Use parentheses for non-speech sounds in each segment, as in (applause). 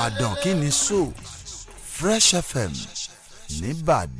Ìbàdàn kí ni sọ Fresh FM nìbàdàn.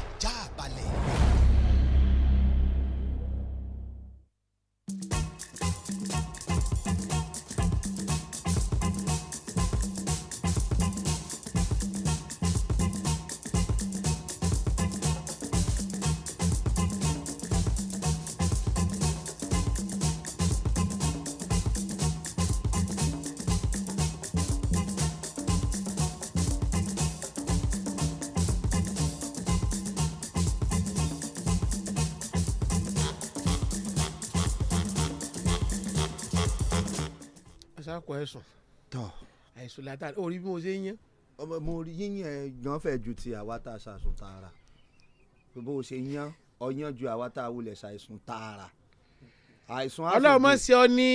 àìsùn látàrí orí bí mo ṣe ń yán. ọmọ mo yíyan ẹ gan fẹ ju ti àwa tá a ṣàìsùn tààrà bó o ṣe yan ọyàn ju àwa tá a wulẹ̀ ṣàìsùn tààrà àìsàn àfẹ̀dé ọlọ́run sí ọ ní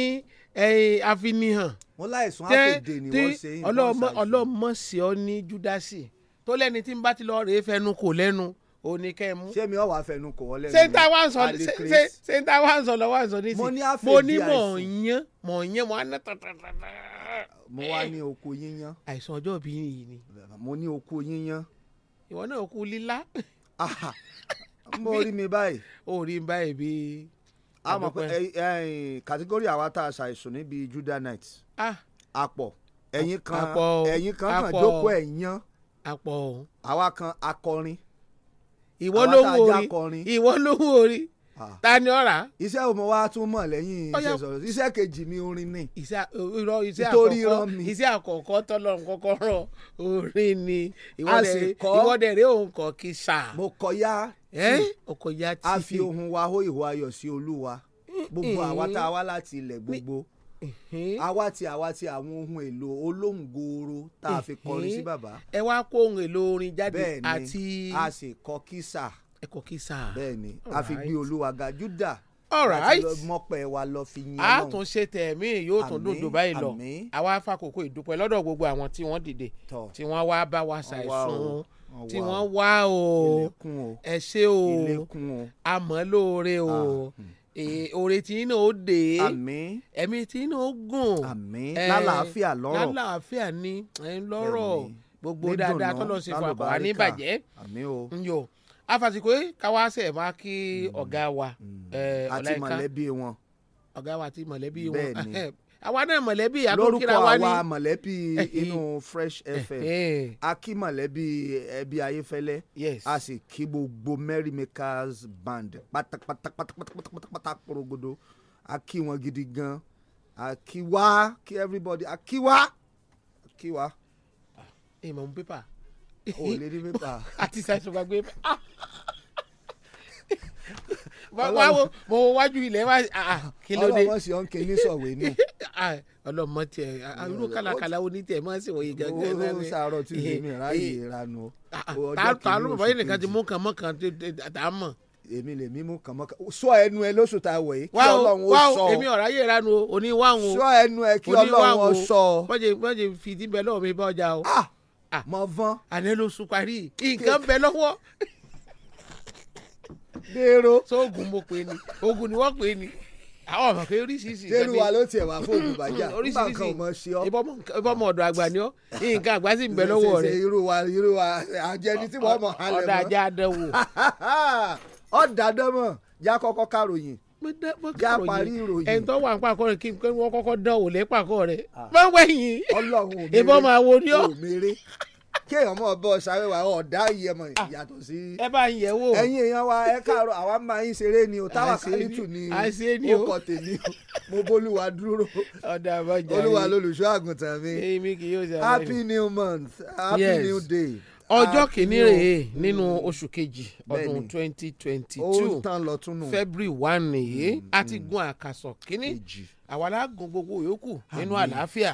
àfinihàn wọn láìsàn àfẹ̀dé ni wọ́n ṣe ń bọ́ ṣàìsàn ọlọ́run sí ọ ní júdásì tó lẹ́ni tí ń bá ti lọ rèé fẹnu kò lẹ́nu òní kẹ́ ẹ mú. ṣé mi ò wá fẹnu kò wọ́n lẹ́nu sẹ́ńtà wà ń sọ sẹ́ńtà ń sọ lọ́wọ́ à ń sọ nísìnyí mo ní mọ̀ ń yán mọ̀ ń yán mọ̀ á ná tàtàtàtà mo wá ní oko yíyan. àìsàn ọjọ́ bí yìí ni. mo ní oko yíyan. ìwọ náà kú lílá. mo rí mi báyìí. o rí mi báyìí bí. a mọ̀ pé kàtígórì àwa tá a ṣàìsùn níbi Judah night. àpọ̀ ah. ẹ̀yin kan ẹ̀yin kan kan jókòó ẹ̀ yan. àpọ̀ òun. àwa kan akọrin. ìwọ ló ń wo orin ìwọ ló ń wo orin Ah. ta ni ọ̀rà. iṣẹ́ òmò wa tún mọ̀ lẹ́yìn iṣẹ́ sọ̀rọ̀ iṣẹ́ kejì mi orin ni. iṣẹ́ àkọ́kọ́ tọ́lọ́run kọ́kọ́ rọ orin ni ìwọ́dẹ̀ rẹ̀ òun kọ́ kí sà. mo kọ ya tí a fi ohun wa hó ìwà ayọ̀ sí olúwa gbogbo àwa tá a wá láti ilẹ̀ gbogbo àwa ti àwa ti àwọn ohun èlò olóhùn gooro tá a fi kọrin sí bàbá. ẹ wá kó ohun èlò orin jáde àti. bẹ́ẹ̀ni a sì kọ kísà ẹ kò kí sáà. bẹ́ẹ̀ni a fi gbé olúwa ga juda mọpẹ wa lọ fi yin Ọlọ́run. a tẹ̀mí yóò tún dùn Dubai lọ àwa afakoko ìdúpẹ́ lọ́dọ̀ gbogbo àwọn tí wọ́n dìde tí wọ́n wá bá wa ṣàìsùn tí wọ́n wá o ẹ ṣé o àmọ́ lóore o ah, oore tí iná ó dé ẹ̀mí tí iná ó gùn lálàáfíà lọ́rọ̀ lálàáfíà ni lọ́rọ̀ gbogbo dáadáa tọ́lọ́ sí fún àkọ́wá ní bàjẹ́ afàsìkò yìí kawase sẹ̀ máa kí mm. ọ̀gá wa ọ̀láìka mm. eh, àti mọ̀lẹ́bí wọn ọ̀gá wa àti mọ̀lẹ́bí wọn bẹ́ẹ̀ ni (laughs) àwa náà mọ̀lẹ́bí àtúnkìlá wa ní lórúkọ àwa mọ̀lẹ́bí (laughs) inú fresh eh, fm eh. a kí mọ̀lẹ́bí ẹbí ayéfẹ́lẹ́ a sì kí gbogbo merrymakers band pátápátápátápátá porogodo a kí wọn gidi gan a kí wá kí everybody a kí wá a kí wá. Ah, ẹ mọ̀ mú pépà o lè rí pépà. (laughs) àti ṣàìsàn gbàgbé (laughs) wáwo mo wájú ilẹ̀ wá ah, ah, kí ló dé. ọlọmọ sì ọ ń ké ní sọ̀wé nù. ọlọmọ tiẹ irú kàlàkàlà onítẹ̀ máa ń ṣèwọ̀nyí gangan náà ni. owó sàárọ̀ tí mi mi ráyè ìranu. Eh, eh, ah, ta ló bàbá yìí nìkan ti mú kàn mọ́ kàn tá a mọ̀ èmi lè mímú kànmọ́ sọ ẹnu ẹ lóṣù tá a wẹ̀ yìí kí ọlọ́run ó sọ ọ èmi ọ̀rá yé ránu o òní wáhùn o sọ ẹnu ẹ kí ọlọ́run ó sọ ọ. mọ̀jẹ̀ mọ̀jẹ̀ fìdí bẹ́ẹ̀ lọ́wọ́ mi bá ọjà o. ah àmọ́ ah. vọ́n àní ló sun parí nǹkan bẹ lọ́wọ́ dèrò sóògùn mo pè ní oògùn ni wọ́n pè ní àwọn ọmọ pé oríṣiríṣi. tẹ́lu wa ló tiẹ̀ wá fóònù bàjá nígbà kan ọmọ ṣe ọ́. ìbọn mọ ọ̀dọ̀ àgbà ni ọ́ nǹkan àgbà sì ń bẹ lọ́wọ́ rẹ̀. irú wa irú wa àjẹni tí wọ́n mọ̀ halẹ̀ mọ́. ọ̀dà ajá dán wò. (laughs) ọ̀dà dán já kọ́kọ́ káròyìn já parí ìròyìn ẹni tó wà ń pàkọ́ rẹ̀ kí wọ́n kọ́kọ́ dán òòlẹ́ pàkọ́ rẹ̀ ah. má wẹ̀yìn ìbọn máa wo ni ọ́ kéèyàn mọ̀ bọ́ sáréwá ọ̀dà ìyẹmọ yàtọ̀ sí. Ah, ẹ bá ń yẹ̀ wò. ẹ̀yin èèyàn wa ẹ káàárọ̀ àwa máa ń ṣeré ni o táwa kárìtù ni o kọ tèmi o mo bólúwa dúró olúwa lolùṣọ́ àgùntàn mi happy new month happy yes. new day ọjọ́ ah, kìíní rèé nínú mm. oṣù kejì ọdún twenty twenty two february one nìyí mm, a ti mm. gun àkàsọ̀ kìíní àwa lágùn gbogbo yòókù nínú àlàáfíà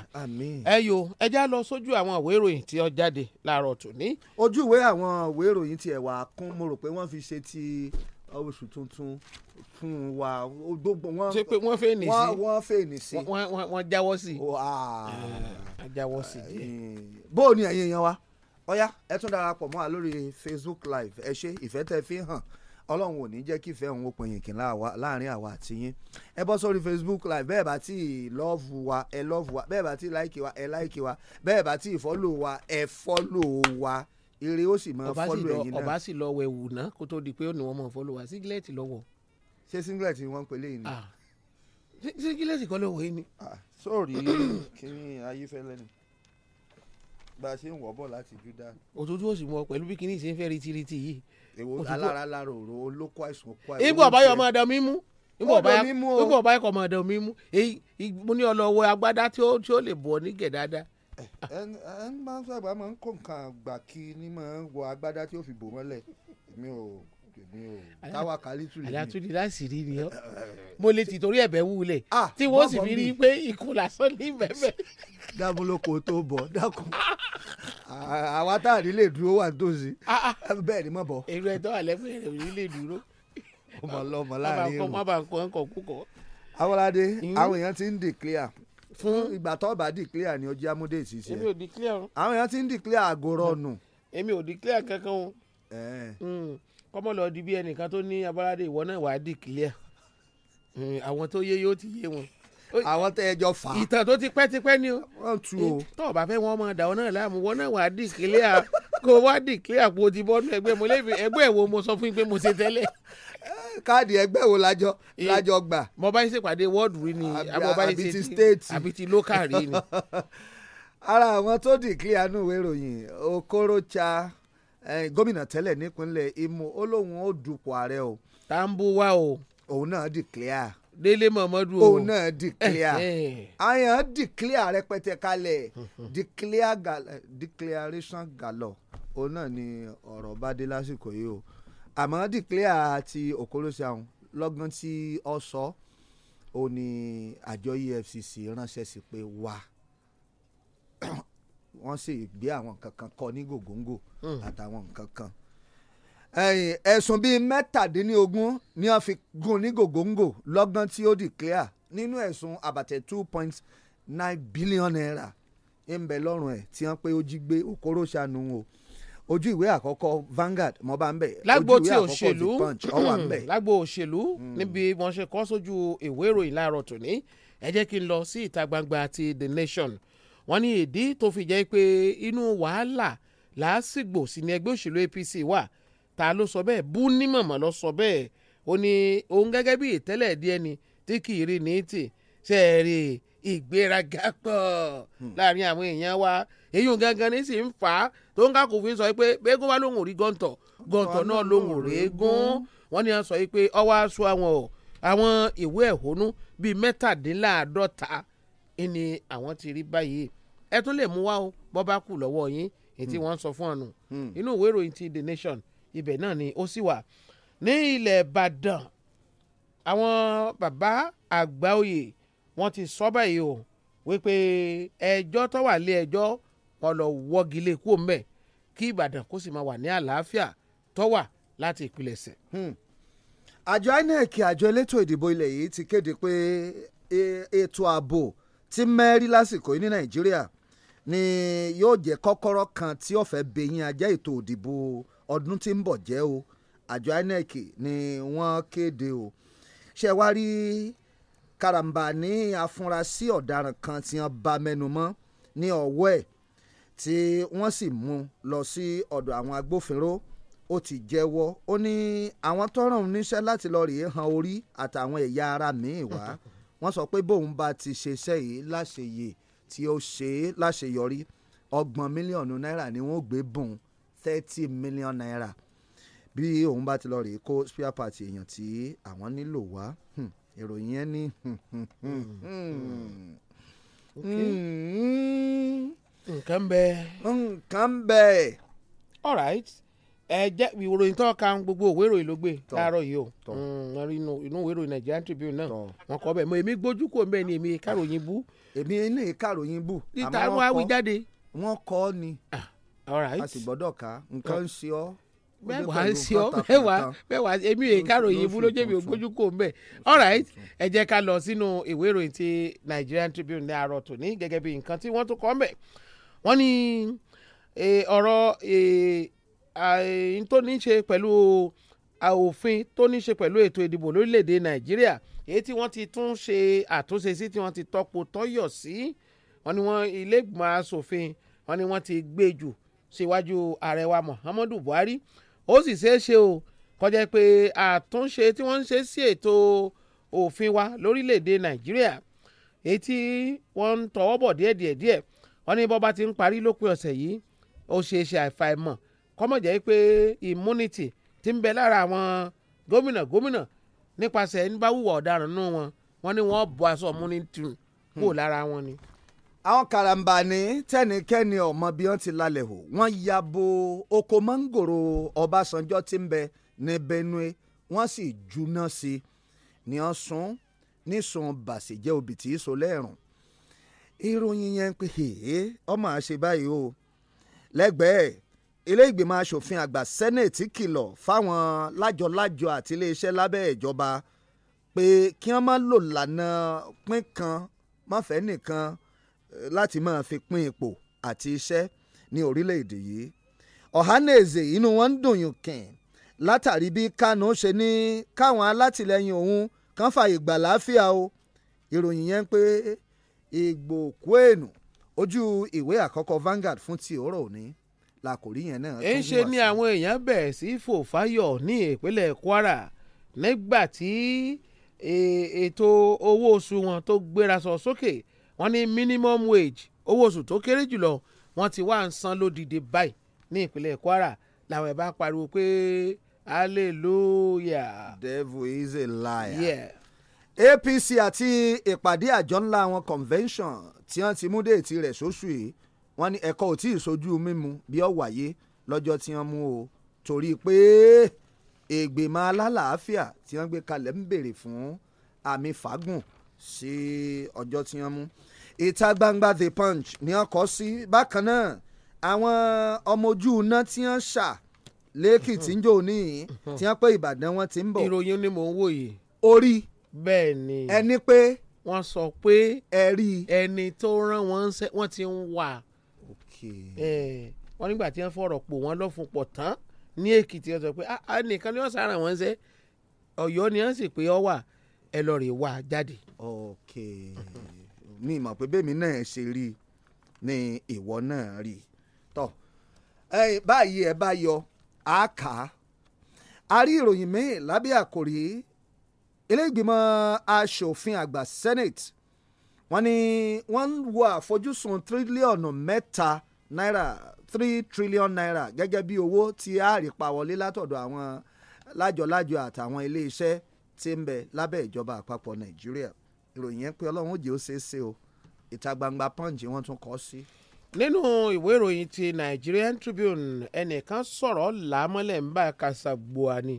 ẹ yo ẹ já lọ sójú àwọn ìwé ìròyìn tí ó jáde láàárọ̀ tòní. ojú ìwé àwọn ìwé ìròyìn ti ẹ̀wà kún mo rò pé wọ́n fi ṣe ti oṣù tuntun fún wa gbogbo wọn. ṣé pé wọ́n fèé nì sí. wọ́n fèé nì sí. wọ́n jáwọ́ sí. wọ́n jáwọ́ sí. bó o ní ẹ̀yin yẹn wa ọ̀yá ẹ tún darapọ̀ mọ́ a lórí Facebook live ẹ ṣe ìfẹ́ tẹ́ fi hàn ọlọ́run ò ní jẹ́ kí ìfẹ́ òun ó pin yìnkìn láàrin àwa àti yín ẹ bọ́ sórí facebook live bẹ́ẹ̀ bá tí lọ́ọ̀fù wa ẹ lọ́ọ̀fù wa bẹ́ẹ̀ bá tí láìkì wa ẹ láìkì wa bẹ́ẹ̀ bá tí ì wa ẹ fọ́lò wa eré ó sì máa fọ́lò ẹ̀yìn náà. ọba sì lọ wẹ̀ wù ná kó tó di pé ó ní wọn mọ̀ fọ́lò wa singlet lọ́wọ́. ṣé singlet ni wọ́n ń pèlè ni. Ah. singlet kọ́ ló wọ̀ yìí ni. Ah, bá a ṣe ń wọ̀ bọ̀ láti Júdà. òtútù ó sì mọ pẹ̀lú bí kinní ṣe fẹ́ retiriti yìí. èwo alára lára òru olóko àìsàn okó àìsàn. igbó ọ̀bá yọ̀ máa dán mi mú igbó ọ̀bá yọ̀ máa dán mi mú mo ní ọlọ́wọ́ agbádá tí ó lè bọ̀ ní gẹ̀ ẹ eh, ẹ máa ń sábà máa ń kó nǹkan àgbà kí ni máa ń wọ agbádá tí ó fi bò mọ́lẹ̀ mi ò táwa kálítù lè ní. àyàtúndì láti rí ni ọ eh, eh, eh, mo lè ti torí ẹ̀bẹ̀ wúlẹ̀ ah, tí wọ́n sì fi rí i pé ikú lásán ní bẹ́ẹ̀ dáàmú ló kò tó bọ̀ dákun àwa tá a rí lè dúró wà tòsí ah, ah. bẹ́ẹ̀ ni mọ̀ bọ̀. èrò ẹ̀ tó wà lẹ́gbẹ̀ẹ́ rẹ̀ rí lè dúró. ọmọ ọlọmọ láàrin èrò má bàa kọ ẹ̀ kọ̀ kúkọ. awolade hmm? àwọn èèyàn ti ń declare fún ìgbà tó bá declare ni ọjọ́ amúdé ìṣiṣẹ́. èmi ò declare o. àwọn èèyàn ti ń declare àgọ́rọ̀ nù. èmi ò declare kankan o. Hmm kọ́mọ́ lọ di bí ẹnìkan tó ní abọ́ládé ìwọ náà wàá dì clear hmm, àwọn tó yé yóò ti yé wọn. àwọn tẹ ẹjọ fà á. ìtàn tó ti pẹ́ ti pẹ́ ni o. wọ́n tu o. tọ́ ọ̀bà fẹ́ wọn máa dà ọ́ náà láàmú wọn náà wàá dì clear kó wàá dì clear kó o ti bọ́ nínú ẹgbẹ́ mo lébi ẹgbẹ́ wo mo sọ fún yín pé mo ṣe tẹ́lẹ̀. káàdì ẹgbẹ́ wo lájọ eh, lájọ gbà. mo bá yín ṣèpàdé wọ́ọ̀dù rí ni àbí ti state àbí ti local rí ni. (laughs) ara àwọn tó dì clear nù gómìnà tẹ́lẹ̀ nípínlẹ̀ Imo ó lóun ó dupò ààrẹ o. Tambuwa o. òun náà declare. Délé Mọ̀mọ́dù o. òun náà declare. àyàn eh, eh. declare rẹpẹtẹ kalẹ̀ eh, declaration galọ òun náà ni ọ̀rọ̀ bá dé lásìkò yìí o àmọ́ declare ti Okorocha àwọn lọ́gán tí ọ sọ ó ní àjọ EFCC ránṣẹ́ sí pé wà wọ́n sì gbé àwọn nǹkan kan kọ ní gògóńgò hmm. àtàwọn nǹkan kan ẹ̀sùn bíi mẹ́tàdínlógún ni wọ́n fi gún ní gògóńgò lọ́gán tí ó declare nínú ẹ̀sùn àbàtẹ̀ two point nine billion naira ń bẹ lọ́rùn ẹ̀ tí wọ́n pé ó jí gbé òkóró ṣàánú o ojú ìwé àkọ́kọ́ Vanguard mo bá ń bẹ̀ lágbo tí òṣèlú hmm, lágbo òṣèlú hmm. níbi wọ́n ṣe kọ́ sójú ìwé ìròyìn láàárọ̀ tòní ẹ jẹ́ kí n lọ sí ìta gbangba ti The Nation wọ́n ní ìdí tó fi jẹ́ pé inú wàhálà làásìgbò sí ni ẹgbẹ́ òṣèlú APC wà ta ló sọ bẹ́ẹ̀ bú ní mọ̀mọ́ lọ sọ bẹ́ẹ̀ ó ní òun gẹ́gẹ́ bí ìtẹ́lẹ̀ díẹ̀ ni tí kì í rí ní tì ṣe é rí ìgbéraga pọ̀ hmm. láàrin àwọn èèyàn wa èyí ò gangan ní sì ń fà á tó ń kákò fi sọ pé gbégún wa lòun ò rí gọ́ǹtọ̀ gọ́ǹtọ̀ náà lòun ò rí gún wọ́n ní à sọ pé ọwọ́ aṣọ àwọn ìwé ẹ̀hónú bíi mẹ́tàdínláàádọ́ta ni àwọn ti rí báyìí ẹ tún lè mú wá o bọ́ bá kù lọ́wọ́ yín èyí tí hmm. wọ́n ń sọ fún ọ̀nù hmm. inú ìwé ìròyìn ti The Nation ibẹ̀ náà ni ó sì wà ní ilẹ̀ Ìbàdàn àwọn bàbá Àgbáoyè wọ́n ti sọ báyìí o wípé ẹjọ́ tó wà lé ẹjọ́ wọn lọ wọ́gilé e kú mẹ́ kí Ìbàdàn kó sì máa wà ní àlàáfíà tó wà láti ìpilẹ̀ṣẹ̀. Hmm. àjọ INEC àjọ elétò ìdìbò ilẹ̀ yìí ti kéde pé e, ètò ààbò e, tí mẹ́rí lásìkò yìí ní nàìjíríà ni yóò jẹ́ kọ́kọ́rọ́ kan tí ó fẹ́ bẹ̀yìn ajá ètò òdìbò ọdún tí ń bọ̀ jẹ́ o àjọ INEC ni wọ́n kéde o ṣé wá rí karambà ní afurasí ọ̀daràn kan tí wọ́n bá mẹ́nu mọ́ ní ọwọ́ ẹ̀ tí wọ́n sì mú lọ sí ọ̀dọ̀ àwọn agbófinró ó ti jẹ́wọ́ ó ní àwọn tọ́ràn níṣẹ́ láti lọ rèé han orí àtàwọn ẹ̀yà ara míì wá wọ́n sọ pé bóun bá ti ṣe iṣẹ́ yìí láṣeyè tí ó ṣe é láṣeyọrí ọgbọ̀n mílíọ̀nù náírà ni wọ́n gbé bùn thirty million naira bí òun bá ti lọ rèé kó spare part èèyàn tí àwọn nílò wá hmm, ìròyìn yẹn ní. Hmm, hmm, nǹkan bẹ́ẹ̀. nǹkan bẹ́ẹ̀. all right ẹ jẹ́ ìròyìn tó ka gbogbo òwe ìròyìn ló gbé yìí o mm, rí inú òwe ìròyìn Nigerian Tribune náà Wọn kọ bụ mọ èmi gbójú kò ni èmi kàròyìn bú. èmi ilé kàròyìn bú. níta wọn wí jáde. wọn kọ ọ ni ah, a sì gbọdọ ka nǹkan ń ṣe ń ṣe èmi ò gbójú lọ sínú ìwé ìròyìn Nigerian Tribune ní àárọ̀ tòní n tó ní í ṣe pẹ̀lú òfin tó ní í ṣe pẹ̀lú ètò ìdìbò lórílẹ̀‐èdè nàìjíríà èyí tí wọ́n ti tún ṣe àtúnṣe sí tí wọ́n ti tọ́po tọ́yọ̀ sí wọ́n ní wọ́n ilé ìgbìmọ̀ asòfin wọ́n ní wọ́n ti gbé jù síwájú ààrẹ wa muhammadu buhari ó sì ṣeé ṣe o kọjá pé àtúnṣe tí wọ́n ń ṣe sí ètò òfin wa lórílẹ̀‐èdè nàìjíríà èyí tí wọ́n ń tọwọ́ bọ̀ díẹ̀díẹ̀díẹ̀ wọ́n ní bọ́ba ti ń parí lópin ọ̀sẹ̀ yìí ó ṣeé ṣe àìfàìmọ̀ kọ́mọ̀jẹ́ pé immunity ti ń bẹ lára àwọn gómìnà gómìnà nípasẹ̀ ẹni bá hùwà ọ̀daràn nù wọn wọn ni wọ́n bọ́ aṣọ immunity kúrò hmm. lára wọn ni. àwọn karambani tẹnikẹ́ni ọmọ bí wọ́n ti lálẹ́ hù wọ́n ya bo oko mọ́ngòrò Ọbásanjọ́ ti ń bẹ ní Benue wọ́n sì juná sí i ni wọ́n sún nísun bàṣẹ̀jẹ́ òbítí ìsọlẹ́rùn ìròyìn yẹn pé ọmọ àṣẹ báyìí o lẹ́gbẹ̀ẹ́ ilé ìgbìmọ̀ asòfin àgbà sẹ́nẹ̀tì kìlọ̀ fáwọn lájọ-lájọ àti iléeṣẹ́ lábẹ́ ìjọba pé kí wọ́n má lò lànà pín kan mọ́fẹ́ nìkan láti máa fi pín ipò àti iṣẹ́ ní orílẹ̀-èdè yìí ọ̀hánèzè inú wọn ń dùn yùn kìn látàrí bí kánú ṣe ní káwọn alátìlẹyìn òun kan fààyè gbà láàfíà o ìròyìn yẹn pé ìgbòkú èènù ojú ìwé àkọ́kọ́ Vanguard fún ti òórọ̀ òní la kò rí yẹn náà. ń ṣe ni àwọn èèyàn bẹ̀rẹ̀ sí fò fáyọ̀ ní ìpínlẹ̀ Kwara nígbà tí e, ètò owó oṣù wọn tó gbéra sọ sókè wọ́n ní minimum wage owó oṣù tó kéré jùlọ wọ́n ti wá ń san lódìdí báyìí ní ìpínlẹ̀ Kwara làwọn ẹ̀ bá pariwo pé hallelujah. devil is a liar. Yeah. APC àti ìpàdé àjọ ńlá wọn convention tí wọ́n ti mú déètì rẹ̀ sóṣù yìí wọ́n ní ẹ̀kọ́ ò tí ì sojú mímu bí ó wáyé lọ́jọ́ tí wọ́n mú o torí pé ìgbìmọ̀ alálàáfíà tí wọ́n gbé kalẹ̀ ń béèrè fún àmì fàágùn sí ọjọ́ tí wọ́n mú ìta gbangba the punch ni wọ́n kọ sí bákan náà àwọn ọmọ ojú iná tí wọ́n ṣà lẹ́kìtì ń jò ní tí wọ́n pé ìbàdàn wọn ti ń bọ̀. ìròyìn ni mò ń wò yìí. orí bẹ́ẹ̀ ni ẹni pé wọ́n sọ pé ẹ̀rí ẹni tó rán wọn ṣe wọ́n ti ń wà wọ́n nígbà tí wọ́n fọ̀rọ̀ pò wọ́n lọ pọ̀ tán ní èkìtì ó pé a ah, ah, nìkan ni wọ́n sára wọn ṣe ọ̀yọ́ ni wọ́n sì pé ọ wà ẹ lọ rè wá jáde. ok mi mọ̀ pé bẹ́ẹ̀ mi náà ṣe rí ni ìwọ náà rí tọ́ báyìí ẹ bá yọ á kà á a rí ìròyìn míì lábẹ́ àkòrí asòfin àgbà senate wọn ni wọn ń wo àfojúsùn tírílíọ̀nù mẹ́ta. náírà three trillion naira gẹ́gẹ́ bí owó tí a rí pa wọlé látọ̀dọ̀ àwọn lájọlájọ àtàwọn iléeṣẹ́ tí ń bẹ lábẹ́ ìjọba àpapọ̀ nàìjíríà ìròyìn yẹn pé ọlọ́run ó jẹ́ ó ṣe o ìta gbangba punch wọ́n tún kọ sí. nínú ìwé ìròyìn ti Nigerian Tribune ẹnìkan sọ̀rọ̀ làámọ́lẹ̀ ń bá kàṣàgbòà ni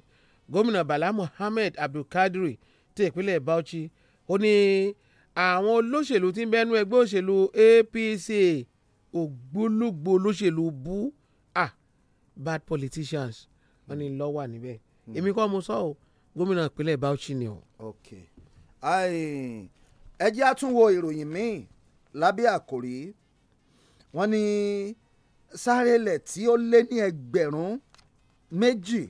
gómìnà Bala Muhammed Abdulkadir ti ìpínlẹ̀ Bauchi ó ní àwọn olóṣèlú tí ń bẹ́nu ẹgbẹ́ òṣèlú APC ògbólógbò olóṣèlú bú ah bad politicians wọ́n ní lọ́ wà níbẹ̀ hmm. èmi kọ́ mo sọ ọ́ gómìnà ìpínlẹ̀ Bauchi ni o. ok ẹ àtúnwò ìròyìn míì lábẹ́ àkòrí wọ́n ní sárélẹ̀ tí ó lé ní ẹgbẹ̀rún méjì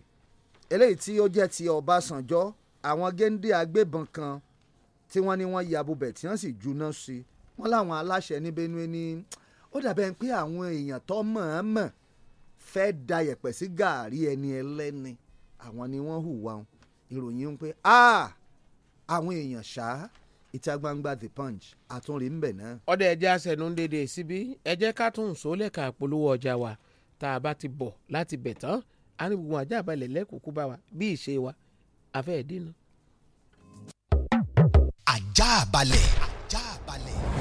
eléyìí tí ó jẹ́ ti Ọbásanjọ́ àwọn géńdé agbébọn kan tí wọ́n ní wọ́n ya bubẹ̀ tí wọ́n sì juná sí wọ́n láwọn aláṣẹ ní ní. Ni ó dàbẹ̀ pé àwọn èèyàn tó mọ̀ọ́mọ̀ fẹ́ da yẹ̀pẹ̀ sí gàárì ẹni ẹlẹ́ni àwọn ni wọ́n hùwà wọn ìròyìn ń pé àwọn èèyàn ṣáá ìta gbangba the punch àtúnrí ń bẹ̀ náà. ọ̀dẹ̀ ẹ̀jẹ̀ àṣẹ̀nu ń dédé síbí ẹ̀jẹ̀ ká tún ń sólẹ̀ ká polówó ọjà wa tá a bá ti bọ̀ láti bẹ̀ tán a ní gbogbo àjà àbálẹ̀ lẹ́kùnkún bá wa bí ìṣe wa afẹ́ ẹ̀dínà. àjà àbálẹ̀. àjà àbálẹ̀.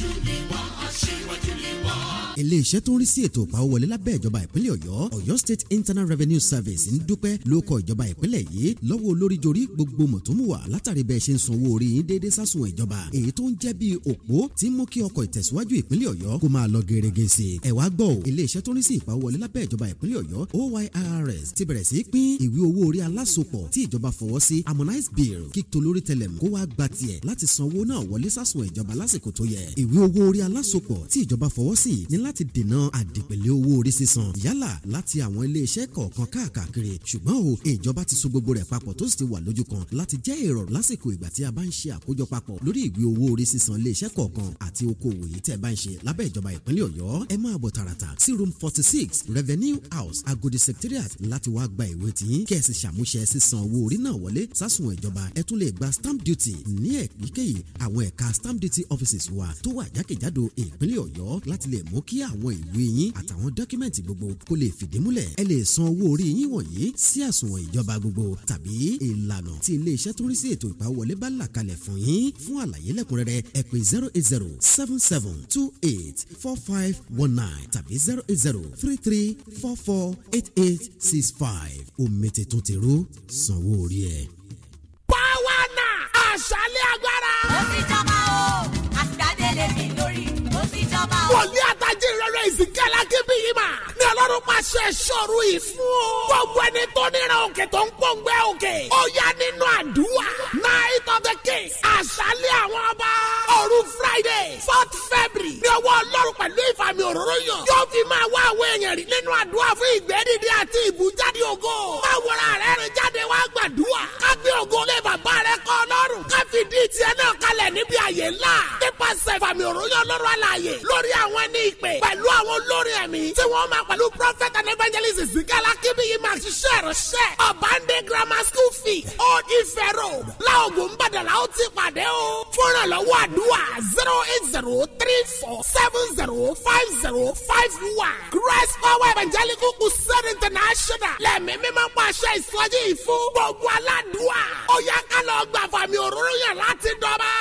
祝你旺啊！希望祝你旺。iléeṣẹ́ tó ń rí sí ètò ìpawówọlé lábẹ́ ìjọba ìpínlẹ̀ ọ̀yọ́ ọ̀yọ́ state internal revenue service ń dúpẹ́ lóko ìjọba ìpínlẹ̀ yìí lọ́wọ́ olóríjorí gbogbo mọ̀tòmùwà látàrí bẹ́ẹ̀ ṣe ń san owó orí yín déédéé sásùn ìjọba èyí tó ń jẹ́ bí òpó tí mú kí ọkọ̀ ìtẹ̀síwájú ìpínlẹ̀ ọ̀yọ́ kó máa lọ gẹ́rẹ́gẹ́ sí i ẹ wá gbọ́ o iléeṣẹ́ tó ń rí sí ìpawówọlé lábẹ́ ìjọba ìpínlẹ̀ ọ̀yọ́ OYRS ti bẹ̀rẹ̀ sí pín ìwé owó orí alásopọ̀ tí ìjọba fọwọ́ láti dènà àdìpẹ̀lẹ̀ owó orí sísan yálà láti àwọn iléeṣẹ́ kọ̀ọ̀kan káàkiri ṣùgbọ́n o ìjọba ti so gbogbo rẹ̀ papọ̀ tó sì ti wà lójú kan láti jẹ́ èrò lásìkò ìgbà tí a bá ń ṣe àkójọ papọ̀ lórí ìwé owó orí sísan iléeṣẹ́ kọ̀ọ̀kan àti okòwò yìí tẹ́ bá ń ṣe lábẹ́ ìjọba ìpínlẹ̀ ọ̀yọ́ ẹ máa bọ̀ tààràtà sí room forty six revenue house agodi secretariat láti wá gba ìwé tí kẹ́sì ṣàmúṣẹ sísan owó orí náà wọlé sásùn ìjọba ẹ tún lè gba stamp duty ní èyíkéyìí àwọn ẹ̀ka stamp duty offices wa tó wà jákèjádò ìpínlẹ̀ ọ̀yọ́ láti lè mú kí kí àwọn ìwé yín àtàwọn dọ́kímẹ́ǹtì gbogbo kó lè fìdí múlẹ̀ ẹ lè san owó orí yín wọ̀nyí sí àsùnwọ̀n ìjọba gbogbo tàbí ìlànà tí iléeṣẹ́ tó ń rí sí ètò ìpawọlé bá là kalẹ̀ fún yín fún àlàyé lẹ́kùnrẹ́rẹ́ ẹ pè zero eight zero seven seven two eight four five one nine tàbí zero eight zero three three four four eight eight six five omi ti tún ti rú sanwó orí ẹ. pàwọn náà agbára. ó ti jọba o. Ezekiel Akínbíyìmá ní ọlọ́run pàṣẹ ìṣòro yìí fún o. gbogbo ẹni tó níran òkè tó ń pòǹgbẹ́ òkè. ó yá nínú àdúrà. night of the king. àṣálẹ̀ àwọn ọba ọjọ́rú friday fourth february ní ọwọ́ ọlọ́run pẹ̀lú ìfàmì òróró yàn yóò fi máa wá àwọn èèyàn rí nínú àdúrà fún ìgbẹ́dìde àti ìbújáde ògo máa wọra rẹ̀ rìn jáde wá gbàdúrà ká gbé ògo lé bàbá rẹ̀ kọ́ ọlọ́run ká fi dí tiẹ̀ náà kalẹ̀ níbi àyè ńlá nípasẹ̀ ìfàmì òróró yàn lọ́rọ̀ àlàyé lórí àwọn ẹni ìpè pẹ̀lú àwọn olórin ẹ̀mí tí wọ́n máa pẹ̀lú prophet and evangelist zikala kíbíyì máa ṣiṣẹ́ ìránṣẹ́ ọ̀bánde grammar school fee old ife road láògùn ń bàdàn láò ti pàdé o fúnra lọ́wọ́ àdúrà zero eight zero three four seven zero five zero five one. Christ Power Evangelical Crusade International lẹ́mí mímọ́ pàṣẹ ìsọjí ìfún gbogbo aládùúà. Ó yá ká lọ gbàfàmì òróró yẹn láti dọ́bà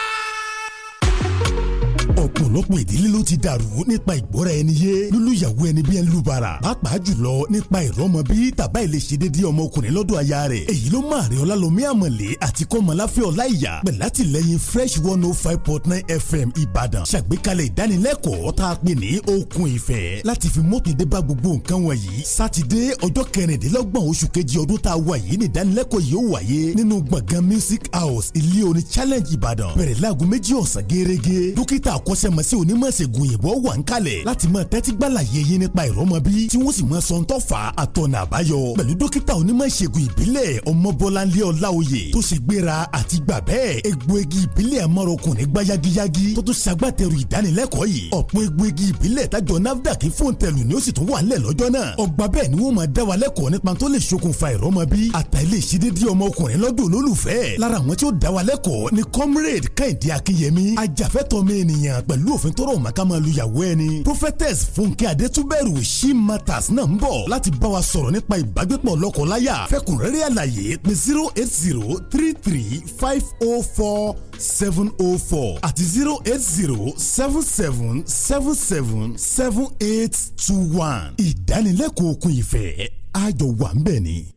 ọ̀pọ̀lọpọ̀ ìdílé ló ti dàrú nípa ìgbọ́ra ẹni yé lólùyàwó ẹni bí ẹni lùbàrà pàápàá jùlọ nípa ìrọmọ bí tàbá ilé ṣe déédéé ọmọkùnrin lọ́dọ̀ aya rẹ̀ èyí ló máa rí ọlálọ́mí àmọ̀lé àti kọ́mọláfẹ́ ọláìyá pẹ̀látìlẹ́yìn fresh one oh five point nine fm ìbàdàn ṣàgbékalẹ̀ ìdánilẹ́kọ̀ọ́ tá a pè ní okun ìfẹ́ láti fi mọ́tòdé bá gbogbo nǹkan wọ̀nyí sátidé ọjọ́ kẹrìndínlọ́gbọ̀n oṣù kejì ọdún tá a wà yìí ní music house ilé orin challenge ìbàdàn bẹ̀rẹ̀ láago méjì ọ̀sán gẹ́gẹ́ dókítà akọ́ṣẹ́mọṣ sí onímọ̀ ṣègùn òyìnbó wà ń kalẹ̀ láti máa tẹ́tí gbàlàyé yín nípa ìrọmọbí tí wọ́n sì máa sọ ń tọ́fà àtọ̀nà àbáyọ pẹ̀lú dókítà onímọ̀ ìṣègùn ìbílẹ̀ ọmọbọ́láńlé ọláoyè tó ṣe gbéra àti gbà bẹ́ẹ̀ egbòogi ìbílẹ̀ amọ̀rọ̀kùnrin gbá yagiyagi tó tún ṣagbátẹrù ìdánilẹ́kọ̀ọ́ yìí ọ̀pọ̀ egbòogi ìbílẹ̀ tájọ nafdac fún tẹ̀lù ni ó sì tún wà nílẹ̀ lọ́jọ́ náà ọgbà bẹ́ẹ̀ ni wọ́n ni comrade kẹ́hìndé akínyẹmí ajàfẹ́tọ̀ọ́ mi ènìyàn pẹ̀lú òfin tó rọ̀ mọ́ ká máa lu ìyàwó ẹni. prophetess fúnkẹ́ adétúbẹ̀rù she matters náà ń bọ̀ láti bá wa sọ̀rọ̀ nípa ìbágbépọ̀ lọ́kọ̀láyà fẹ́kùnrẹ́rẹ́ àlàyé pé zero eight zero three three five oh four seven oh four àti zero eight zero seven seven seven seven seven eight two one ìdánilẹ́kọ̀ọ́ òkun ìfẹ́ àjọ wà ń bẹ̀ ni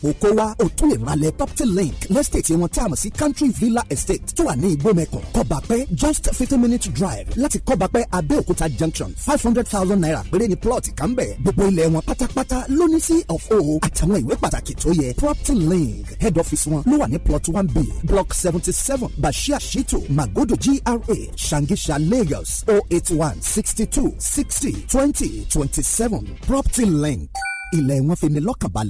àpò kó wá o tún lè ralẹ̀ property link lẹ́sítẹ̀tì wọn tá a mọ̀ sí country villa estate tó wà ní ìgbómẹ̀kàn kọ́bàpẹ́ just fifty minute drive láti kọ́bàpẹ́ abẹ́òkúta junction five hundred thousand naira péré ni plot kan bẹ̀ gbogbo ilẹ̀ wọn pátápátá ló ní sí of o àtàwọn ìwé pàtàkì tó yẹ property link head office wọn ló wà ní plot one b block seventy seven bashir shitu magodo gra shangisha lagos O oh eight one sixty two sixty twenty twenty seven property link ilẹ̀ wọn fi ni lọ́kàn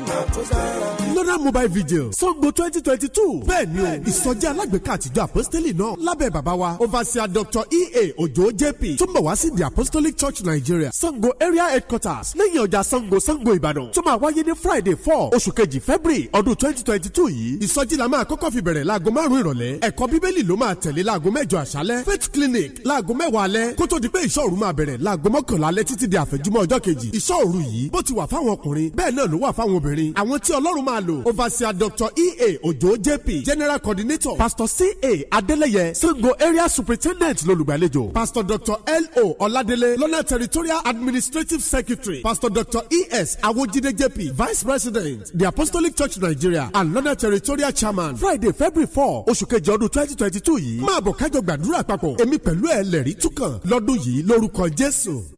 Lọ́nà tó lọ́nà mobile vigil sango 2022. twenty two bẹ́ẹ̀ ni o ìsọjí alágbèéká àtijọ́ apostoli náà lábẹ́ bàbá wa overseer dr ea ojo jp tún bọ̀ wá sí the apostolic church nigeria sango area headquarters lẹ́yìn ọjà sango sango ìbàdàn tún máa wáyé ní friday four oṣù kejì february ọdún 2022. twenty two yìí ìsọjí la máa kọ́kọ́ fi bẹ̀rẹ̀ láago márùn-ún ìrọ̀lẹ́ ẹ̀kọ́ bíbélì ló máa tẹ̀lé láago mẹ́jọ àṣálẹ́ faith clinic láago mẹ́wàá alẹ́ kó tó di pé ìṣọ́òru máa bẹ̀rẹ̀ láago mọ́kànlá alẹ́ títí di àfẹ̀júmọ́ ọjọ́ kejì ìṣọ́òru yìí bó ti wà fáwọn ọkùnrin bẹ́ẹ̀ náà ló wà fáwọn obìnrin àwọn tí ọlọ́run máa lò overseer dr ea ojo jp general coordinator pastor ca adeleye sango area superintendent lolùgbàlejò pastor dr lo Oladele Lona territorial administrative secretary pastor dr es awojide jp vice president the apostolic church nigeria and Lona territorial chairman friday february four oṣù kejì ọdún twenty twenty two yìí máa bọ̀ kájọ gbàdúrà papọ̀ èmi pẹ̀lú ẹ̀ lẹ́rìí túkàn lọ́dún yìí lórúkọ jésù.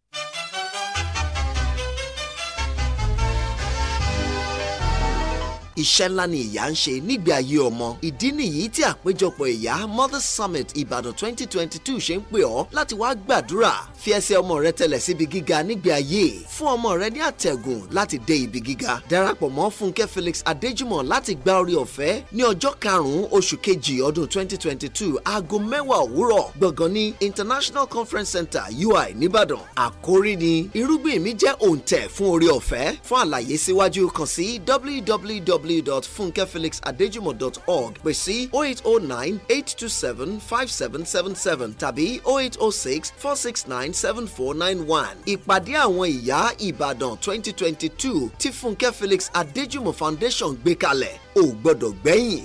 iṣẹ́ ńlá ni ìyá ń ṣe nígbà ayé ọmọ ìdí nìyí tí àpéjọpọ̀ ìyá Mother Summit Ìbàdàn 2022 ṣe ń pè ọ́ láti wá gbàdúrà fi ẹsẹ̀ ọmọ rẹ tẹ̀lẹ̀ síbi gíga nígbà ayé fún ọmọ rẹ ní àtẹ̀gùn láti dé ibi gíga darapọ̀ mọ́ Fúnkẹ́ Felix Adéjùmọ̀ láti gba orí ọ̀fẹ́ ní ọjọ́ karùn-ún oṣù kejì ọdún 2022 aago mẹ́wàá òwúrọ̀ gbọ̀ngàn ní International Conference Center UI nìbàdàn àkórí ni irúgbìn mi jẹ́ òǹtẹ̀ fún orí ọ̀fẹ́ fún àlàyé síwájú kàn sí www www.funkefelixadejumo.org pè sí 0809 827 5777 tàbí 0806 469 7491. Ìpàdé àwọn ìyá Ìbàdàn 2022 tí Funke Felix Adejumo Foundation gbé kalẹ̀ ò gbọ́dọ̀ gbẹ̀yìn.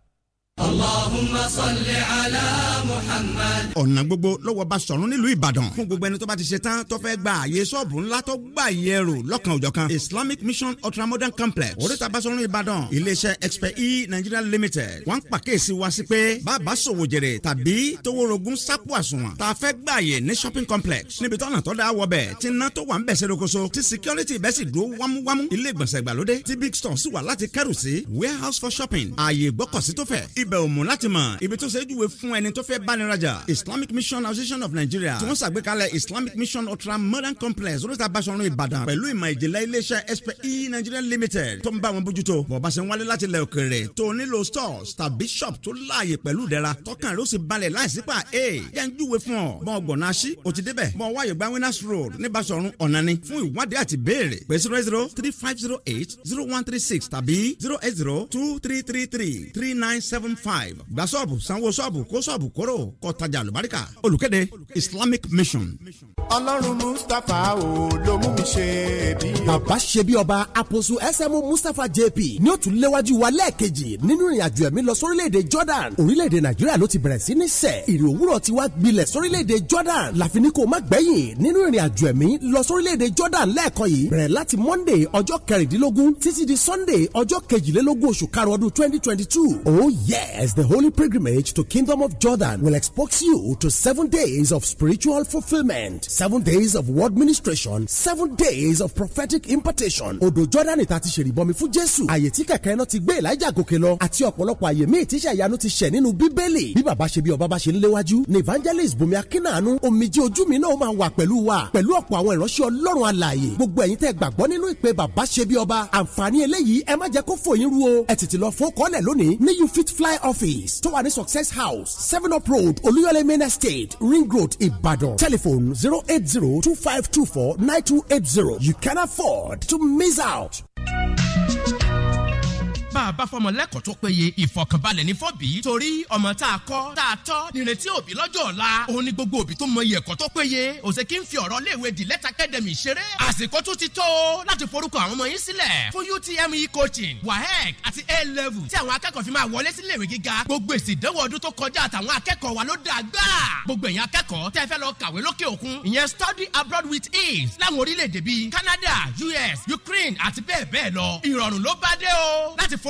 Allahumma salli ala Muhammad. ọ̀nà gbogbo lọ́wọ́ bá sọ̀rọ̀ nílùú Ìbàdàn fún gbogbo ẹni tó bá ti ṣe tán tó fẹ́ gba àyè sọ́ọ̀bù ńlá tó gbà yẹ rò lọ́kàn òjọ̀kan Islamic Mission Ultramodern Complex oríta basọ̀rọ̀ Ìbàdàn iléeṣẹ́ expert e Nigeria Limited wọ́n ń pàkíyèsí wa sí pé bàbá sòwò jèrè tàbí toworogun sápò àsùnwọ̀n tá a fẹ́ gba àyè ní shopping complex níbi tọ́nà tó dáa wọ bẹ̀ tí iná tó wà ń bẹ̀ ṣerokoso tí security bẹ́ẹ̀ sì dúró wámúwámú ilé ìgbọ̀nsẹ̀ ìgbàlódé tí big store sì wà láti kẹ́rù sí warehouse for shopping àyè ìgbọ́kọ̀sí tó fẹ̀ ib bẹ̀ òmù láti mọ̀ ibi tó ṣe é júwe fún ẹni tó fẹ́ báni Islamic Mission Association of Nigeria tí wọ́n ṣàgbékalẹ̀ Islamic Mission Ultra Modern Complex olóòtú abáṣọrun Ìbàdàn pẹ̀lú ìmọ̀ ìjìnlẹ̀ iléeṣẹ́ SPE Nigeria Limited tó ń bá wọn bójútó bọ̀bá ṣe ń wálé láti ilẹ̀ òkèrè tó nílò stores tàbí Bishop, tó láàyè pẹ̀lú ìdẹ̀ra tọkàn rẹ̀ ó sì balẹ̀ láìsípà e yẹn júwe fún ọ bọ́n ọgbọ̀nà aṣí o ti débẹ̀ bọ́n wáyé gba winners road ní Basọ̀run ọ̀nani fún ìwádìí àti béèrè pé zero zero three five zero eight zero one three six tàbí zero eight zero two three three three three nine seven seven five gba sọ́ọ̀bù sanwó sọ́ọ̀bù kó sọ́ọ̀bù kóró kọ́ tajà lùbáríkà olùkéde Islamic Mission. ọlọ́run Mustapha o ló mú mi ṣe bí ọba. bàbá ṣe bí ọba àpòsù SMO Mustapha JP ní ó tún léwájú wa lẹ́ẹ̀kejì nínú ìrìnàjò ẹ̀mí lọ sórílẹ̀-èdè Jordan orílẹ̀-èdè Nàìjíríà ló ti bẹ̀rẹ̀ sí ní sẹ̀ ìrì òwúrọ̀ ti wá gbilẹ̀ sórílẹ̀-èdè Jordan láfi ní kó má gbẹ̀yìn nínú ìrìnàjò ẹ̀mí Jordan lẹ́ẹ̀kan yìí bẹ̀rẹ̀ láti Monday ọjọ́ kẹrìndínlógún títí di Sunday ọjọ́ kejìlélógún oṣù karùn-ún ọdún twenty oh yeah Yes, the holy pilgrimage to Kingdom of Jordan will expose you to seven days of spiritual fulfillment, seven days of word ministration, seven days of prophetic impartation. Odo Jordan ta ti ṣèrìbọmi fún fu Àyè tí kẹ̀kẹ́ náà ti gbé Elijah gòkè lọ àti ọ̀pọ̀lọpọ̀ àyè míì tíṣà ìyanu ti ṣẹ̀ nínú Bíbélì. Bí bàbá ṣe bí ọba bá ṣe ń léwájú ni evangelist Bùnmi Akínàánú omijì ojú mi na máa wà pẹ̀lú wa pẹ̀lú ọ̀pọ̀ àwọn ìránṣẹ́ Ọlọ́run alààyè. Gbogbo ẹ̀yin tẹ́ gbàgbọ́ nínú ìpè bàbá ṣe bí ọba. Àǹfààní eléyìí ẹ má jẹ́ kó ru o. Ẹ tètè lọ fún kọ́lẹ̀ lónìí ní you fit fly online office tó wà success house seven up road Oluyole main estate ring road ìbàdàn telephone zero eight zero two five two four nine two eight zero you can afford to miss out bá a bá fọmọ lẹ́kọ̀ọ́ tó péye ìfọ̀kànbalẹ̀ ní fọ́bì torí ọmọ tá a kọ́ tá a tọ́ nírètí òbí lọ́jọ́ ọ̀la òun ni gbogbo òbí tó mọ iye ẹ̀kọ́ tó péye òsè kí n fi ọ̀rọ̀ léèwé di lẹ́tà academy ṣeré àsìkò tún ti tó láti forúkọ àwọn ọmọ yín sílẹ̀ fún utme coaching waec àti a level tí àwọn akẹ́kọ̀ọ́ fi máa wọlé síléèwé gíga gbogbo èsì ìdánwò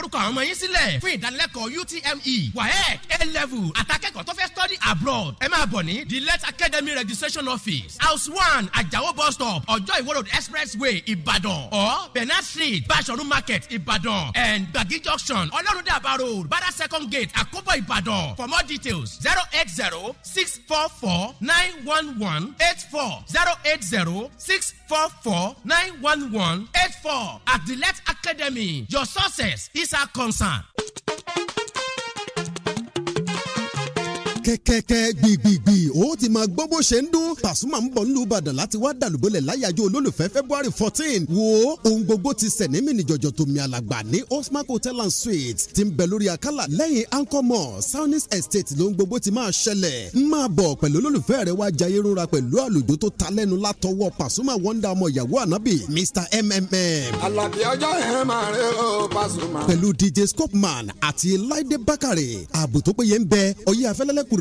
forúkọ àwọn ọmọ yín sílẹ̀ fún ìdánilẹ́kọ̀ọ́ UTME WAEC A level àtàkẹ́kọ̀ọ́ tó fẹ́ study abroad ẹ máa bọ̀ ní the let academy registration office house one Àjàó bus stop ọjọ́ ìwó road expressway Ìbàdàn or Bernard street Basọ̀run market Ìbàdàn and Gbagi junction Ọlọ́rundàbà road Bada second gate Àkóbọ̀ Ìbàdàn for more details zero eight zero six four four nine one one eight four zero eight zero six four four nine one one eight four at the let academy your success is are concerned. kẹ́kẹ́kẹ́ gbìgbìgbì ó ti máa gbọ́ bó ṣe ń dún Pasuma ń bọ̀ nílùú Ìbàdàn láti wá dàlúbọ̀lẹ̀ láyàjọ́ olólùfẹ́ February fourteen wo ohun gbogbo ti sẹ̀ nímì níjọ̀jọ̀ tòmí alàgbà ní Osmark Hotel and Suites ti ń bẹ̀ lórí àkàlà lẹ́yìn Anchor Mall Saunis Estate lóhun gbogbo ti máa ṣẹlẹ̀ ń máa bọ̀ pẹ̀lú olólùfẹ́ rẹ wá jayé rúra pẹ̀lú àlùjọ tó ta lẹ́nu látọwọ́ Pasuma wonder ọmọ ìyàwó ànábì Mr MMM. Àlàbí DJ Scopeman àti Láìdé Bákàrẹ̀ ààbò tó péye ń bẹ ọyẹ́ afẹ́lẹ́lẹ́kùr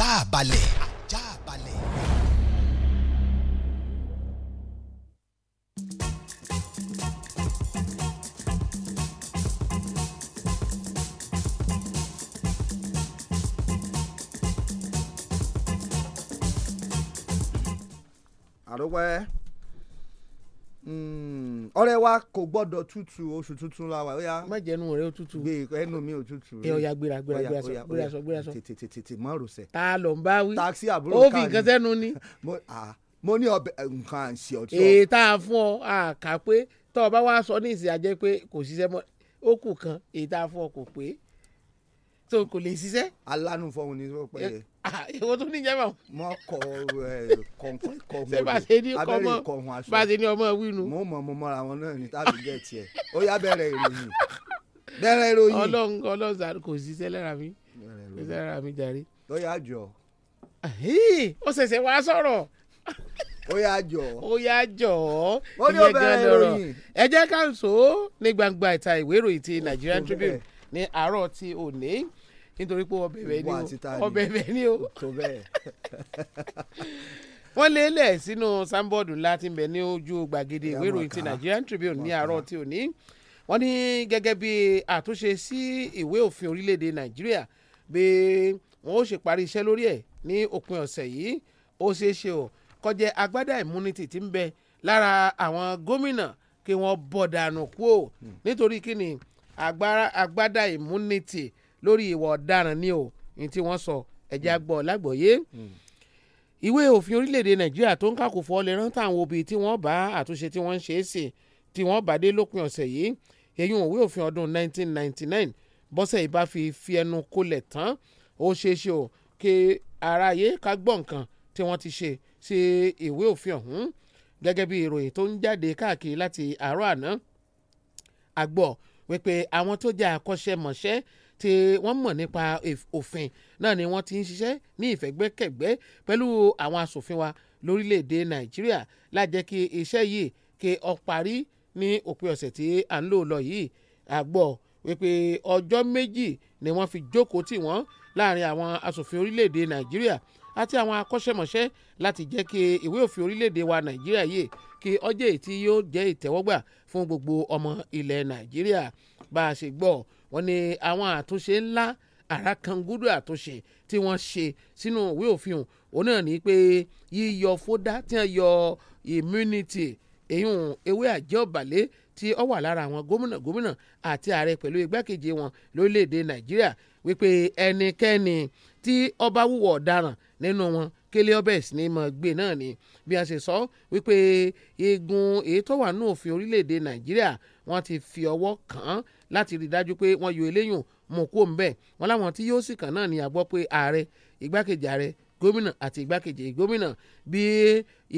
ajá balẹ̀. ajá balẹ̀. àròpẹ́ ọ̀rẹ́ wa kò gbọ́dọ̀ tútù oṣù tuntun la wà. má jẹnu rẹ òtútù. gbé e, ẹnu mi òtútù. ẹ ọya gbéra gbéra gbéra sọ gbéra sọ gbéra sọ. tètè tètè mọ rosẹ. ta ló ń bá wí. taxi àbúrò ká ní. ó fi nǹkan sẹ́nu ni. mo ní ọbẹ̀ eh, nǹkan àǹsì ọ̀tí. èyí tá a fún ọ àkà pé tọ́ ọ bá wá sọ ní ìsìn àjẹ́ pé kò ṣiṣẹ́ mọ́ ó kù kan èyí tá a fún ọ kò pé tó kò lè ṣiṣẹ́. alánú fọhùn ni ó pẹ́ yẹ (laughs) ìwọ tó kọ kọǹkọ ìkọhun olè abẹ́rẹ́ aṣọ bá a ọmọ wínu. mo mọ mo mọra wọn náà ní tábìlì jẹ tiẹ ó yá bẹ̀rẹ̀ ìròyìn bẹ̀rẹ̀ ìròyìn. Ọlọ́run Ọlọ́run sàrò kò sí sẹlẹra mi sẹlẹra mi jàre. ó yá jọ. ó ṣẹ̀ṣẹ̀ wá sọ̀rọ̀. ó yá jọ. ó yá jọ. ó ní ìròyìn. ẹ jẹ́ ní gbangba ìta ìwé ìròyìn Nigerian Tribune ní ti òní. nítorí pé ọbẹ̀ bẹ́ẹ̀ ni o ọbẹ̀ bẹ́ẹ̀ ni (laughs) o wọ́n lé lẹ̀ sínú sanbọ́ọ̀dù ńlá tí ń bẹ ní ojú gbàgede ìwé ìròyìn ti Nigerian Tribune ní àárọ̀ tí ò ní wọ́n ní gẹ́gẹ́ bí àtúnṣe sí ìwé òfin orílẹ̀-èdè Nàìjíríà bí wọ́n ó ṣe parí iṣẹ́ lórí ẹ̀ ní òpin ọ̀sẹ̀ yìí ó ṣeé ṣe o kọjá agbádá immunity tí ń bẹ lára àwọn gómìnà kí wọ́n bọ̀ dànù kú o hmm. nítorí kí ni agbádá immunity lórí ìwà ọ̀daràn ni o ní tí wọ́n sọ ẹ̀jẹ̀ àgbọ̀ mm. lágbọ̀yé mm. ìwé òfin orílẹ̀-èdè nàìjíríà tó ń kàkófọ́ lè rántí àwọn òbí tí wọ́n bá àtúnṣe tí wọ́n ń ṣe é sè tí wọ́n bá dé lópin ọ̀sẹ̀ yìí èyí òwe òfin ọdún 1999 bọ́sẹ̀ ìbá fi fi ẹnu kólẹ̀ tán ó ṣeé ṣe o kí aráyé ká gbọ́ nǹkan tí wọ́n ti ṣe sí ìwé òfin ọ̀hún gẹ́gẹ́ bí ìròyìn tó ń jáde káàkiri láti àárọ̀ àná àgbọ̀ wípé àwọn tó jẹ́ akọ́ṣẹ́mọṣẹ́ tí wọ́n mọ̀ nípa òfin náà ni wọ́n ti ń ṣiṣẹ́ ní ìfẹ́gbẹ́kẹ̀gbẹ́ pẹ̀lú àwọn asòfin wa lórílẹ̀‐èdè nàìjíríà lájẹ́ kí iṣẹ́ yìí kí ó parí ní òpin ọ̀sẹ̀ tí à ń lò lọ yìí àgbọ̀ wípé ọjọ́ méjì ni wọ́n fi jókòó tì wọ́n láàrin àwọn asòfin orílẹ̀‐èdè nàìjíríà àti àwọn akọ́ṣẹ́mọṣẹ́ láti jẹ́ kí ìwé òfin orílẹ̀‐èdè wa nàìjíríà yìí kí ọjọ́ èyí tí yóò jẹ́ ìtẹ́wọ́gbà fún gbogbo ọmọ ilẹ̀ nàìjíríà bá a ṣe gbọ́ wọ́n ní àwọn àtúnṣe ńlá àràkàngúdù àtúnṣe tí wọ́n ṣe sínú ìwé òfin òun náà ní pé yíyọ fódà tí wọ́n yọ immunity èyún ewé àjẹ́ ọ̀bàlẹ́ tí ó wà lára àwọn gómìnà gómìnà àti ààrẹ pẹ̀lú igbákejì wọn lórílẹ̀‐èdè nàìjíríà wípé ẹnikẹ́ni tí ó bá wúwọ̀ ọ̀daràn nínú wọn kélé ọbẹ̀ sí ni mọ̀ gbé náà ni bí a ṣe sọ wípé eegun èyí tó wà ní òfin orílẹ̀ nàìjíríà wọ́n ti fi ọwọ́ kàn án láti rí i dájú pé wọ́n yọ eléyùn mú kó ń bẹ̀ wọ́n láwọn tí yóò sì kàn náà ni àgbọ́ pé ààrẹ igbákejì ààrẹ gómìnà àti igbákejì gómìnà bí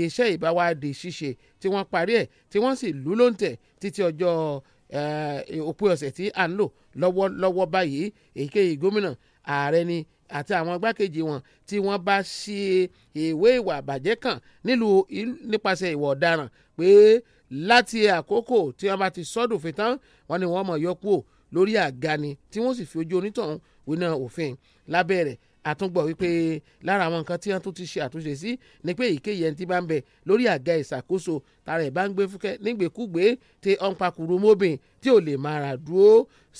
iṣẹ́ ìbáwádìí ṣíṣe tí wọ́n parí ẹ̀ tí wọ́n sì lù lóǹtẹ̀ títí ọjọ́ eh, òpin ọ̀sẹ̀ tí à ń lò lọ́wọ́lọ́wọ́ báyìí èyíkéyìí gómìnà ààrẹ ni àti àwọn igbákejì wọn tí wọ́n bá ṣe ìwé ìwà àbàjẹ́ kan nílùú nípasẹ̀ ìwà ọ̀daràn pé láti àkókò tí wọ́n bá ti sọ́dún òfin tán wọ́n ní wọ́n mọ̀ yọ kúrò lórí àga ni tí wọ́n sì fi ojú onítọ̀hún wíná òfin lábẹ́rẹ̀ àtúngbọ̀ wípé lára àwọn nǹkan tí wọ́n tún ti ṣe àtúnṣe sí ni pé èyíkéyìí ẹni tí bá ń bẹ lórí àga ìṣàkóso tara ẹ̀ bá ń gbé fúkẹ́ nígbèkúgbé tí ọ̀npakùrú mọ́bìn tí ò lè máa rà dúró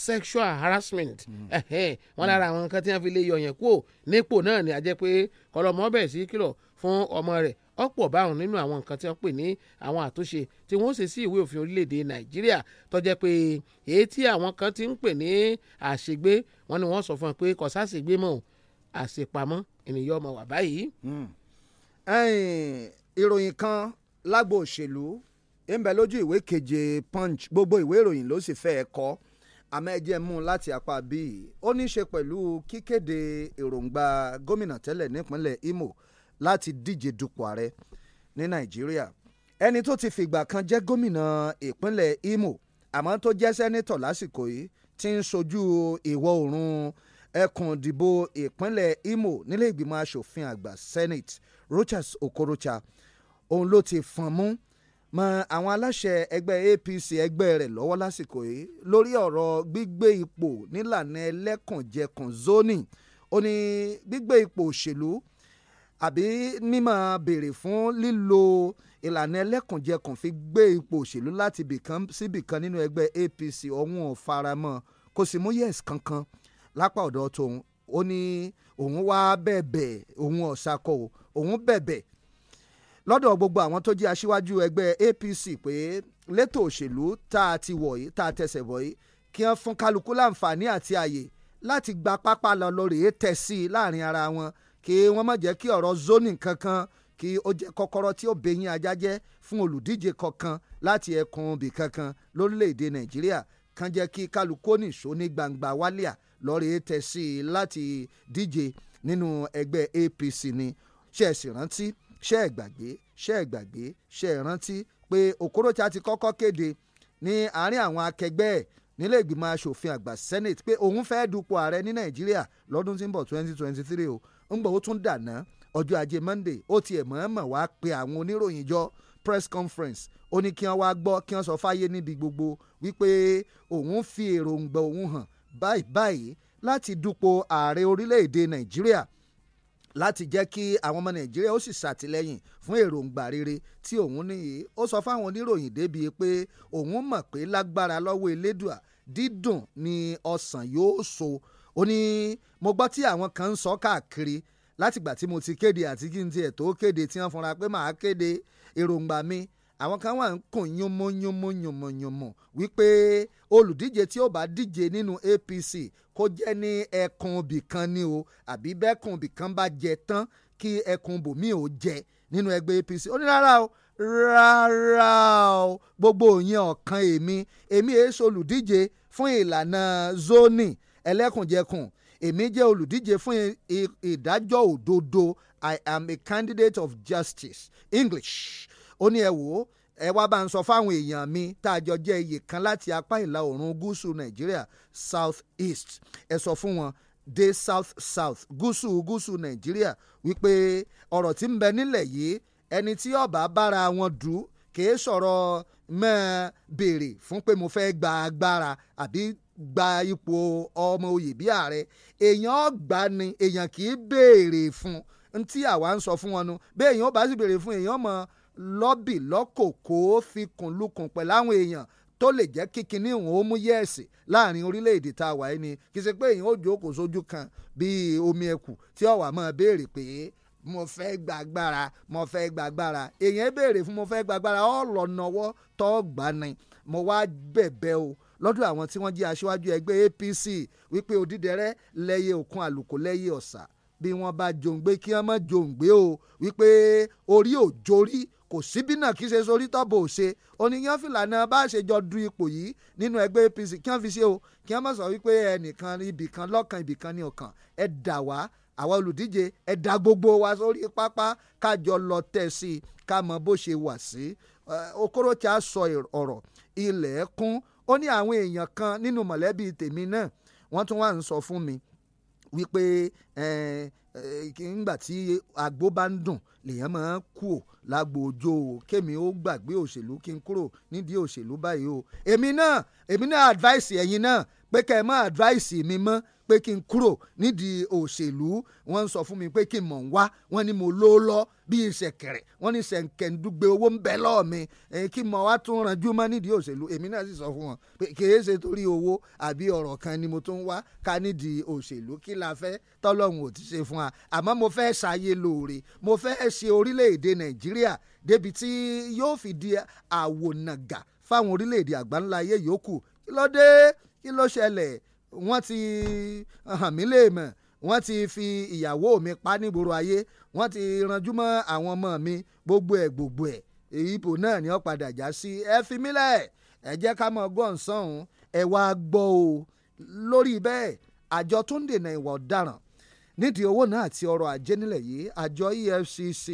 sexual harassment hmm. wọ́n lára àwọn nǹkan tí wọ́n fi lè yọ̀yàn kúrò nípò náà ni a jẹ́ pé kọlọ́mọ bẹ̀rẹ̀ sí kìlọ̀ fún ọmọ rẹ̀ ọ̀pọ̀ báwọn nínú àwọn nǹkan tí wọ́n pè ní àwọn àtúnṣe tí wọ́n ṣe sí ìwé òfin orílẹ̀-èdè nàìjíríà tó jẹ́ pé èyí tí àwọn kan ti ń pè ní àṣegbé wọn ni wọ́n sọ fún ẹ pé kò sáṣegbé mọ́ àṣepamọ́ ènìyàn ọmọ wà báyìí. Hmm. ìròyìn kan lágbo òṣèlú ń bẹ lójú ìwé keje punch gbogbo ìwé ìròyìn ló sì fẹ́ẹ́ kọ́ àmọ́ ẹ jẹ́ mú láti apá bíi ó ní í ṣe pẹ̀lú kíkéde èròǹgbà gómìnà tẹ́lẹ̀ nípínlẹ̀ Imo láti díje dupò ààrẹ ní nàìjíríà ẹni tó ti fìgbà kan jẹ́ gómìnà ìpínlẹ̀ imo àmọ́ tó jẹ́ sẹ́nitọ̀ lásìkò yìí ti ń sojú ìwọ̀ oòrùn ẹkùn ìdìbò ìpínlẹ̀ imo nílé ìgbìmọ̀ asòfin àgbà senate rochas okorocha òun ló ti fọ́n mú mọ àwọn aláṣẹ ẹgbẹ́ apc ẹgbẹ́ rẹ̀ lọ́wọ́ lásìkò yìí lórí ọ̀rọ̀ gbígbé ipò nílànà ẹlẹ́kànjẹkàn zoni ó ní gbígbé ipò òṣèlú àbí mímọ̀ béèrè fún lílo ìlànà ẹlẹ́kùnjẹkùn fi gbé ipò òṣèlú láti bìkan síbìkan nínú ẹgbẹ́ APC ọ̀hún ò faramọ́ kò sì mú yes kankan lápá ọ̀dọ̀ tòun ó ní òun wá bẹ̀bẹ̀ òun ọ̀sàkọ̀ òun bẹ̀bẹ̀ lọ́dọ̀ gbogbo àwọn tó jẹ́ aṣíwájú ẹgbẹ́ APC pé létò òṣèlú tá a ti wọ̀ yìí tá a tẹsẹ̀ bọ̀ yìí kí wọ́n fún kálukú láǹfààní àti àyè láti gba pápá lọ lórí tẹ̀ sí i láàrin ara wọn kí wọ́n má jẹ́ kí ọ̀rọ̀ zoning kankan kí ó jẹ́ kọ́kọ́rọ́ tí ó bẹ̀yìn ajá jẹ́ fún olùdíje kankan láti ẹkùn bì kankan lórílẹ̀‐èdè nàìjíríà kan jẹ́ kí kálukú nìṣó ní gbangba wálíà lọ́ọ̀rẹ́ tẹ̀ láti díje nínú ẹgbẹ́ APC ni ṣe é sì rántí ṣe é gbàgbé ṣe é gbàgbé ṣe é rántí pé Okorocha ti kọ́kọ́ kéde ní àárín àwọn akẹgbẹ́ ẹ̀ nílé ìgbìmọ̀ asòfin àgbà senate pé òun fẹ́ dupò ààrẹ ní nàìjíríà lọ́dún tí ń bọ̀ 2023 o ńgbọ́ ó tún dàná ọjọ́ ajé monday ó tiẹ̀ mọ̀ọ́mọ̀ wá pe àwọn oníròyìn jọ press conference ó ní kí wọ́n wá gbọ́ kí wọ́n sọ fáyé níbi gbogbo wípé òun fi èròǹgbà òun hàn báyìí báyìí láti dupò ààrẹ orílẹ̀-èdè nàìjíríà láti jẹ́ kí àwọn ọmọ nàìjíríà ó sì ṣàtìlẹ́yìn fún èròǹgbà rere tí òun níyì ó sọ fáwọn oníròyìn débi pé òun mọ̀ pé lágbára lọ́wọ́ elédùà dídùn ni ọsàn yóò so ó ní mo gbọ́ tí àwọn kan ń sọ káàkiri látìgbà tí mo ti kéde àti kí n tiẹ̀ tó kéde tí wọ́n fúnra pé màá kéde èròǹgbà mi àwọn kan wà ń kùn yúnmọ́ yúnmọ́ yúnmọ́ yúnmọ́ wípé olùdíje tí ó bá díje nínú APC kó jẹ́ ní ẹkùn bìkan ni o àbí bẹ́kùn bìkan bá jẹ tán kí ẹkùn bòmí ò jẹ nínú ẹgbẹ́ APC ó ní rárá o rárá o gbogbo òyìn ọ̀kan èmi èmi èso olùdíje fún ìlànà zoni ẹlẹ́kùnjẹkùn èmi jẹ́ olùdíje fún ìdájọ́ òdodo I am a candidate of justice English ó ní ẹ wò ó ẹ wá bá ń sọ fáwọn èèyàn mi tá a jọ jẹ́ iye kan láti apá ìlà oòrùn gúúsù nàìjíríà south east ẹ sọ fún wọn dé south south gúúsù gúúsù nàìjíríà wípé ọ̀rọ̀ tí ń bẹ nílẹ̀ yìí ẹni tí ọba bára wọn dù kìí sọ̀rọ̀ mọ́ béèrè fún pé mo fẹ́ gba agbára àbí gba ipò ọmọ oyè bí ààrẹ èèyàn gbà ni èèyàn kì í béèrè fún ntí àwa ń sọ fún wọn nu bẹ́ẹ̀ èèyàn bá sì béèrè fún èèyàn mọ́ lọ́bì lọ́kòkò fi kùnlùkùn pẹ̀lú àwọn èèyàn tó lè jẹ́ kíkiní òun ó mú yẹ́ẹ̀sì láàrin orílẹ̀-èdè tá a wà yìí ni kì í ṣe pé èèyàn ó jókòó sójú kan bíi omi ẹ̀kù tí ọ̀wà máa béèrè pé mo fẹ́ gbàgbára mo fẹ́ gbàgbára èèyàn béèrè fún mo fẹ́ gbàgbára ọ̀ lọ́nà ọwọ́ tó gbani mo wá bẹ̀bẹ̀ o lọ́dọ̀ àwọn tí wọ́n jẹ́ aṣíwájú ẹgbẹ́ APC wípé odídẹrẹ́ lẹ́yẹ òkun àlùkò lẹ́yẹ ọ̀sà bí wọ́n bá jòǹgbé kí wọ́n má jòǹgbé o wípé orí ò jórí kò síbí náà kí ṣe sórí tọ́bù ò ṣe oníyàn fìlànà bá ṣe jọ du ipò yìí nínú ẹgbẹ́ APC kí wọ́n fi ṣe o kí wọ́n má sọ wípé ẹnìkan ibìkan lọ́kàn ibìkan ní ọkàn ẹ dà wá àwa olùdíje ẹ dá gbogbo wa sórí pápá kájọ lọ tẹ̀ sí i ká mọ bó ṣe wà sí Okorocha sọ ọ̀rọ̀ ilẹ̀ kún ó ní àwọn èèyàn kan nínú mọ̀lẹ́bí tèmi náà wọ́n tún wá ń sọ fún mi wípé nígbà tí àgbo bá ń dùn lèèyàn máa ń kú ò lágbo òjò o kémi ó gbàgbé òṣèlú kí n kúrò nídìí òṣèlú báyìí o èmi náà èmi náà advice ẹ̀yin náà pé kẹ́ ẹ má advice mi mọ́ pé kí n kúrò nídìí òṣèlú wọ́n ń sọ fún mi pé kí n mọ̀ ń wá wọ́n ní mo ló lọ bí ìṣẹ̀kẹ̀rẹ̀ wọ́n ní ṣẹ̀ǹkẹ̀ǹdùgbẹ̀ owó ń bẹ lọ́ọ̀ mi kí n mọ̀ wá tún ranjú mọ́ nídìí òṣèlú èmi náà sì sọ fún wọn pé kìí ṣe torí owó àbí ọ̀rọ̀ kan ni mo tún wá ká nídìí òṣèlú kí la fẹ́ tọ́lọ́hún ò ti ṣe fún wa àmọ́ mo fẹ́ ṣayé lóore mo fẹ́ ṣe orílẹ̀-èdè Nàìjíríà débi tí yóò fi di àwònàgà fáwọn orílẹ̀-èdè àgbáńlá ayé yòókù kí ló dé kí ló ṣẹlẹ̀ wọ́n ti hàn mí léèmọ̀ wọ́n ti fi ìyàwó mi pa nígboro ayé wọ́n ti ranjú mọ́ àwọn ọmọ mi gbogbo ẹ̀ gbogbo ẹ̀ ìbò náà ni ó padà já sí ẹ fi mí lẹ̀ ẹ jẹ́ ká mọ̀ gọ́ǹsán ẹ wá gbọ́ o lórí bẹ́ẹ̀ àjọ tó ń dènà ìwà ọ̀daràn nídìí owó náà àti ọrọ̀ ajé nílẹ̀ yìí àjọ EFCC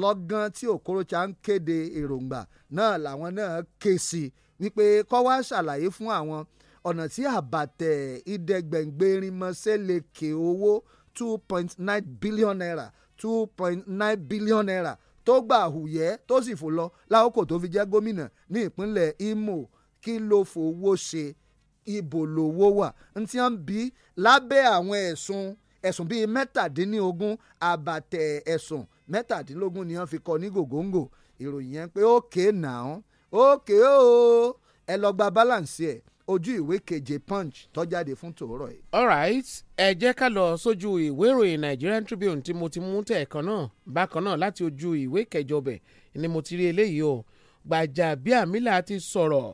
lọ́gán tí Okorocha ń kéde èròǹgbà náà làwọn náà ké sí wípé kó wá ṣàlàyé fún àwọn ọ̀nà tí àbàtẹ̀ ìdẹ́gbẹ̀ngbẹ̀rinmọ́sẹ́ lè kè owó two point nine billion naira two point nine billion naira tó gbà hùyẹ́ tó sì fò lọ lákòókò tó fi jẹ́ gómìnà ní ìpínlẹ̀ Imo kí ló fowó ṣe ibo lówó wà ntí wọn bí lábẹ́ àwọn ẹ̀sùn ẹ̀sùn bíi mẹ́tàdínlógún àbàtẹ̀ ẹ̀sùn mẹ́tàdínlógún ni wọ́n fi kọ ní gògóńgò ìròyìn yẹn pé ókè náà ókè ó ẹ lọ gba balance ẹ̀ ojú ìwé keje punch tó jáde fún tòórọ̀ yìí. alright ẹ jẹ́ ká lọ sójú ìwé ìròyìn Nigerian Tribune tí mo ti mú tẹ̀ kan náà bákan náà láti ojú ìwé kẹjọ bẹ̀ ni mo ti rí eléyìí o Gbajabiamila ti sọ̀rọ̀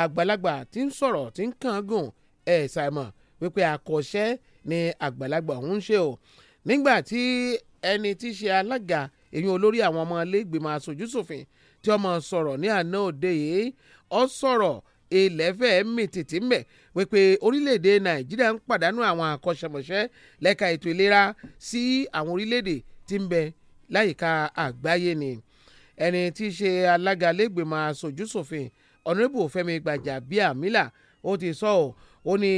àgbàlagbà ti ń sọ̀rọ̀ ti ń kàn gùn ẹ̀ ṣàìmọ̀ wípé àkọ́ṣẹ́ ni àgbàlagbà ń ṣe o nígbà tí ẹni tí ṣe alága èyí olórí àwọn ọmọ ilégbèmọ̀ aṣojú ilẹ̀ fẹ́ẹ́ mì tìtì mẹ́ wípé orílẹ̀-èdè nàìjíríà ń pàdánù àwọn àkọ́ṣẹ́mọṣẹ́ lẹ́ka ètò ìlera sí àwọn orílẹ̀-èdè tí ń bẹ láyìíká àgbáyé ni ẹni tí í ṣe alága lẹ́gbẹ̀mọ̀ aṣojúṣòfin ọ̀nàrẹ́bù fẹ́mi gbàjàbíàmílà ó ti sọ ọ́ ó ní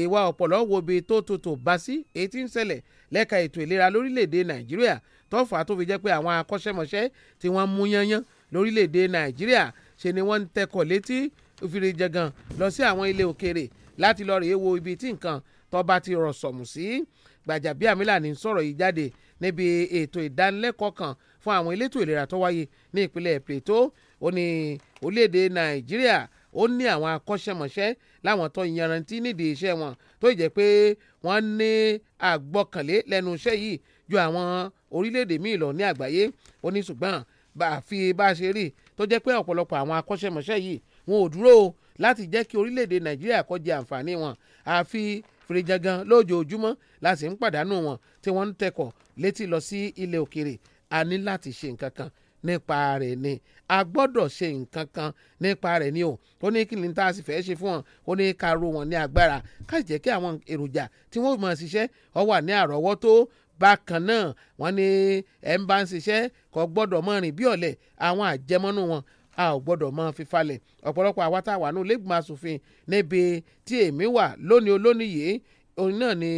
ìwà ọ̀pọ̀lọ́ wo bi tó tutù bá sí èyí tí ń ṣẹlẹ̀ lẹ́ka ètò ìlera lórílẹ̀‐èdè nàìjíríà tọ́fà tó fi jẹ́ pé àwọn akọ́ṣẹ́mọṣẹ́ tí wọ́n mú yányán lórílẹ̀‐èdè nàìjíríà ṣe ni wọ́n ń tẹkọ̀ létí tó fi rè jẹgàn lọ sí àwọn ilé òkèrè láti lọ rèé wo ibi tí nǹkan tọ́ba ti rọ̀ sọ̀mù sí Gbàjàbíàmílà ní sọ̀rọ̀ yìí jáde níbi ètò ìdánilẹ́kọ̀ọ́ kan fún àwọn elétò ìlera tó wáyé ní ìpínlẹ̀ Plateau ó ní orílẹ̀-èdè Nàìjíríà ó ní àwọn akọ́ṣẹ́mọṣẹ́ láwọn tó yanrantí nídìí iṣẹ́ wọn tó jẹ́ pé wọ́n ní àgbọ́kànlé lẹ́nu iṣẹ́ yìí ju àwọn orílẹ̀-èdè míì lọ ní àgbáyé ó ní ṣùgbọ́n àfi bá a ṣe rí tó jẹ́ pé ọ̀pọ̀lọpọ̀ àwọn akọ́ṣẹ́mọṣẹ́ yìí wọn ò dúró o láti jẹ́ kí orílẹ̀-èdè nàìjíríà kó jẹ àǹfààní wọn àfi fìrìjàngàn lójoojúmọ́ láti ń pàdánù wọn tí wọ́n ń tẹkọ̀ létí lọ sí ilẹ̀ òkèrè a ní láti ṣe nǹkan kan nípa rẹ̀ ni a gbọ́dọ̀ ṣe nǹkan kan nípa rẹ̀ ni o ó ní kí ni tá a sì fẹ́ ṣe fún wọn ó ní ká ro wọn ní agbára ká jẹ́ kí àwọn èròjà tí wọ́n mọ̀ ṣiṣẹ́ ó wà ní àrọ́wọ́tó bákan náà wọ́n ní ẹ̀ ń bá ń ṣiṣẹ́ kò gbọ́dọ̀ mọ́ bí ọ̀lẹ àwọn àjẹmọ́nú wọn a ò gbọ́dọ̀ mọ́ fífalẹ̀ ọ̀pọ̀lọpọ̀ àwa tá a wà nù lẹ́gbọ̀n asòfin níbi tí èmi wà lónìí olónìí yìí òun náà ni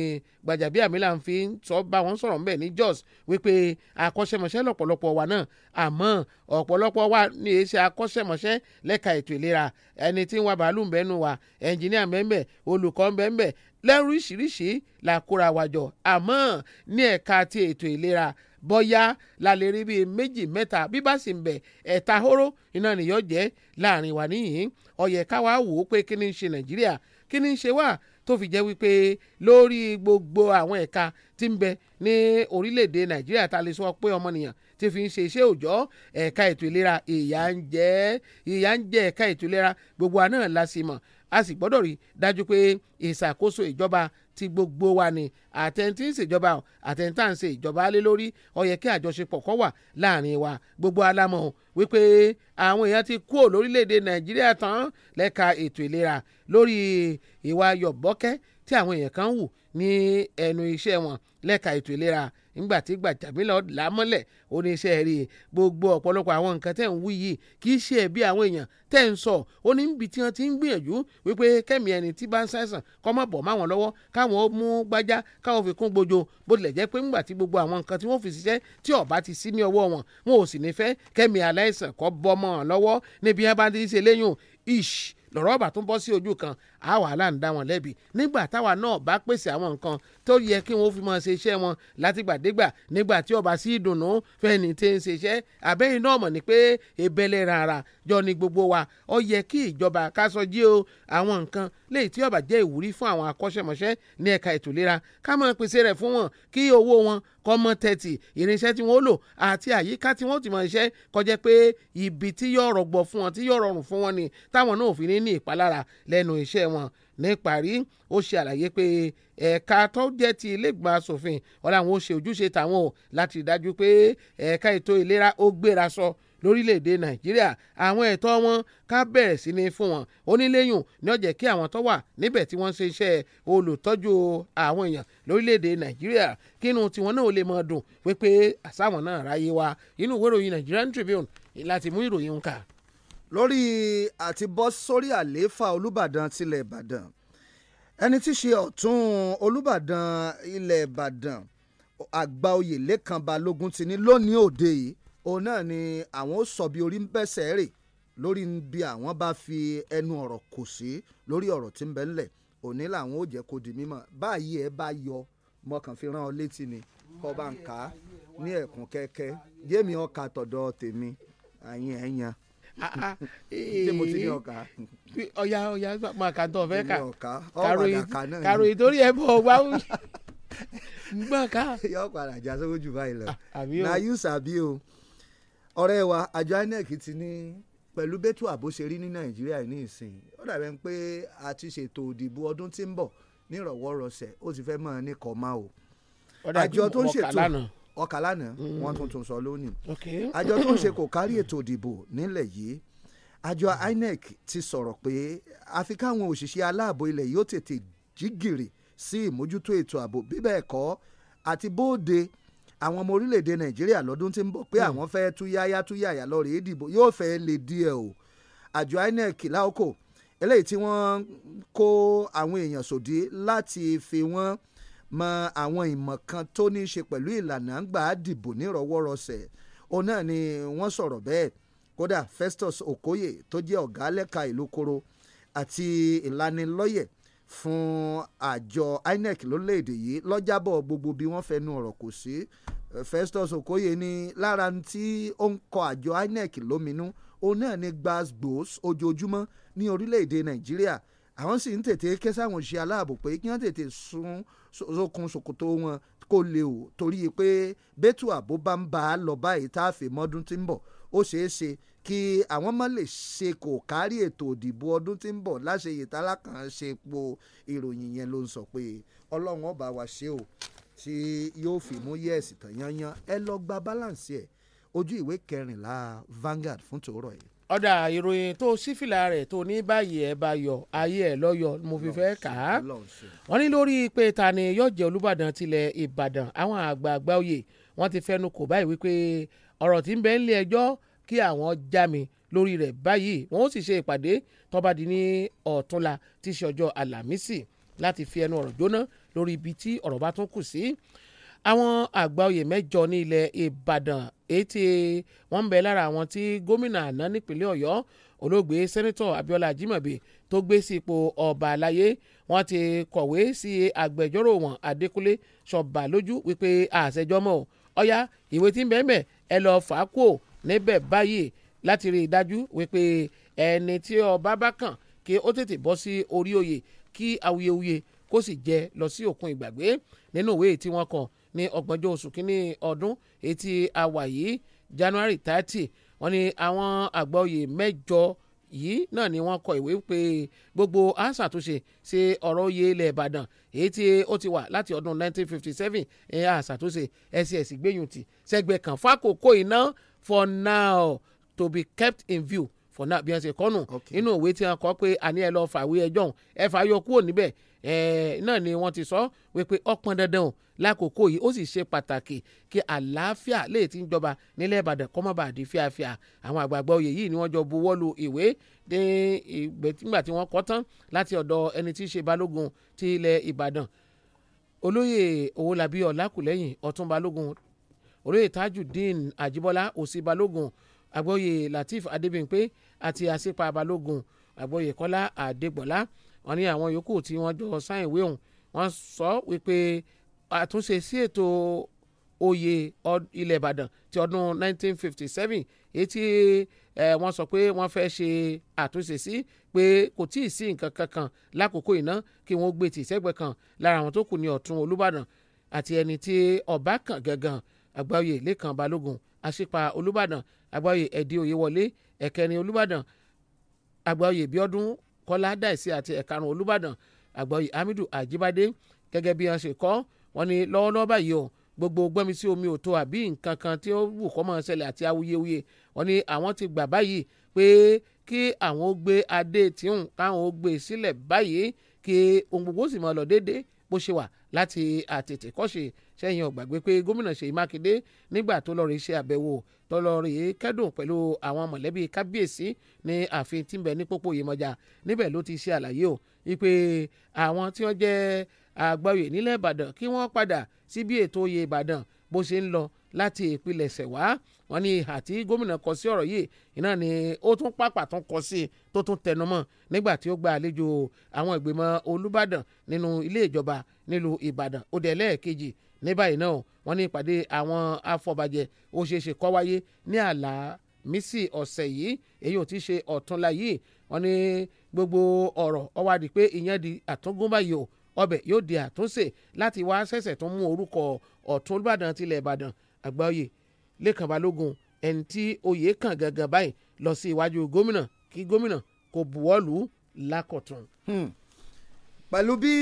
Gbajabiamila ń fi sọ bá wọn sọ̀rọ̀ ńbẹ̀ ní Jos wípé akọ́ṣẹ́mọṣẹ́ lọ́pọ̀lọpọ̀ wa náà àmọ́ ọ̀pọ̀lọpọ̀ wa ní èsì akọ́ṣẹ́mọṣẹ́ lẹ́ka ètò ìlera ẹni tí ń wa bàálù ńbẹ́nu wa ẹnjìníà ńbẹ́ńbẹ́ olùkọ́ ńbẹ́ńbẹ́ lẹ́rú ìṣiríṣi la kóra àmọ́ ní ẹ̀ka ti ètò ìlera bọ́yá la lè rí bíi méjì mẹ́ta bí bá sì ń bẹ̀ ẹ̀ta hóró iná nìyọ́ jẹ́ láàrin wa níyìn ọ̀yẹ̀ ká wá wò ó pé kí ni ń ṣe nàìjíríà kí ni ń ṣe wá tó fi jẹ́ wípé lórí gbogbo àwọn ẹ̀ka tí ń bẹ ní orílẹ̀-èdè nàìjíríà ta lè sọ pé ọmọnìyàn ti fi ń ṣe iṣẹ́ òòjọ́ ẹ̀ka ètò ìlera ìyà ń jẹ ìyà ń jẹ ẹ̀ka ètò ìlera gbogbo àná la a sì gbọ́dọ̀ rí dájú pé ìṣàkóso ìjọba ti gbogbo wa ni àtẹ̀ntì ń ṣèjọba o àtẹ̀ntì à ń ṣe ìjọba lé lórí ó yẹ kí àjọṣepọ̀ kó wà láàrin wa gbogbo alámọ̀ wípé àwọn èèyàn ti kúrò lórílẹ̀‐èdè nàìjíríà tán lẹ́ka ètò ìlera lórí ìwà yọ̀bọ́kẹ́ tí àwọn èèyàn kan hù ní ẹnu iṣẹ́ wọn lẹ́ka ètò ìlera nígbà tí Gbàjàmílà làmọ́lẹ̀ oníṣẹ́ rí gbogbo ọ̀pọ̀lọpọ̀ àwọn nǹkan tẹ̀ ń wí yìí kì í ṣe ẹ̀bi àwọn èèyàn tẹ̀ ń sọ ó ní níbi tí wọ́n ti ń gbìyànjú wípé kẹ́mi ẹni tí bá ń ṣàìsàn kọ́ mọ̀ bọ̀ máwọn lọ́wọ́ káwọn ó mú gbájá káwọn fi kún gbojo bó tilẹ̀ jẹ́ pé ńgbà tí gbogbo àwọn nǹkan tí wọ́n fi ṣiṣẹ́ tí ọ̀bá ti sí ní ọwọ́ wọn wọn ò sì ní fẹ́ kẹ́mi aláìsàn kọ́ bọ́ mọ́ lọ́wọ́ níbi yẹn bá ti ṣe léyìn ish lọ́rọ̀ ọ̀bà bọ́ sí ojú kan àwa là ń dá wọn lẹ́bi nígbà táwa náà bá pèsè àwọn nǹkan tó yẹ kí wọ́n fi máa ṣe iṣẹ́ wọn látìgbàdégbà nígbà tí ọba sí ìdùnnú fẹ́ni tí ń ṣe iṣẹ́ àbẹ́yìn náà mọ̀ ni pé ebele rara jọ ni gbogbo wa ó yẹ kí ìjọba kásọjí o àwọn nǹkan léyìí tí ọba jẹ́ ìwúrí fún àwọn akọ́ṣẹ́mọṣẹ́ ní ẹ̀ka ètò ìlera ká máa pèsè rẹ̀ fún wọn kí owó wọn kọ́mọ tẹ̀tì irinṣẹ́ tí wọ́n lò àti àyíká tí wọ́n ti mọ̀ iṣẹ́ kọjá pé ibi tí yóò rọgbọ fún wọn tí yóò rọrùn fún wọn ni táwọn náà ò fi ní ní ìpalára lẹ́nu iṣẹ́ wọn níparí ó ṣe àlàyé pé ẹ̀ka tó jẹ́ ti ilégbèmọ̀ asòfin ọ̀la àwọn ó ṣe ojúṣe tàwọn o láti rí dájú pé ẹ̀ka ètò ìlera ó gbéra sọ lórílẹ̀‐èdè nàìjíríà àwọn ẹ̀tọ́ wọn ká bẹ̀rẹ̀ sí ni fún wọn oníléyùn ní ó jẹ́ kí àwọn tó wà níbẹ̀ tí wọ́n ṣe iṣẹ́ olùtọ́jú àwọn èèyàn lórílẹ̀‐èdè nàìjíríà kínú tiwọn náà ò lè mọ̀ dùn pé pé àsáwọn náà ráyé wa inú ìwé ìròyìn Nigerian Tribune láti mú ìròyìn ń kà lórí àti bọ́ sórí àlééfà olùbàdàn tilẹ̀ ìbàdàn ẹni tí í ṣe ọ̀tún olùbàdàn ilẹ̀ ìbàdàn àgbà oyè lẹ́kàn balógun ti ní lónìí òde yìí òun náà ni àwọn ó sọ bí orí ń bẹ́sẹ̀ rè lórí bí àwọn bá fi ẹnu ọ̀rọ̀ kò sí lórí ọ̀rọ̀ tí ń bẹ ńlẹ̀ òní làwọn ó jẹ́ kó di mímọ̀ báyìí ẹ bá yọ mo fi rán ọ létí ni kọ́ bá ń kà á ní ẹ̀kún kẹ́kẹ́ yémi ọkà tọ̀dọ̀ tèmi àyìn ẹ̀yàn. Ah, ah. ṣé mo ti ní ọ̀ka. Eh, ọ̀ya ọ̀ya máa kà tó ọ̀fẹ́ kà kàròyìn torí ẹ̀ bọ̀ wá gbọ́ ká. yọ padà já sóko jù báyìí lọ ah, na you sabi o ọ̀rẹ́ wa àjọ INEC ti ní pẹ̀lú bẹ́tù àbó ṣe rí ní nàìjíríà ní ìsìn ó dàbẹ̀ ń pé a ti ṣètò òdìbò ọdún tí ń bọ̀ nírọ̀wọ́rọ̀sẹ̀ ó ti fẹ́ mọ̀ ní kọ́má o àjọ tó ń ṣètò ọkà lánàá mm. wọ́n tuntun sọ lónìí. àjọ tó ń ṣe (clears throat) kò kárí ètò ìdìbò nílẹ̀ yìí àjọ INEC ti sọ̀rọ̀ pé àfi káwọn òṣìṣẹ́ aláàbò ilẹ̀ yóò tètè jí gìrì sí ìmójútó ètò ààbò bí bẹ́ẹ̀ kọ́ àti bóde àwọn ọmọ orílẹ̀-èdè Nàìjíríà lọ́dún tí ń bọ̀ pé mm. àwọn fẹ́ túyáyá túyàyà lọ rèé dìbò yóò fẹ́ lè díẹ̀ o àjọ INEC láòkò eléyìí tí wọ́n kó àwọn èèyàn sòdí láti fi wọ́n mọ àwọn ìmọ̀ kan tó ní í ṣe pẹ̀lú ìlànà ń dìbò nírọwọ́rọsẹ̀ òun náà ni wọ́n sọ̀rọ̀ bẹ́ẹ̀ kódà Festus Okoye tó jẹ́ ọ̀gá lẹ́ka ìlú koro àti ìlanilọ́yẹ̀ fún àjọ INEC lórílẹ̀‐èdè yìí lọ́jàbọ̀ gbogbo bí wọ́n fẹnu ọ̀rọ̀ kò sí Festus Okoye ni lára tí ó ń kọ àjọ INEC lóminú òun náà ni gbàgbós ojoojúmọ́ ní orílẹ̀‐èdè Nàìjíríà àwọn sì ń tètè ké sáwọn òṣìṣẹ́ aláàbò pé kí wọ́n tètè sun sókun ṣòkòtò wọn kó lè o torí pé bẹ́tù àbó bá ń bá a lọ báyìí tá a fè mọ́dún tí ń bọ̀ ó ṣeé ṣe kí àwọn mọ́ lè ṣe kò kárí ètò òdìbò ọdún tí ń bọ̀ láṣeyè tálákàn ṣe po ìròyìn yẹn ló ń sọ pé ọlọ́run ọba wa ṣe o tí yóò fi mú yẹ́ẹ̀sì tán yányán ẹ lọ gba balance ẹ̀ ojú ìwé kẹrìnlá Vanguard fún tòórọ̀ yìí ọ̀dà ìròyìn tó sífìlà rẹ̀ tó ní báyìí ẹ̀ bá yọ ayé ẹ̀ lọ́yọ̀ mo fi fẹ́ kà á wọ́n ní lórí pé ta ni yóò jẹ́ olùbàdàn tilẹ̀ ìbàdàn àwọn àgbààgbà oyè wọ́n ti fẹ́nu kò báyìí wípé ọ̀rọ̀ tí ń bẹ nílé ẹjọ́ kí àwọn já mi lórí rẹ̀ báyìí wọ́n ó sì ṣe ìpàdé tó bá di ní ọ̀túnla tí í ṣe ọjọ́ àlàmísì láti fi ẹnu ọ̀rọ̀ jóná lórí ibi tí ọ̀rọ̀ bá tún kù sí àwọn àgbà oyè mẹ́jọ ní ilẹ̀ Ìbàdàn èyí tí wọ́n ń bẹ lára àwọn tí gómìnà àná nípínlẹ̀ Ọ̀yọ́ olóògbé sẹ́nẹ́tọ̀ Abíọ́lá Ajímọ̀bi tó gbé sí ipò ọba àlàyé wọ́n ti kọ̀wé sí agbẹjọ́rò wọn Adékúnlé Ṣọ̀bà lójú wípé àṣẹjọmọ́ ọ̀yá ìwé tí ń bẹ́ẹ̀ mẹ́ ẹ lọ́ọ́ fà á kúò níbẹ̀ báyìí láti rí i dájú wípé ẹni tí ọba bá kàn kí ó tètè bọ́ sí orí oyè kí awuyewuye kó sì jẹ lọ sí òkun ìgbàgbé nínú ìwé tí wọ́n kàn ní ọgbọ̀njọ́ oṣù kínní ọdún etí àwà yìí January thirty wọ́n ní àwọn àgbà mẹ́jọ yìí náà ni wọ́n kọ ìwé pé gbogbo ansa tó ṣe ṣe ọ̀rọ̀ oyè ilẹ̀ Ìbàdàn èyí tí ó ti wà láti ọdún 1957 ẹ̀yà àṣàtúnṣe ss gbẹ̀yìn tì sẹ́gbẹ̀ẹ́ kan fákòókò iná for now to be kept in view for now bí wọ́n ṣe kọ́ nù nínú tí wọ́n kọ pé àní ẹ lọ́ọ́ fàwé ẹjọ́ ẹ fà yọ kúrò níbẹ̀ náà ni wọ́n ti sọ wípé ọpọn dandan o lákòókò yìí ó sì ṣe pàtàkì kí àlàáfíà lè ti ń jọba nílẹ̀ ìbàdàn kó má bàa fíafíà àwọn àgbààgbà oyè yìí ni wọ́n jọ buwọ́ lu ìwé ní ìgbà tí wọ́n kọ tán láti ọ̀dọ̀ ẹni tí í ṣe balógun ti ilẹ̀ ìbàdàn olóyè owólabí ọlákùlẹ́yìn ọ̀tún balógun olóyè tajudeen àjíbọ́lá òsì balógun àgbọ̀yè latif adébíyìnpé àti àṣípa balógun àgbọ̀yè kọ́lá àdégbọ́lá wọ́n ní àwọn yòókù tí wọ́n jọ sáìn ìwé ọ̀hún wọ́n sọ wípé àtúnṣe sí ètò oyè ilẹ̀ ìbàdàn ti ọdún 1957 èyí tí wọ́n sọ pé wọ́n fẹ́ ṣe àtúnṣe sí pé kò tíì sí nǹkan kankan lákòókò iná kí wọ́n gbé tì sẹ́gbẹ̀ẹ́ kan lára àwọn tó kù ní ọ̀tún olúbàdàn àti ẹni tí ọba kan gangan àgbáyé lẹ́kàn balógun àṣìpa olúbàdàn àgbáyé ẹ̀dí òye wọlé ẹ̀kẹrin olúbàdàn àgbáyé bíọ́dún kọ́lá dàìsí àti ẹ̀karùn olùbàdàn àgbọ̀yì hamidu àjíbádé gẹ́gẹ́ bí wọ́n ṣe kọ́ wọ́n ní lọ́wọ́lọ́wọ́ báyìí o gbogbo gbẹ́mi sí omi òtó àbí nǹkan kan tí ó wù kọ́ mọ́ ṣẹlẹ̀ àti awuyewuye wọ́n ní àwọn ti gbà báyìí pé kí àwọn ó gbé adé tíhùn káwọn ó gbé e sílẹ̀ báyìí kí ohun gbogbo sì mọ́ lọ déédéé bó ṣe wà láti àtètèkọ́ṣe ṣẹ́yìn ò gbàgbé pé gómìnà Ṣèyí Mákindé nígbà tó lọ́ọ́ rí ṣe àbẹ̀wò tó lọ́ọ́ rí kẹ́dùn pẹ̀lú àwọn mọ̀lẹ́bí kábíyèsí ní ààfin tí ń bẹ ní pópó Yemọja níbẹ̀ ló ti ṣe àlàyé o wípé àwọn tí wọ́n jẹ́ àgbáyé nílẹ̀ Ìbàdàn kí wọ́n padà síbi ètò oyè Ìbàdàn bó ṣe ń lọ láti ìpilẹ̀ṣẹ̀ wá wọn ní ìhà tí gómìnà kọ sí ọ̀rọ̀ yìí iná ni ó tún pàpà tún kọ sí tó tún tẹnumọ́ nígbà tí ó gba àlejò àwọn ìgbìmọ̀ Olúbàdàn nínú ilé ìjọba nílùú Ìbàdàn ó dẹ̀ lẹ́ẹ̀kejì ní báyìí náà wọ́n ní ìpàdé àwọn afọbajẹ ó ṣeé ṣe kó wáyé ní àlàmísì ọ̀sẹ̀ yìí èyí ò ti ṣe ọ̀túnla yìí wọ́n ní gbogbo ọ̀rọ̀ ó di pé ìyẹn di àtúngúnbá yìí o ọbẹ̀ yóò di àtúnṣe láti wá ṣẹ̀ṣẹ̀ tó mú orúkọ ọ̀tún olùbàdàn tilẹ̀ ìbàdàn àgbáyé lẹ́kàn balógun ẹni tí oyè kàn gangan báyìí lọ sí iwájú gómìnà kí gómìnà kò buwọ́lù lákọ̀tún. Hmm pẹ̀lú bí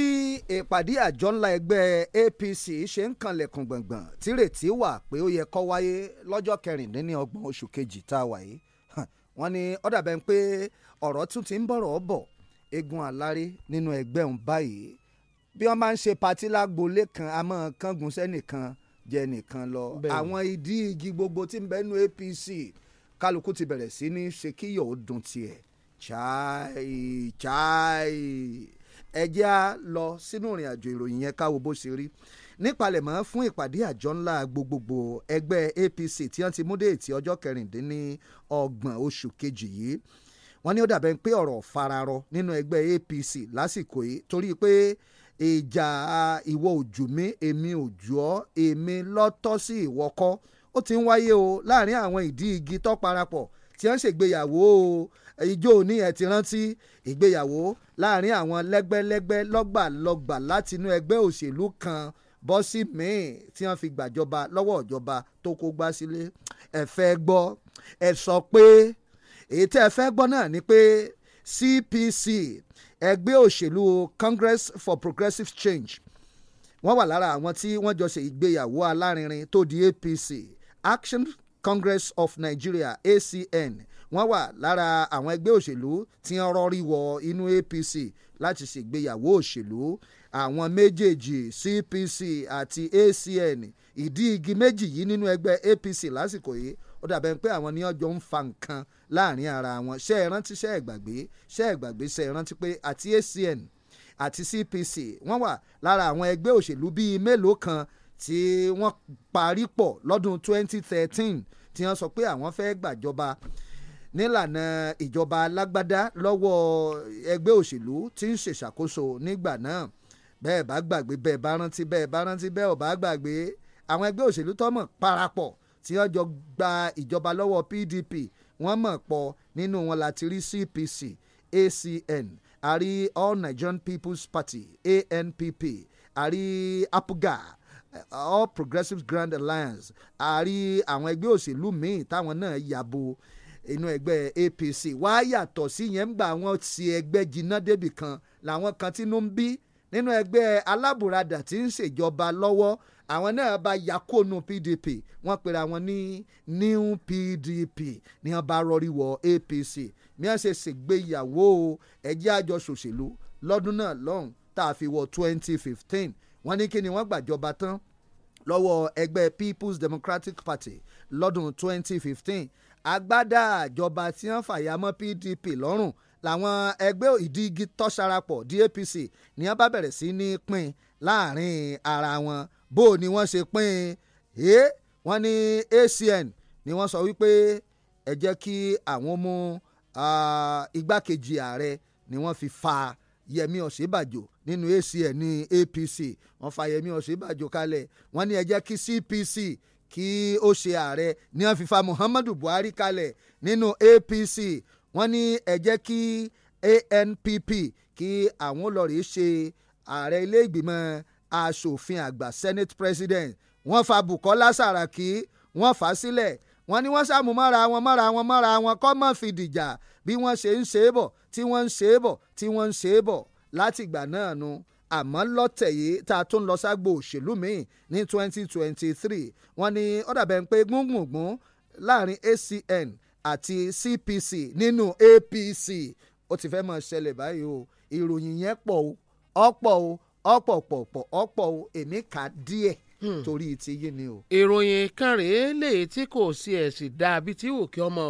ìpàdé àjọ ńlá ẹgbẹ́ APC ṣe ń kanlẹ̀kùn gbọ̀ngbọ̀n tírètí wà pé ó yẹ kó wáyé lọ́jọ́ kẹrìndínlọ́gbọ̀n oṣù kejì tá a wà yìí wọ́n ní ó dàbẹ̀ pé ọ̀rọ̀ tún ti ń bọ̀rọ̀ bọ̀ egun àlárí nínú ẹgbẹ́ òun báyìí bí wọ́n máa ń ṣe patí lágboolé kan a máa kángun sẹ́nìkan jẹ nìkan lọ àwọn ìdí igi gbogbo tí ń bẹ nú APC kálukú ti bẹ̀rẹ̀ sí ní ṣe kíyọ̀ ó dùn tiẹ̀ chai chai ẹ jẹ́ á lọ sínú ìrìn àjò ìròyìn yẹn káwo bó ṣe rí nípalẹ̀mọ́ fún ìpàdé àjọ ńlá gbogbogbò ẹgbẹ́ APC tí wọ́n ti mú dé ètí ọjọ́ kẹrìndínlọ́gbọ̀n oṣù kejì yìí wọ́n ní ó dàbẹ̀ pé ọ̀rọ̀ fararọ nínú ẹgbẹ́ APC lásìkò yìí torí pé ìjà ìwọ òjù mi èmi òjù ọ èmi lọ́tọ́ sí ìwọ kọ́ ó ti ń wáyé o láàrin àwọn ìdí igi tó parapọ̀ tí wọ́n ṣègbéyàwó ijó òní ẹ̀ ti rántí ìgbéyàwó láàrin àwọn lẹ́gbẹ́lẹ́gbẹ́ lọ́gbàlọ́gbà látinú ẹgbẹ́ òṣèlú kan bọ́sì míì tí wọ́n fi gbàjọba lọ́wọ́ ìjọba tó kó gbá sílé ẹ fẹ́ gbọ́ ẹ sọ pé èyí tẹ́ ẹ fẹ́ gbọ́ náà ni pé CPC ẹgbẹ́ òṣèlú Congress for Progressive Change wọ́n wà lára àwọn tí wọ́n jọ ṣe ìgbéyàwó alárinrin tó di APC Action Congress of Nigeria ACN wọ́n wà lára àwọn ẹgbẹ́ òṣèlú tí wọ́n rọrí wọ inú APC láti ṣègbéyàwó òṣèlú àwọn méjèèjì CPC àti ACN ìdí igi méjì yìí nínú ẹgbẹ́ APC lásìkò yìí ó dàbẹ̀ pé àwọn ni ọjọ́ ń fa nǹkan láàrin ara wọn ṣe é rántí ṣe é gbàgbé ṣe é gbàgbé ṣe é rántí pé àti ACN àti CPC wọ́n wà lára àwọn ẹgbẹ́ òṣèlú bíi mélòó kan tí wọ́n parí pọ̀ lọ́dún 2013 tí wọ́n sọ pé àwọn fẹ́ gbàjọba nílànà ìjọba alágbádá lọ́wọ́ ẹgbẹ́ òṣèlú tí ń ṣèṣàkóso nígbà náà bẹ́ẹ̀ bá gbàgbé bẹ́ẹ̀ bá rántí bẹ́ẹ̀ bá rántí bẹ́ẹ̀ ò bá gbàgbé àwọn ẹgbẹ́ òṣèlú tọ́mọ̀ parapọ̀ tí wọ́n jọ gba ìjọba lọ́wọ́ PDP wọ́n mọ̀ pọ̀ nínú wọn láti rí CPC ACN àrí All Nigerian People's Party ANPP àrí APGA All Progressives Grand Alliance àrí àwọn ẹgbẹ́ òṣèlú míì táwọn náà yàbò inú ẹgbẹ́ APC wá yàtọ̀ sí yẹn ń gbà wọ́n ti ẹgbẹ́ jiná débì kan làwọn kan tínú ń bí nínú ẹgbẹ́ alábùradà tí ń ṣèjọba lọ́wọ́ àwọn náà bá yakónú PDP wọ́n pera wọn ní new PDP ní wọ́n bá rọrí wọ APC ní wọ́n ṣe ṣègbéyàwó ẹjẹ́ àjọ ṣòṣèlú lọ́dún náà lọ́hùn tá a fi wọ 2015 wọ́n ní kí ni wọ́n gbàjọba tán lọ́wọ́ ẹgbẹ́ People's Democratic Party lọ́dún 2015 Agbada, àjọba tí wọ́n fàyà PDP lọ́rùn làwọn ẹgbẹ́ ìdígi tọ́sarapọ̀ di APC ni wọ́n bá bẹ̀rẹ̀ sí ní pín láàrin ara wọn bó ni wọ́n ṣe pín in wọ́n ní ACN ni wọ́n sọ wípé ẹ jẹ́ kí àwọn mú igbákejì ààrẹ ni wọ́n fi fa Yẹmi Ọ̀ṣínbàjò nínú ACN ní APC wọ́n fa Yẹmi Ọ̀ṣínbàjò kalẹ̀ wọ́n ní ẹ jẹ́ kí CPC kí ó ṣe ààrẹ ní wọ́n Muhammadu Buhari kalẹ̀ nínú APC wọ́n ní ẹ kí ANPP kí àwọn lọ́ọ̀rì ṣe ààrẹ ilé ìgbìmọ̀ asòfin àgbà Senate President wọ́n fa Bukola Saraki wọ́n fà á sílẹ̀ wọ́n ní wọ́n sàmú mọ́ra wọn mọ́ra wọn mọ́ra wọn kọ́ mọ́ fi bí wọ́n ṣe ń ṣe é bọ̀ tí wọ́n ń ṣe é bọ̀ tí wọ́n ń ṣe é bọ̀ látìgbà náà nu àmọ́ lọ́tẹ̀ yìí tá a tún lọ ságbo òṣèlú míì ní 2023 wọ́n ní ọ̀dà bẹ́ẹ̀ ń pé gbùngbùngbùn láàrin ACN àti CPC nínú APC ó ti fẹ́ mọ̀ ṣẹlẹ̀ báyìí o ìròyìn yẹn pọ̀ o ọ̀pọ̀ o ọ̀pọ̀ pọ̀pọ̀ ọ̀pọ̀ o èmi kà díẹ̀ hmm. torí ti yí ni o. ìròyìn kan rèé lè tí kò sí ẹ̀sìn dàbí tí òkè ọmọ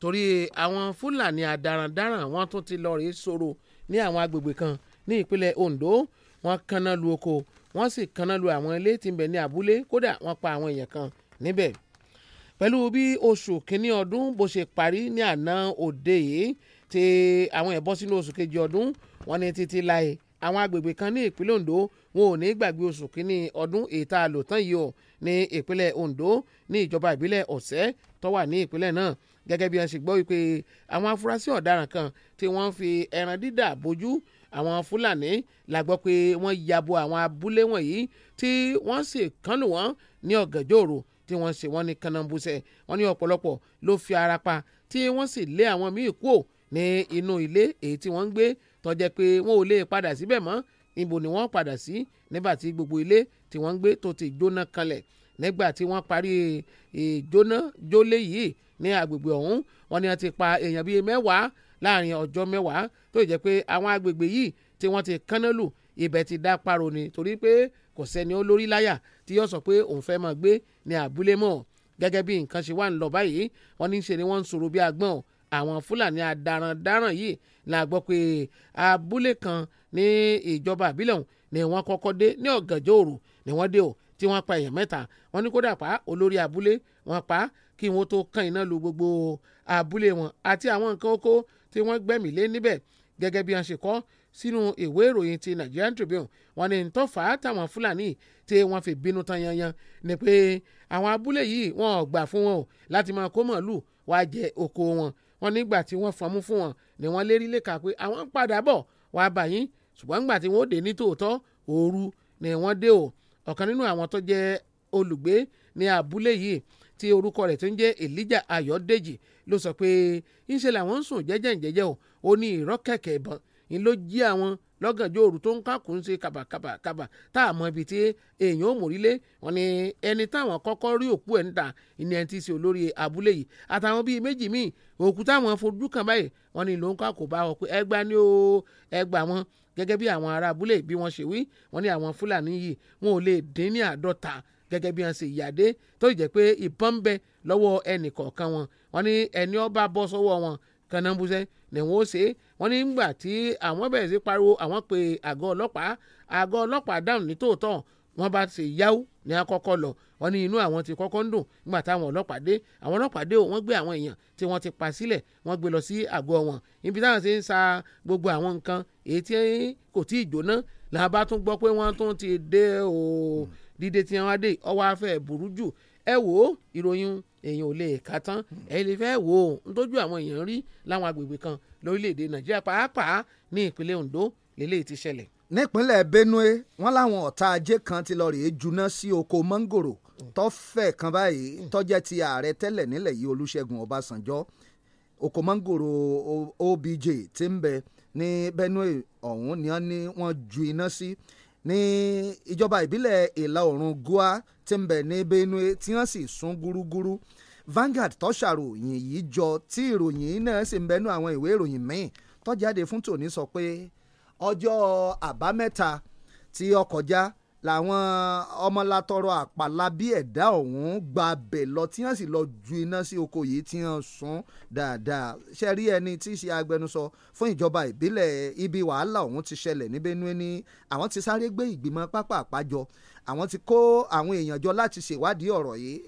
torí àwọn Fúlàní adarandaran wọ́n tún ti lọ rèé sọ̀rọ̀ ní àwọn agbègbè kan ní ìpínlẹ̀ Ondo wọ́n kanná lu oko wọ́n sì kanná lu àwọn ilé tí ń bẹ ní abúlé kódà wọ́n pa àwọn èèyàn kan níbẹ̀ pẹ̀lú bí oṣù kínní ọdún bó ṣe parí ní àná òde yìí tí àwọn ẹ̀bọ́ sínú oṣù kejì ọdún wọn ní títí láì àwọn agbègbè kan ní ìpínlẹ̀ Ondo wọn ò ní gbàgbé oṣù kínní ọdún ètà àlòtán yìí o ní ìpínlẹ̀ Ondo ní ìjọba ìbílẹ̀ Ọ̀sẹ́ tó wà ní ìpínlẹ̀ náà gẹ́gẹ́ bí wọ́n ṣe gbọ́ wípé àwọn afurasí ọ̀daràn kan tí wọ́n fi ẹran dídà bójú àwọn fúlàní la gbọ́ pé wọ́n ya bo àwọn abúlé wọ̀nyí tí wọ́n sì kánú wọn ní ọ̀gànjọ́ òru tí wọ́n ṣe wọ́n ní kanambusẹ̀ wọ́n ní ọ̀pọ̀lọpọ̀ ló fi ara pa tí wọ́n sì lé àwọn míì kúò ní inú ilé èyí tí wọ́n ń gbé tó jẹ́ pé wọn ò lè padà síbẹ̀ mọ́ ibo ni wọ́n padà sí nígbà tí gbogbo ilé tí wọ́n ń gbé tó ti jóná kanlẹ̀ nígbà tí wọ́n parí ìjóná jólé yìí ní agbègbè ọ̀hún wọ́n ní wọ́n ti pa èèyàn bíi mẹ́wàá láàrin ọjọ́ mẹ́wàá tó jẹ́ pé àwọn agbègbè yìí tí wọ́n ti kánná lù ibẹ̀ ti dá paro ni torí pé kò sẹ́ni ó lórí láyà tí yóò sọ pé òun fẹ́ máa gbé ní abúlé mọ́ gẹ́gẹ́ bí nǹkan ṣe wà ń lọ báyìí wọ́n ní ṣe ni wọ́n ń sọ̀rọ̀ bí agbọ́n àwọn fúlàní adarandaran yìí la gbọ́ pé abúlé kan ní ìjọba àbílẹ̀ ọ̀hún ni wọ́n kọ́kọ́ dé ní ọ̀gànjọ́ òru ni wọ́n dé o tí wọ́n pa èèyàn mẹ́ta wọ́n ní kódà pa olórí abúlé wọ́n pa kí wọ́n tó kan iná lu gbogbo abúlé wọn àti àwọn nǹkan oko tí wọ́n gbẹ̀mí lé níbẹ̀ gẹ́gẹ́ bí wọ́n ṣe kọ sínú ìwé ìròyìn ti Nigerian Tribune wọ́n ní tó fà á táwọn Fúlàní tí wọ́n fi bínú tán yanyan ni pé àwọn abúlé yìí wọn ò gbà fún wọn o láti máa kó màálù wàá jẹ oko wọn wọn nígbà tí wọ́n fọmú fún wọn ni wọ́n lérí lẹ́ka pé àwọn ń padà bọ̀ wàá bà yín ṣùgbọ́n nígbà tí wọ́n dé ní tòótọ́ òru ni wọ́n dé o ọ̀kan nínú àwọn tó jẹ́ olùgbé ní abúlé yìí tí orúkọ rẹ̀ tó ń jẹ́ Elijah Ayọ̀dèjì ló sọ pé ńṣe làwọn ń sùn jẹ́jẹ́ ǹjẹ́jẹ́ o ó ní ìrọ́ kẹ̀kẹ́ ìbọn ń ló jí àwọn lọ́gànjọ́ òru tó ń kákùn ṣe kàbàkàbàkàbà tá a mọ ibi tí èèyàn ò mórílé wọn ni ẹni táwọn kọ́kọ́ rí òkú ẹ̀ ń ta ìní ẹni tí í ṣe olórí abúlé yìí àtàwọn bíi méjì míì òkú táwọn fojú kan báyìí wọn ni ló ń kákò bá wọn pé ẹgbà ni ó ẹgbà wọn gẹ́gẹ́ bí àwọn ará abúlé bí wọ́n ṣe wí wọn ni àwọn fúlàní yìí wọn ò lè dín ní àádọ́ta gẹ́gẹ́ bí wọ́n ṣe yàdé tó jẹ́ pé ìbọn ń bẹ lọ́wọ́ ẹnì kọ̀ọ̀kan wọn wọ́n ní ẹni ọba bọ́ sọ́wọ́ wọn kanambusẹ́ ni wọ́n ṣe wọ́n ní gbà tí àwọn bẹ̀rẹ̀ sí pariwo àwọn pé àgọ́ ọlọ́pàá àgọ́ ọlọ́pàá dáhùn ní tòótọ́ wọ́n bá ṣe yáwó ní àkọ́kọ́ lọ wọ́n ní inú àwọn ti kọ́kọ́ ń dùn nígbà táwọn ọlọ́pàá dé àwọn ọlọ́pàá dé wọ́n gbé àwọn èèyàn tí wọ́n ti pa sílẹ̀ wọ́n gbé lọ sí àgọ́ wọn ibi táwọn ṣe ń sa gbogbo àwọn nǹkan èyí tí kò tí ì jóná làbá tún gbọ́ pé wọ́n tún ti dé o dídé tí wọ́n dé ọwọ́ afẹ́ burú jù ẹ wò ó ìròyìn èèyàn ò lè kà tán ẹ lè fẹ́ wò ó ntójú àwọn èèyàn rí láwọn agbègbè kan lórílẹ̀‐èdè nàìjíríà pàápàá ní ìpínlẹ̀ ondo lélẹ́yìí ti ṣẹlẹ̀. nípínlẹ̀ benue wọ́n láwọn ọ̀tá ajé kan ti lọ rèé juná sí oko mọ́ngòrò tó kan báyìí tó ti ààrẹ tẹ́lẹ̀ nílẹ̀ yìí olúṣẹ́gun ọbásanjọ́ oko mọ́ngòrò obj ti ń bẹ ní benue ọ̀hún ni wọ́n ju iná sí si ní ìjọba ìbílẹ̀ ìlà oòrùn Gua tí ń bẹ ní Benue tí wọ́n sì sún gúrúgúrú Vanguard tó ṣàròyìn yìí jọ tí ìròyìn náà sì ń bẹnu àwọn ìwé ìròyìn míì tó jáde fún tòní sọ pé ọjọ́ àbámẹ́ta tí ó kọjá làwọn ọmọlatọrọ àpàlà bí ẹ̀dá ọ̀hún gba bẹ̀ lọ tí wọ́n sì lọ ju iná sí oko yìí tí wọ́n sun dáadáa ṣe rí ẹni tí í ṣe agbẹnusọ fún ìjọba ìbílẹ̀ ibi wàhálà ọ̀hún ti ṣẹlẹ̀ ní Benue ní àwọn ti sáré gbé ìgbìmọ̀ pápá àpájọ àwọn ti kó àwọn èèyàn jọ láti ṣèwádìí ọ̀rọ̀ yìí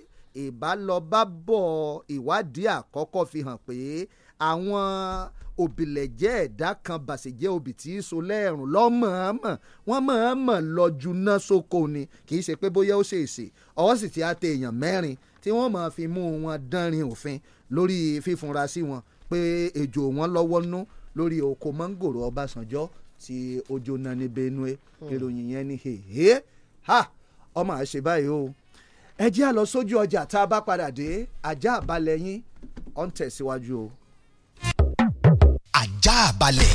ìbálọbábọ̀ ìwádìí àkọ́kọ́ fi hàn pé àwọn òbílẹ̀jẹ́ ẹ̀dá kan bàṣẹ̀jẹ́ obì tí í so lẹ́ẹ̀rùn lọ́mọ̀ọ́mọ̀ wọ́n mọ̀ọ́mọ̀ lọ juná sóko ni kì í ṣe pé bóyá ó ṣèèṣì ọwọ́ sì ti á tẹ èèyàn mẹ́rin tí wọ́n máa fi mú wọn dánrin òfin lórí fífunra sí wọn pé ejò wọn lọ́wọ́ nú lórí oko mọ́ngòrò Ọbásanjọ́ tí ó jóná ní Benue hmm. ìròyìn yẹn ni ha ọmọ àṣẹ báyìí o ẹ jẹ́ à lọ sójú ọjà tá a bá padà dé ajá àbálẹ̀ yín ọ̀ ń tẹ̀síwájú o. ajá àbálẹ̀.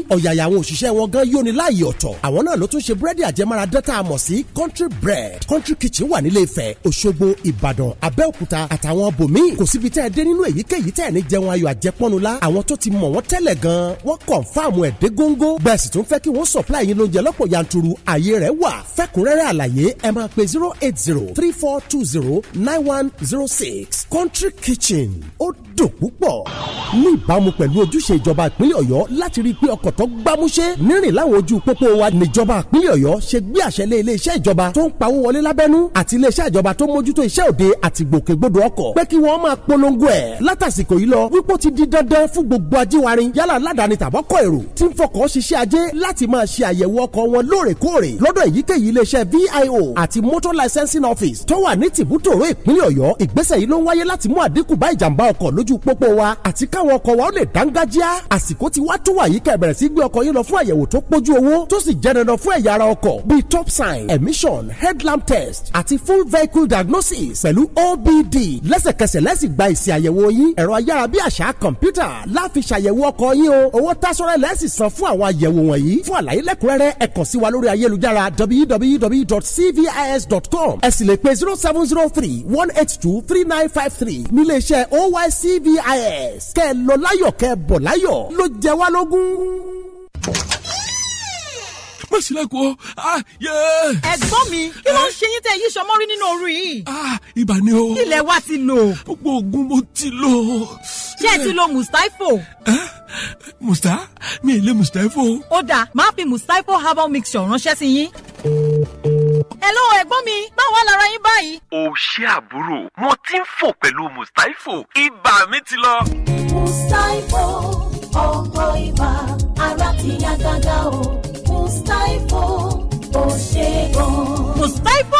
ní ọ̀yàyà àwọn òṣìṣẹ́ wọn gan yóni láàyè ọ̀tọ̀ àwọn náà ló tún ṣe búrẹ́dì àjẹmára dẹ́ta àmọ̀ sí country bread country kitchen wà nílé Ifẹ̀ Òṣogbo Ìbàdàn Abẹ́òkúta àtàwọn bòmíì kò síbi tẹ́ ẹ dé nínú èyíkéyìí tẹ́ ẹ ní jẹun ayọ̀ àjẹpọ́nula àwọn tó ti mọ̀ wọ́n tẹ́lẹ̀ gan wọ́n kọ̀ǹfàmù ẹ̀ dé góńgó bẹ́ẹ̀ sì tún fẹ́ zero eight zero three four two zero nine one zero six country kitchen dùn púpọ̀. ní ìbámu pẹ̀lú ojúṣe ìjọba ìpínlẹ̀ ọ̀yọ́ láti rí i pé ọkọ̀ tó gbámúṣé nírìn láwọn ojú pópó wa níjọba ìpínlẹ̀ ọ̀yọ́ ṣe gbé àṣẹ lé iléeṣẹ́ ìjọba tó ń pawó wọlé lábẹ́nú àti iléeṣẹ́ ìjọba tó mójútó iṣẹ́ òde àti gbòkègbodò ọkọ̀ pé kí wọ́n máa polongo ẹ̀ látàsìkò yìí lọ wípé ó ti di dandan fún gbogbo ajíwárin yálà aládàáni tàbọ́kọ̀ èrò tí ń fọkọ̀ ṣiṣẹ́ ajé láti máa ṣe àyẹ̀wò ọkọ̀ wọn lóòrèkóòrè lọ́dọ̀ èyíkéyìí iléeṣẹ́ VIO àti motor licensing office tó wà ní tìbútòrò ìpínlẹ̀ ọ̀yọ́ ìgbésẹ̀ yìí ló ń wáyé láti mú àdínkù bá ìjàmbá ọkọ̀ l lójú pópó wa àti káwọn ọkọ̀ wa ó lè dángájíá àsìkò tí wá tó wà yìí kẹ́ sí gbé ọkọ̀ yín lọ fún àyẹ̀wò tó pójú owó tó sì jẹ́ fún ẹ̀yà ara ọkọ̀ bíi top sign emission headlamp test àti full vehicle diagnosis pẹ̀lú OBD lẹ́sẹ̀kẹsẹ̀ lẹ́sì gba ìsì àyẹ̀wò yín ẹ̀rọ ayára bí àṣá kọ̀mpútà láfi ṣàyẹ̀wò ọkọ̀ yín o owó tásọ̀rẹ́ lẹ́sì san fún àwọn àyẹ̀wò wọ̀nyí fún àlàyé lẹ́kùnrẹ́rẹ́ ẹ kàn sí wa lórí ayélujára www.cvis.com ẹ lè pe zero seven zero three one eight two three nine five three nílé iṣẹ́ OYC CVIS kẹ́ lọ láyọ̀ kẹ́ bọ̀ láyọ̀ ló jẹ wá lógún má sì lẹ́kọ̀ọ́. Ah, ẹ̀gbọ́n mi kí ló ń eh? ṣe yín tẹ́ yí sọmọ́rí nínú òru yìí. Ah, ibà ni o. ilẹ̀ wa ti lò. gbogbo oògùn mo ti lò. ṣé ẹ ti lo mustapho. Eh? musta mi ì lé mustapho. ó dáa máa fi mustapho herbal mixture ránṣẹ́ sí yín. Hello ẹ̀gbọ́n mi, báwo lára yín báyìí? Ó ṣé àbúrò, wọ́n ti ń fò pẹ̀lú Mùsítáífò, ibà mi ti lọ. Mùsítáífò, ọkọ̀ ibà, ara ti yá gágá o, Mùsítáífò, ó ṣe gan. Mùsítáífò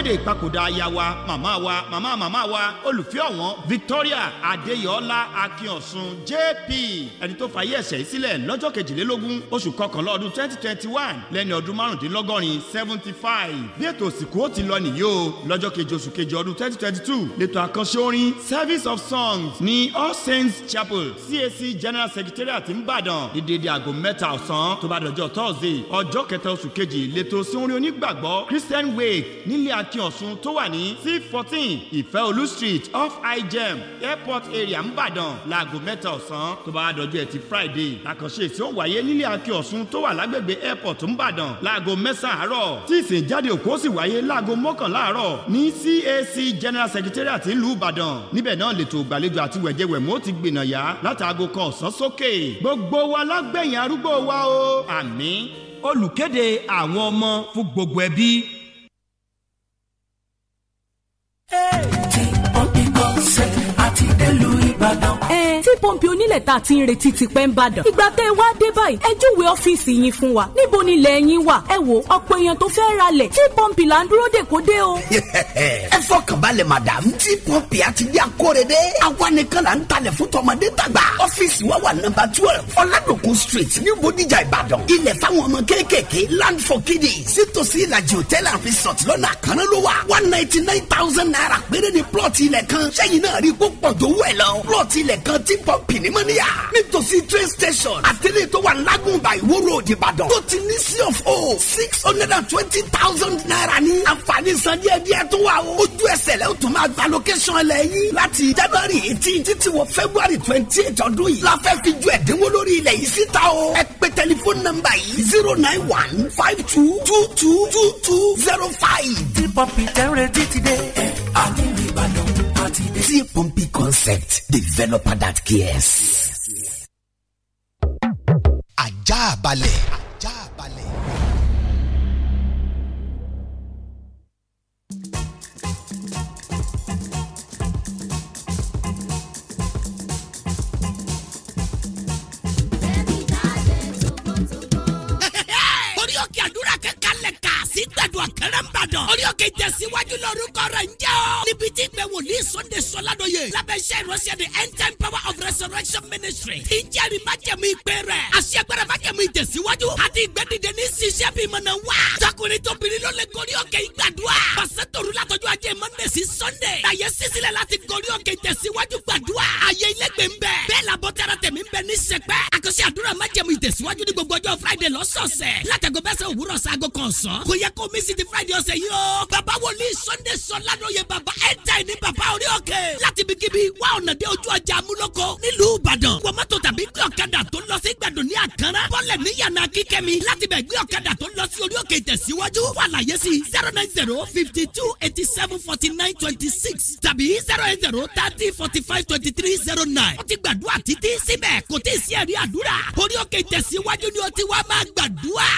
akéde ìpapòdà aya wa màmá wa màmá màmá wa olùfẹ́ ọ̀wọ́n Victoria Adéyọlá Akínọ̀sùn JP ẹni tó fàyè ẹ̀sẹ̀ yìí sílẹ̀ lọ́jọ́ kejìlélógún oṣù kọkànlá ọdún twenty twenty one lẹ́ni ọdún márùndínlọ́gọ́rin seventy five bí ètò òsìnkú ó ti lọ nìyí lọ́jọ́ kejì oṣù kejì ọdún twenty twenty two lẹ́tọ̀ àkànṣe orin service of songs ní All Saints Chapel CAC General Secretariat ńbàdàn dídèdè aago mẹ́ta ọ̀sán tó bá dọjọ́ Thursday ọjọ́ kẹta oṣù kejì lẹ́tọ̀ sí orin onígbàgbọ́ Christian wake nílé àti láàkín ọ̀sùn tó wà ní c fourteen ìfẹ́ street off igem airport area ńbàdàn láago mẹ́ta ọ̀sán tó bá dọjọ́ ẹtì friday àkànṣe tí ó wáyé nílé àkín ọ̀sùn tó wà lágbègbè airport ńbàdàn láago mẹ́sàn-án àárọ̀ tí ìsìnjáde òkú sì wáyé láago mọ́kànlá àárọ̀ ní cac general secretariat ìlú ìbàdàn níbẹ̀ náà lètò ìgbàlejò àti wẹ̀jẹ̀wẹ̀mú ti gbìnà yá látàgò kan ọ̀sán sókè gbogbo wa lágbẹ̀yìn arúgbó wa o àmín olùkéde àwọn ọmọ fún gbogbo ẹbí. àti délùú ìbàdàn. ẹ tí pọ́ǹpì onílẹ̀ ta ti ń retí ti pẹ́ ń bàdàn. ìgbà tẹ́ ẹ wá dé báyìí ẹ júwe ọ́fíìsì yín fún wa níbo ni ilẹ̀ yín wà. ẹ wo ọ̀pọ̀ èèyàn tó fẹ́ ra lẹ̀ tí pọ́ǹpì là ń dúró dè kó dé o. ẹ fọkàn balẹ̀ madam tí pọ́ǹpì àti dí akóredé àwa nìkan là ń talẹ̀ fún tọmọdé tàgbà. ọ́fíìsì wa wà nọ́mbà twelve ọ̀làdòkun street ní bodijà ìbàdàn. ilẹ̀ fáwọn ọmọ land for kiddies sítòsí ìlàjì hotel and resort lọ́nà àkànná ló wà one ninety nine thousand naira péré ni plọ̀tì ilẹ̀ kan sẹ́yìn náà rí kó pọ̀ plọ̀tì ilẹ̀ kan tí pọ́ǹpì ní mọ́níyà nítòsí train station àtẹ̀lé tó wà lágùnbà ìwó road ìbàdàn tó ti ní sí of o six hundred and twenty thousand naira ní àǹfààní san díẹ̀ díẹ̀ tó wà o ojú ẹsẹ̀ lẹ́yìn tó máa gba location ẹlẹ́ yìí láti january eighteen títí wọ february twenty eight ọdún yìí la fẹ́ fi ju ẹ̀dínwó lórí ilẹ̀ yìí síta o ẹ pè tẹlifóònù nọ́mbà yìí zero nine one five two two two two two zero five. tí pọ́ǹpì tẹ́ ń retí ti dé party tí pompi concept developer that cares. ajá balẹ̀. ti gbàdúrà kẹrẹ́mbàdàn orí òkè tẹ̀síwájú lórúkọ rẹ̀ ń jẹ́ ọ́. níbi tí ìpè wòlíì sunday sọládọ́yè lábẹ́sẹ̀ ìrọsẹ́ the end time power of resurrection ministry ti ń jẹ́rìí májẹ̀mú ìpè rẹ̀ àṣegbẹ́rẹ́ májẹ̀mú ìtẹ̀síwájú àti ìgbẹ́dìde ní ṣiṣẹ́ bíi mọ̀nà wá. tọkùnrin tóbìnrin ló lè gorí òkè ìgbàdúrà. pàṣẹtòru látọjú ajé monday sí sunday. àyè sísílẹ̀ láti gorí òkè ìtẹ̀síwájú gbàdúrà. àyè ilégbè ń bẹ. bẹ́ẹ̀ làbọ̀ tẹ́ra tẹ̀mí ń bẹ ní sẹpẹ́. àkọsí àdúrà májẹ̀mú ìtẹ̀síwájú ní friday lọ́sọ̀ọ̀sẹ̀. látàgọ́ bẹ́sẹ̀ òwúrọ̀ sago kan sọ kó misi sì ti friday ọ̀sẹ̀ yìí o. bàbá wòlíì sunday sọlá lóye bàbá ẹ̀ńtà ní bàbá orí òkè. láti ibikíbi wá ọ̀nà dé ojú ọjà amúlòkọ nílùú ìbàdàn. wọ mọ́tò tàbí gbé ọ̀kadà tó lọ sí gbàdùn ní àkàrà. bọ́lẹ̀ ní yànnà kíkẹ́mi láti bẹ̀ gbé ọ̀kadà tó lọ sí orí òkè tẹ̀síwájú. fàlàyé sí zero nine zero fifty two eighty seven forty nine twenty six tàbí zero eight zero thirty forty five twenty three zero nine. ó ti gbàdúrà títí síbẹ̀ kò tí ì sí ẹ̀rí àdúrà. orí òkè tẹ̀síwájú ni ó ti wá máa gbàdúrà.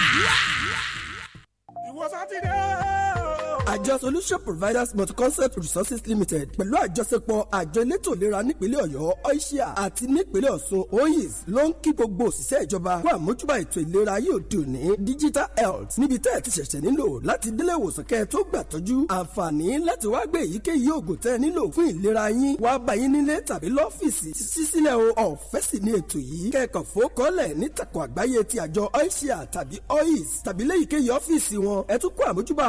was I today? àjọ solution providers multi-concept resources limited pẹ̀lú àjọṣepọ̀ àjọ elétò ìlera nípínlẹ̀ ọ̀yọ́ oisia àti nípínlẹ̀ ọ̀ṣun oyis ló ń kí gbogbo òṣìṣẹ́ ìjọba kó àmójúbà ètò ìlera yóò di òní digital health níbi tẹ́ ẹ̀ ti ṣẹ̀ṣẹ̀ nílò láti délé ìwòsàn kẹ́ ẹ tó gbà tọ́jú àǹfààní láti wá gbé èyíkéyìí òògùn tẹ́ ẹ nílò fún ìlera yín wá bá yín nílé tàbí lọ́fíìsì sísílẹ̀ o ọ̀fẹ́ sì ni ètò yìí kẹ́kọ̀ọ́ fòókọ́lẹ̀ nítakùn àgbáyé ti àjọ oisia tàbí oyis tàbí léyìíkéyìí ọ́fíìsì wọn ẹ tún kó àmójúbà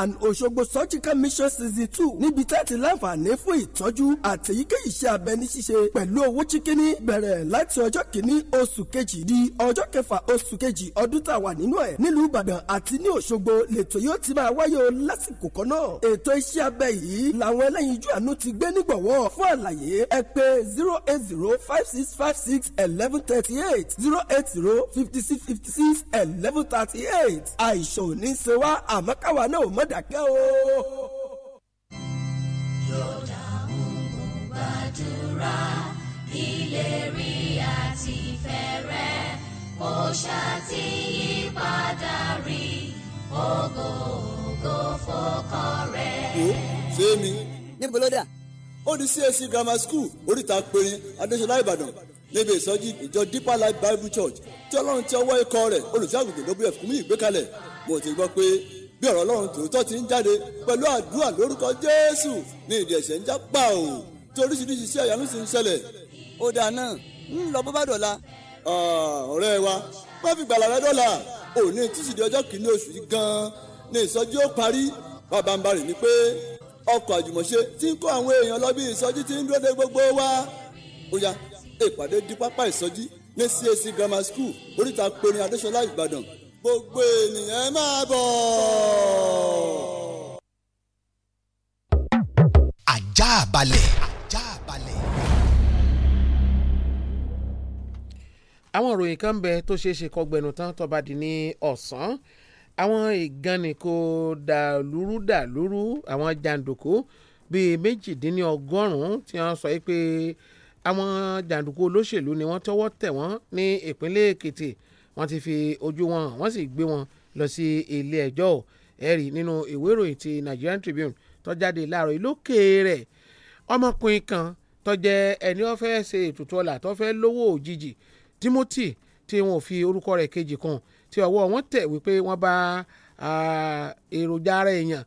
and Òṣogbo surgical mission season two níbi tẹ́tí láǹfààní fún ìtọ́jú àti èyíkéyìí iṣẹ́ abẹ ní ṣíṣe pẹ̀lú owó chíkíní bẹ̀rẹ̀ láti ọjọ́ kìíní oṣù kejì di ọjọ́ kẹfà oṣù kejì ọdún tá a wà nínú ẹ̀ nílùú Ìbàdàn àti ní Òṣogbo lètò yóò ti máa wáyé o lásìkò kan náà ètò iṣẹ́ abẹ yìí làwọn ẹlẹ́yinjú àánú ti gbé nígbọ̀wọ́ fún àlàyé ẹ pè zero eight zero five six five six eleven thirty eight zero eight zero fifty six fifty six eleven thirty eight àìsàn ò ní í ṣe wá àmọ́ káwa náà ò mọ́ dákẹ́ o. yọ̀dà òun gbàdúrà ìlérí àti ìfẹ́ rẹ̀ kò ṣàtìyípadà rí ògo ògo fọkọ rẹ̀. ó ṣé mi níbo ló dà ó di CAC grammar school oríta péré adéṣọlá ìbàdàn níbi ìsọjí ìjọ deeper life bible church tí ọlọ́run ti ọwọ́ ikọ̀ rẹ̀ olùṣọ́ àgùntàn wf kùmí ìgbékalẹ̀ mo ti gbọ́ pé bí ọ̀rọ̀ ọlọ́run tòótọ́ ti ń jáde pẹ̀lú àdúrà lórúkọ jésù ní ìdí ẹ̀sẹ̀ ń já pa ò tó oríṣiríṣi iṣẹ́ ìyanu sì ń ṣẹlẹ̀. ó dáa náà ń lọ bó bá dọ̀la. ọ̀rẹ́ wa má fi gbàlà rẹ dọ́là òní tíṣídìí ọjọ́ kìíní oṣù yìí gan-an ní ìsọjí ó parí bàbáǹbarì ni pé ọkọ̀ àjùmọ̀ṣe ti ń kó àwọn èèyàn lọ bí ìsọjí ti ń dúró de gbogbo wa. ó yá ìpàdé di pápá ìsọjí ní CAC grammar school oríta pẹ̀lú adéṣọlá ìbàdàn gbogbo ènìyàn máa bọ̀. ajá balẹ̀. ajá balẹ̀. àwọn ìròyìn kan ń bẹ tó ṣeé ṣe kọgbẹnu tán tó bá di ní ọ̀sán àwọn ìgànnìkò dàlúrú dàlúrú àwọn jàǹdùkú bíi méjìdínlọ́gọ́rùn-ún tí wọ́n sọ pé àwọn jàǹdùkú olóṣèlú ni wọ́n tọwọ́ tẹ̀ wọ́n ní ìpínlẹ̀ Èkìtì e wọ́n ti fi ojú wọn wọ́n sì gbé wọn lọ sí ilé ẹjọ́ ẹ̀rí nínú ìwé ìròyìn ti Nigerian Tribune tó jáde láàárọ̀ ìlókè rẹ̀ ọmọkùnrin kan tó jẹ́ ẹni ó fẹ́ ṣe ètùtù ọlà tó fẹ́ lówó òjijì Timothy tí wọn ò fi orúkọ rẹ̀ kejì kan tí ọwọ́ wọn tẹ̀ wípé wọ́n bá èròjà ara èèyàn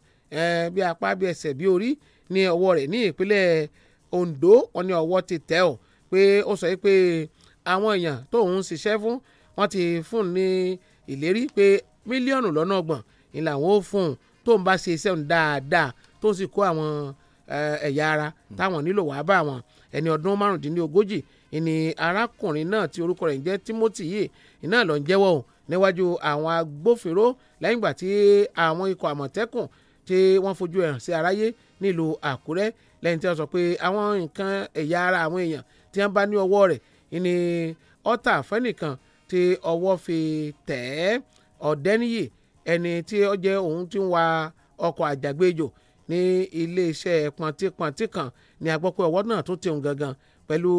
bí apá bí ẹsẹ̀ bí orí ní ọwọ́ rẹ̀ ní ìpínlẹ̀ Ondo wọn ní ọwọ́ ti tẹ̀ ọ́ pé ó sọ pé àwọn èèyàn tóun ṣiṣẹ́ fún wọ́n ti fún ní ìlérí pé mílíọ̀nù lọ́nà ọgbọ̀n ni làwọn ó fún un tó ń bá ṣe iṣẹ́ òun dáadáa tó sì kó àwọn ẹ̀yà ara táwọn nílò wàá bá wọn ẹni ọdún márùndínlógójì ni arákùnrin náà tí orúkọ rẹ̀ ń jẹ́ Timothy yìí iná ló ń jẹ́wọ́ òun níwájú àwọn agbófinró lẹ́yìn ìgbà tí àwọn ikọ̀ àmọ̀tẹ́kùn tí wọ́n fojú ẹ̀ hàn sí aráyé nílùú Àkúrẹ́ lẹ́yìn tí wọ́n sọ pé àwọn nǹkan ẹ̀yà ara àwọn èèyàn tí wọ́n bá ní ọwọ́ rẹ̀ ni ọ̀tà fẹ́nìkan tí ọwọ́ fi tẹ̀ ẹ́ ọ̀dẹ́niyì ẹni tí ó jẹ́ òun ti ń wa ọkọ̀ àjàgbéjò ní iléeṣẹ́ pọ̀ntínpọ̀ntín kan ní agbọ́pẹ́ ọwọ́ náà tó tẹun gangan pẹ̀lú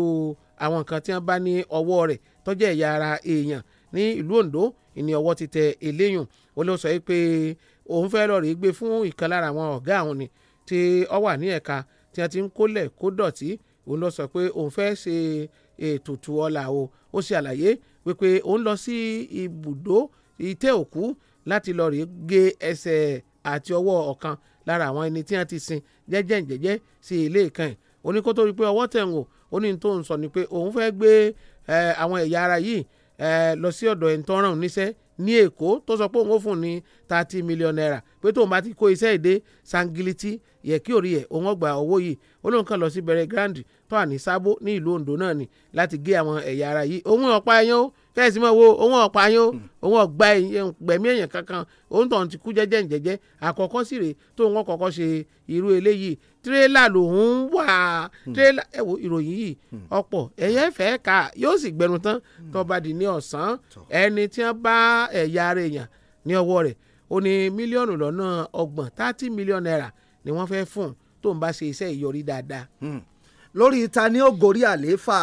àwọn nǹkan tí wọ́n bá ní ọwọ́ rẹ̀ tó ẹ̀yà ara èèyàn ní ìlú Ondo ìní ọwọ́ ti tẹ eléyùn ó ló pé òun fẹ́ lọ rèé gbé fún ìkan lára àwọn ọ̀gá àwọn ni tí ó wà ní ẹ̀ka tí wọ́n ti ń kólẹ̀ kó dọ̀tí òun ló sọ pé òun fẹ́ ṣe ètùtù ọlà o ó ṣe àlàyé wípé òun lọ sí ibùdó ìtẹ́ òkú láti lọ rèé gé ẹsẹ̀ àti ọwọ́ ọ̀kan lára àwọn ẹni tí wọ́n ti sin jẹ́jẹ́ jẹ́jẹ́ sí ilé ìkan ẹ̀ oníkótó rí pé ọwọ́ tẹ̀ ń wò ó ní tó ń sọ ni pé òun fẹ́ gbé àwọn ẹ̀yà ara yìí lọ sí ọ̀dọ̀ ẹ̀ńtọ́ràn níṣẹ́ ní èkó tó sọ pé òun ó fún ní thirty million naira pé tóun bá ti kó iṣẹ́ èdè sangiliti yẹ kí òrí ẹ̀ òun ọgbà owó yìí ó lóun lọ sí bẹ̀rẹ̀ grand tó wà ní sábó ní ìlú ondo náà ni láti gé àwọn ẹ̀yà ara yìí òun ọ̀pá ẹyán ó kẹ́sì mọ̀ wo òun ọ̀pá yín o òun ọ̀gbà gbẹ̀mí èèyàn kankan òun tàn ti kú jẹ́jẹ́ ǹjẹ́jẹ́ àkọ́kọ́ sì rèé tó wọn kọ́kọ́ ṣe irú eléyìí tírélà lòun wà hmm. tírélà ẹ wo ìròyìn yìí hmm. ọ̀pọ̀ ẹ̀yẹ fẹ́ ká yóò sì gbẹnu tán hmm. tó bá di ní ọ̀sán ẹni tí wọ́n bá ẹ̀yà ara èèyàn ní ọwọ́ rẹ̀ ó ní mílíọ̀nù lọ́nà ọgbọ̀n thirty million naira ni wọ́n fẹ́ fún tó ń bá ṣe iṣẹ́ ìyọrí dáadáa. lórí ta ni ó gorí àlééfà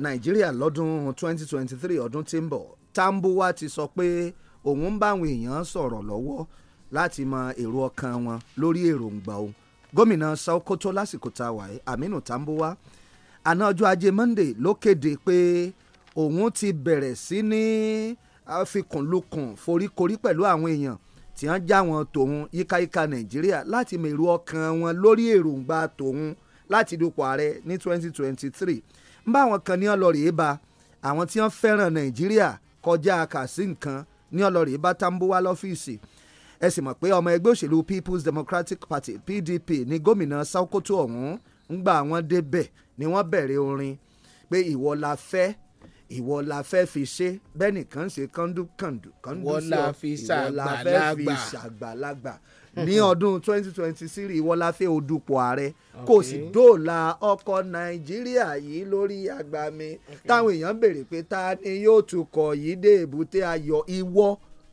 nàìjíríà lọ́dún 2023 ọdún tí ń bọ̀ tambuwa ti sọ pé òun ń báwọn èèyàn sọ̀rọ̀ lọ́wọ́ láti mọ èrò ọkàn wọn lórí èròǹgbà òun gómìnà Sokoto lásìkò tá a wà yìí Aminu Tambuwa àná ọjọ́ ajé Monday ló kéde pé òun ti bẹ̀rẹ̀ sí ní àfikùnlukùn foríkorí pẹ̀lú àwọn èèyàn tí wọ́n já wọn tòun yíkáyíká Nàìjíríà láti mọ èrò ọkàn wọn lórí èròǹgbà tòun láti dupò ààrẹ ní 2023 ń bá àwọn kan ní ọ lọ ba àwọn tí wọ́n fẹ́ràn nàìjíríà kọjá kàsí nǹkan ní ọ lọ rèé bá tambuwa lọ́fíìsì ẹ sì mọ̀ pé ọmọ ẹgbẹ́ òṣèlú People's Democratic Party PDP ní gómìnà Sokoto ọ̀hún ń gbà wọ́n débẹ̀ ni wọ́n bẹ̀rẹ̀ orin pé ìwọ la fẹ́ ìwọ la fẹ́ fi ṣe bẹ́ẹ̀ nìkan ṣe kọ́ńdú kọ́ńdú ìwọ la fẹ́ fi ṣàgbàlagbà ní ọdún 2020 sírì ìwọláfẹ́ odùpọ̀ ààrẹ kò sì dóòlà ọkọ̀ nàìjíríà yìí lórí àgbàmi táwọn èèyàn béèrè pé ta ni yóò tukọ̀ yìí dé èbúté ayọ̀ ìwọ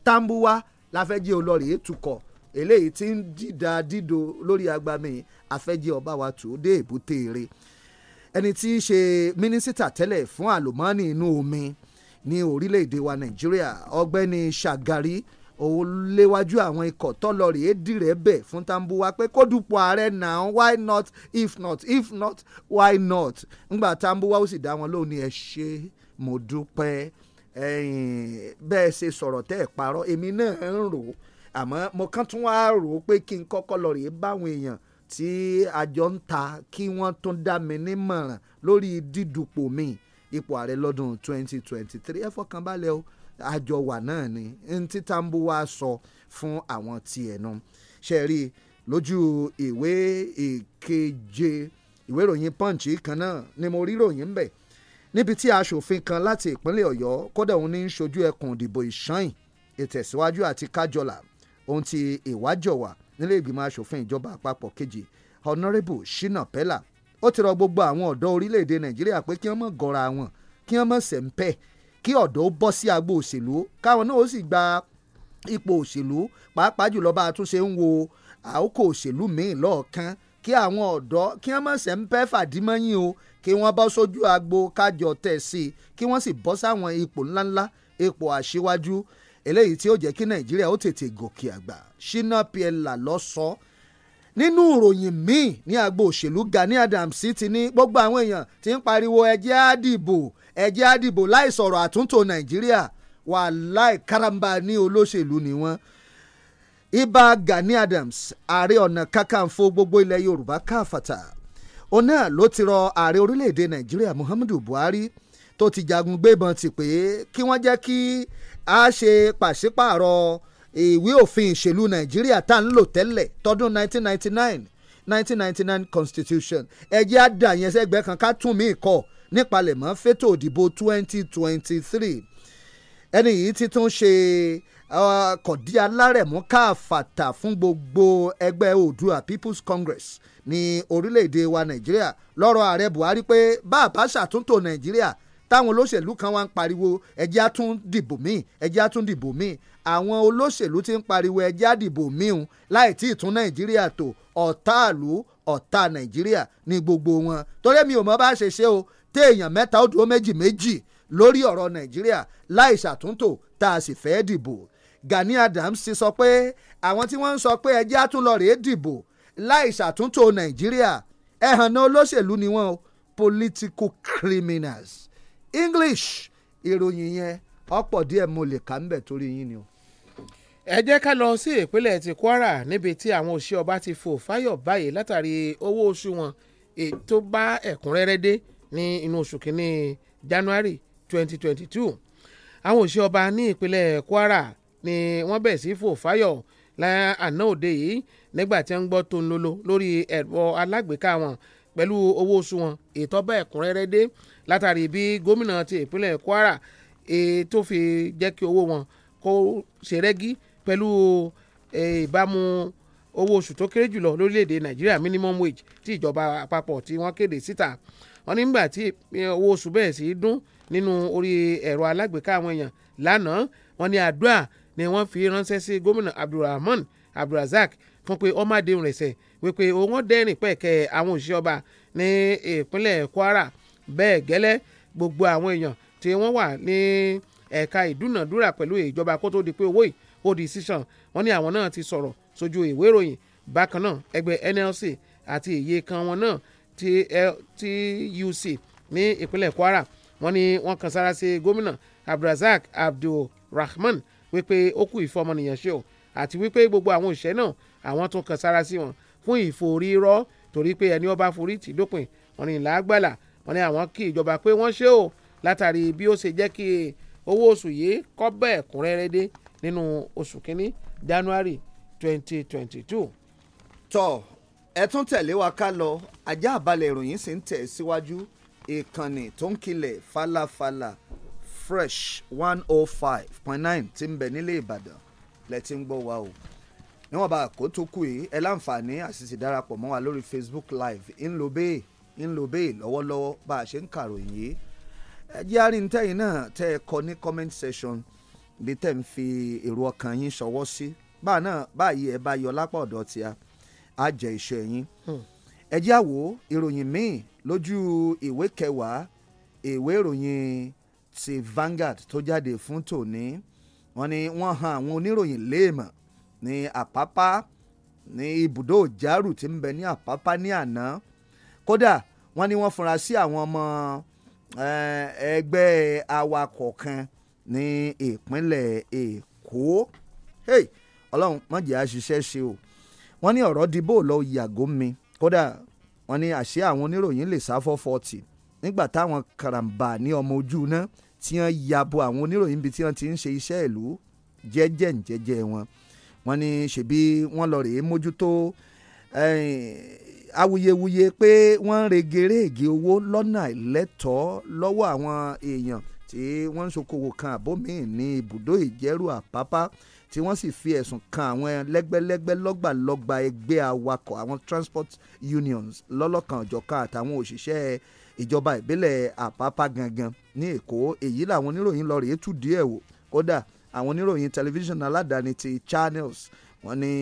tambuwa láfẹ́jẹ́ olórí ètukọ̀ eléyìí tí ń dìda dídò lórí àgbàmi àfẹ́jẹ́ ọba wa tù ú dé èbúté rẹ̀ ẹni tí í ṣe mínísítà tẹ́lẹ̀ fún àlùmọ́ọ́nì inú omi ní orílẹ̀-èdè wa nàìjíríà ọgbẹ́ni ṣàgárí òun léwájú àwọn ikọ̀ tọ́lọ́rì édì rẹ̀ bẹ̀ fún Tambuwa pé kó dupò ààrẹ náà why not if not if not why not ngbà Tambuwa ó sì dá wọn lóhùn ní ẹ ṣe mo dúpẹ́ bẹ́ẹ̀ ṣe sọ̀rọ̀ tẹ́ ẹ̀ parọ́ èmi náà ń rò ó àmọ́ mo kàn tún wá rò ó pé kí n kọ́kọ́ lọ rèé báwọn èèyàn tí àjọ ń ta kí wọ́n tún dá mi nímọ̀ràn lórí dídùpò mi ipò ààrẹ lọ́dún 2023 ẹ fọkàn balẹ̀ o àjọ wà náà ni ntí Tambuwa sọ fún àwọn tiẹ̀ nu ṣe rí lójú ìwé ìkeje ìwé ìròyìn Punch kan náà ni mo rí ròyìn ń bẹ̀ níbi tí aṣòfin kan láti ìpínlẹ̀ Ọ̀yọ́ kódà òun ní í ṣojú ẹkùn ìdìbò Ìṣàyìn ìtẹ̀síwájú àti kájọlà ohun tí ìwájọwà nílé ìgbìmọ̀ aṣòfin ìjọba àpapọ̀ kejì honourable Shina Pella ó ti rọ gbogbo àwọn ọ̀dọ́ orílẹ̀-èdè Nàìjíríà pé kí wọ́n mọ̀ gọ́ra wọn kí wọ́n mọ̀ sẹ̀ńpẹ́ kí ọ̀dọ́ ó bọ́ sí agbo òṣèlú káwọn náà ó sì gba ipò òṣèlú pàápàá jùlọ bá a tún ṣe ń wo àókò òṣèlú míì lọ́ọ̀kan kí àwọn ọ̀dọ́ kí wọ́n mọ̀ sẹ́ ń pẹ́ fàdímọ́yìn o kí wọ́n bọ́ sójú agbo kájọ tẹ̀ sí i kí wọ́n sì bọ́ sáwọn ipò ńláńlá ipò àṣewájú eléyìí tí ó jẹ́ kí nàìjíríà ó tètè gòkè àgbà ṣínà piela lọ sọ nínú ìròyìn míì ní agbo òṣèlú Gani Adams ti ní gbogbo àwọn èèyàn tí ń pariwo ẹjẹ́ àdìbò ẹ jẹ́ á dìbò láì sọ̀rọ̀ àtúntò nàìjíríà wà láì karamba ní olóṣèlú ni wọ́n. ibà Gani Adams ààrẹ ọ̀nà kakanfò gbogbo ilẹ̀ yorùbá káfàtà ona náà ló ti rọ ààrẹ orílẹ̀-èdè nàìjíríà muhammadu buhari tó ti jagun gbébọn ti pé kí wọ́n jẹ́ kí a ṣe pàṣípààrọ̀ ìwé òfin ìṣèlú nàìjíríà tá à ń lò tẹ́lẹ̀ tọdún 1999 1999 constitution ẹ jẹ́ á dà kan ká tún mí kọ́ nípalẹ̀mọ́ fétò òdìbò 2023 ẹni yìí ti tún ṣe uh, kọ̀dí alárẹ̀mú káfàtà fún gbogbo ẹgbẹ́ Oòduà People's Congress ní orílẹ̀-èdè wa Nàìjíríà lọ́rọ̀ ààrẹ Buhari pé bá a bá ṣàtúntò Nàìjíríà táwọn olóṣèlú kan wá ń pariwo ẹjẹ́ á tún dìbò míì ẹjẹ́ á tún dìbò míì àwọn olóṣèlú ti ń pariwo ẹjẹ́ á dìbò míì ń láì tí ì tún Nàìjíríà tó ọ̀tá àlú ọ̀tá Nàìjíríà ní gbogbo wọn torí mi ò mọ bá ṣe ṣe o téèyàn mẹ́ta ó dúró méjì méjì lórí ọ̀rọ̀ nàìjíríà láì ṣàtúntò tá a sì fẹ́ dìbò Gani Adams ti sọ pé àwọn tí wọ́n ń sọ pé ẹjẹ́ àtúnlọ rèé dìbò láì ṣàtúntò nàìjíríà ẹ̀hànà olóṣèlú ni wọ́n political criminals English ìròyìn yẹn ọ̀pọ̀ díẹ̀ mo lè kà ń bẹ̀ torí yín ni o. ẹ jẹ́ ká lọ sí ìpínlẹ̀ ti Kwara níbi tí àwọn òṣìṣẹ́ ọba ti fò fáyọ̀ báyìí látàrí owó oṣù wọn ètò bá ẹ̀kúnrẹ́rẹ́ dé ní inú oṣù kínní January 2022 àwọn òṣìṣẹ́ ọba ní ìpínlẹ̀ Kwara ni wọ́n bẹ̀ sí fò fáyọ̀ àná òde yìí nígbà tí wọ́n ń gbọ́ tó ń lolo lórí ẹ̀rọ alágbèéká wọn pẹ̀lú owó oṣù wọn ètò ẹ̀kúnrẹ́rẹ́ dé látàrí bí gómìnà ti ìpínlẹ̀ Kwara tó fi jẹ́ kí owó wọn kó ṣe rẹ́gí pẹ̀lú ìbámu owó oṣù tó kéré jùlọ lórílẹ̀‐èdè Nàìjíríà minimum wage tí ìjọba àpapọ̀ tí wọ́n kéde síta wọ́n ní nígbà tí eh, owó oṣù bẹ́ẹ̀ sì dún nínú orí ẹ̀rọ alágbèéká àwọn èèyàn lánàá wọ́n ní àdúrà ni wọ́n fi ránṣẹ́ sí gómìnà abdulrahman abdulrasaq fún pé ọmọ adéhùn rẹ̀ sẹ̀ wípé òun dẹ́rìn pẹ̀kẹ́ àwọn òṣìṣẹ́ ọba ní ìpínlẹ̀ kwara bẹ́ẹ̀ gẹ́lẹ́ gbogbo àwọn èèyàn tí wọ́n wà ní ẹ̀ka ìdúnàdúrà pẹ̀lú ìjọba kó tó di pé owó yìí ó di sísan wọ́n ní àwọn náà ti sọ̀rọ̀ sójú ìwé ìròyìn bákan náà ẹgbẹ́ NLC àti ìyè kan wọn náà tuc ní ìpínlẹ̀ kwara wọ́n ní wọ́n kan sára sí gómìnà abdulrasaq abdulrahman wípé ó kú ìfọmọnìyàn ṣe o àti wípé gbogbo àwọn òṣìṣẹ́ náà àwọn tún kan sára sí wọn fún ìforírọ́ torí pé ẹni ọba forí tì dópin wọ́n ní làágbàlà wọ́n ní àwọn kí ìjọba pé wọ́n ṣe o látàrí bí ó ṣe jẹ́ kí owó oṣù yìí kọ́ bẹ́ẹ̀ kúnrẹ́rẹ́ dé nínú oṣù kínní january twenty twenty two. tọ́ ẹ tún tẹ̀lé wa ká lọ ajá àbálẹ̀ ìròyìn sì ń tẹ̀ síwájú ìkànnì tó ń kilẹ̀ falafala fresh one oh five point nine ti ń bẹ nílé ìbàdàn lẹ ti ń gbọ́ wa o níwọ̀n àkótó kù yìí ẹ láǹfààní àṣìṣe darapọ̀ mọ́ wa lórí facebook live ńlọ bẹ́ẹ̀ ńlọ bẹ́ẹ̀ lọ́wọ́lọ́wọ́ bá a ṣe ń kàròyìn yìí ẹ jẹ́ àárín náà tẹ́ ẹ kọ ní comment section bí tẹ́ ń fi èrò ọkàn yín ṣọwọ́ sí báà náà báyìí ẹ bá yọ lápá ọ̀dọ̀ tí a á jẹ́ iṣẹ́ yín. Hmm. ẹ jẹ́ àwo ìròyìn míì lójú ìwé kẹwàá ìwé ìròyìn ti Vanguard tó jáde fún tòní wọ́n ni wọ́n han àwọn oníròyìn léèmọ̀ ní Àpápá ní ibùdó òjárù tí ń bẹ ní Àpápá ní àná kódà wọ́n ní wọ́n fura sí àwọn ọmọ ẹgbẹ́ awakọ̀ kan ní ìpínlẹ̀ Èkó ọlọ́run mọ̀jẹ̀ àṣìṣe ṣe o. Hey, wọ́n ní ọ̀rọ̀ dìbò lọ yàgò mi kódà wọ́n ní àṣẹ àwọn oníròyìn lè sá fọ́ fọ́ọ̀tì nígbà táwọn karambà ní ọmọ ojú náà tí wọ́n ya bo àwọn oníròyìn bíi tí wọ́n ti ń ṣe iṣẹ́ ìlú jẹ́jẹ́ jẹ́jẹ́ wọn wọ́n ní ṣebí wọ́n lọ rèé mójútó eh, awuyewuye pé wọ́n ń regerege owó lọ́nà àìlẹ́tọ̀ọ́ lọ́wọ́ àwọn èèyàn tí wọ́n ń ṣokòwò kan àbómi ní ibùdó ìjẹ́rù àpápá tí wọ́n sì fi ẹ̀sùn kan àwọn lẹ́gbẹ́lẹ́gbẹ́ lọ́gbàlọ́gba ẹgbẹ́ awakọ̀ àwọn transport unions lọ́lọ́kan ọ̀jọ̀ka àtàwọn òṣìṣẹ́ ìjọba ìbílẹ̀ àpápá gangan ní èkó èyí làwọn oníròyìn lọ rèé tú díẹ̀ wò kódà àwọn oníròyìn tẹlifíṣàn aládàáni ti channels wọ́n ní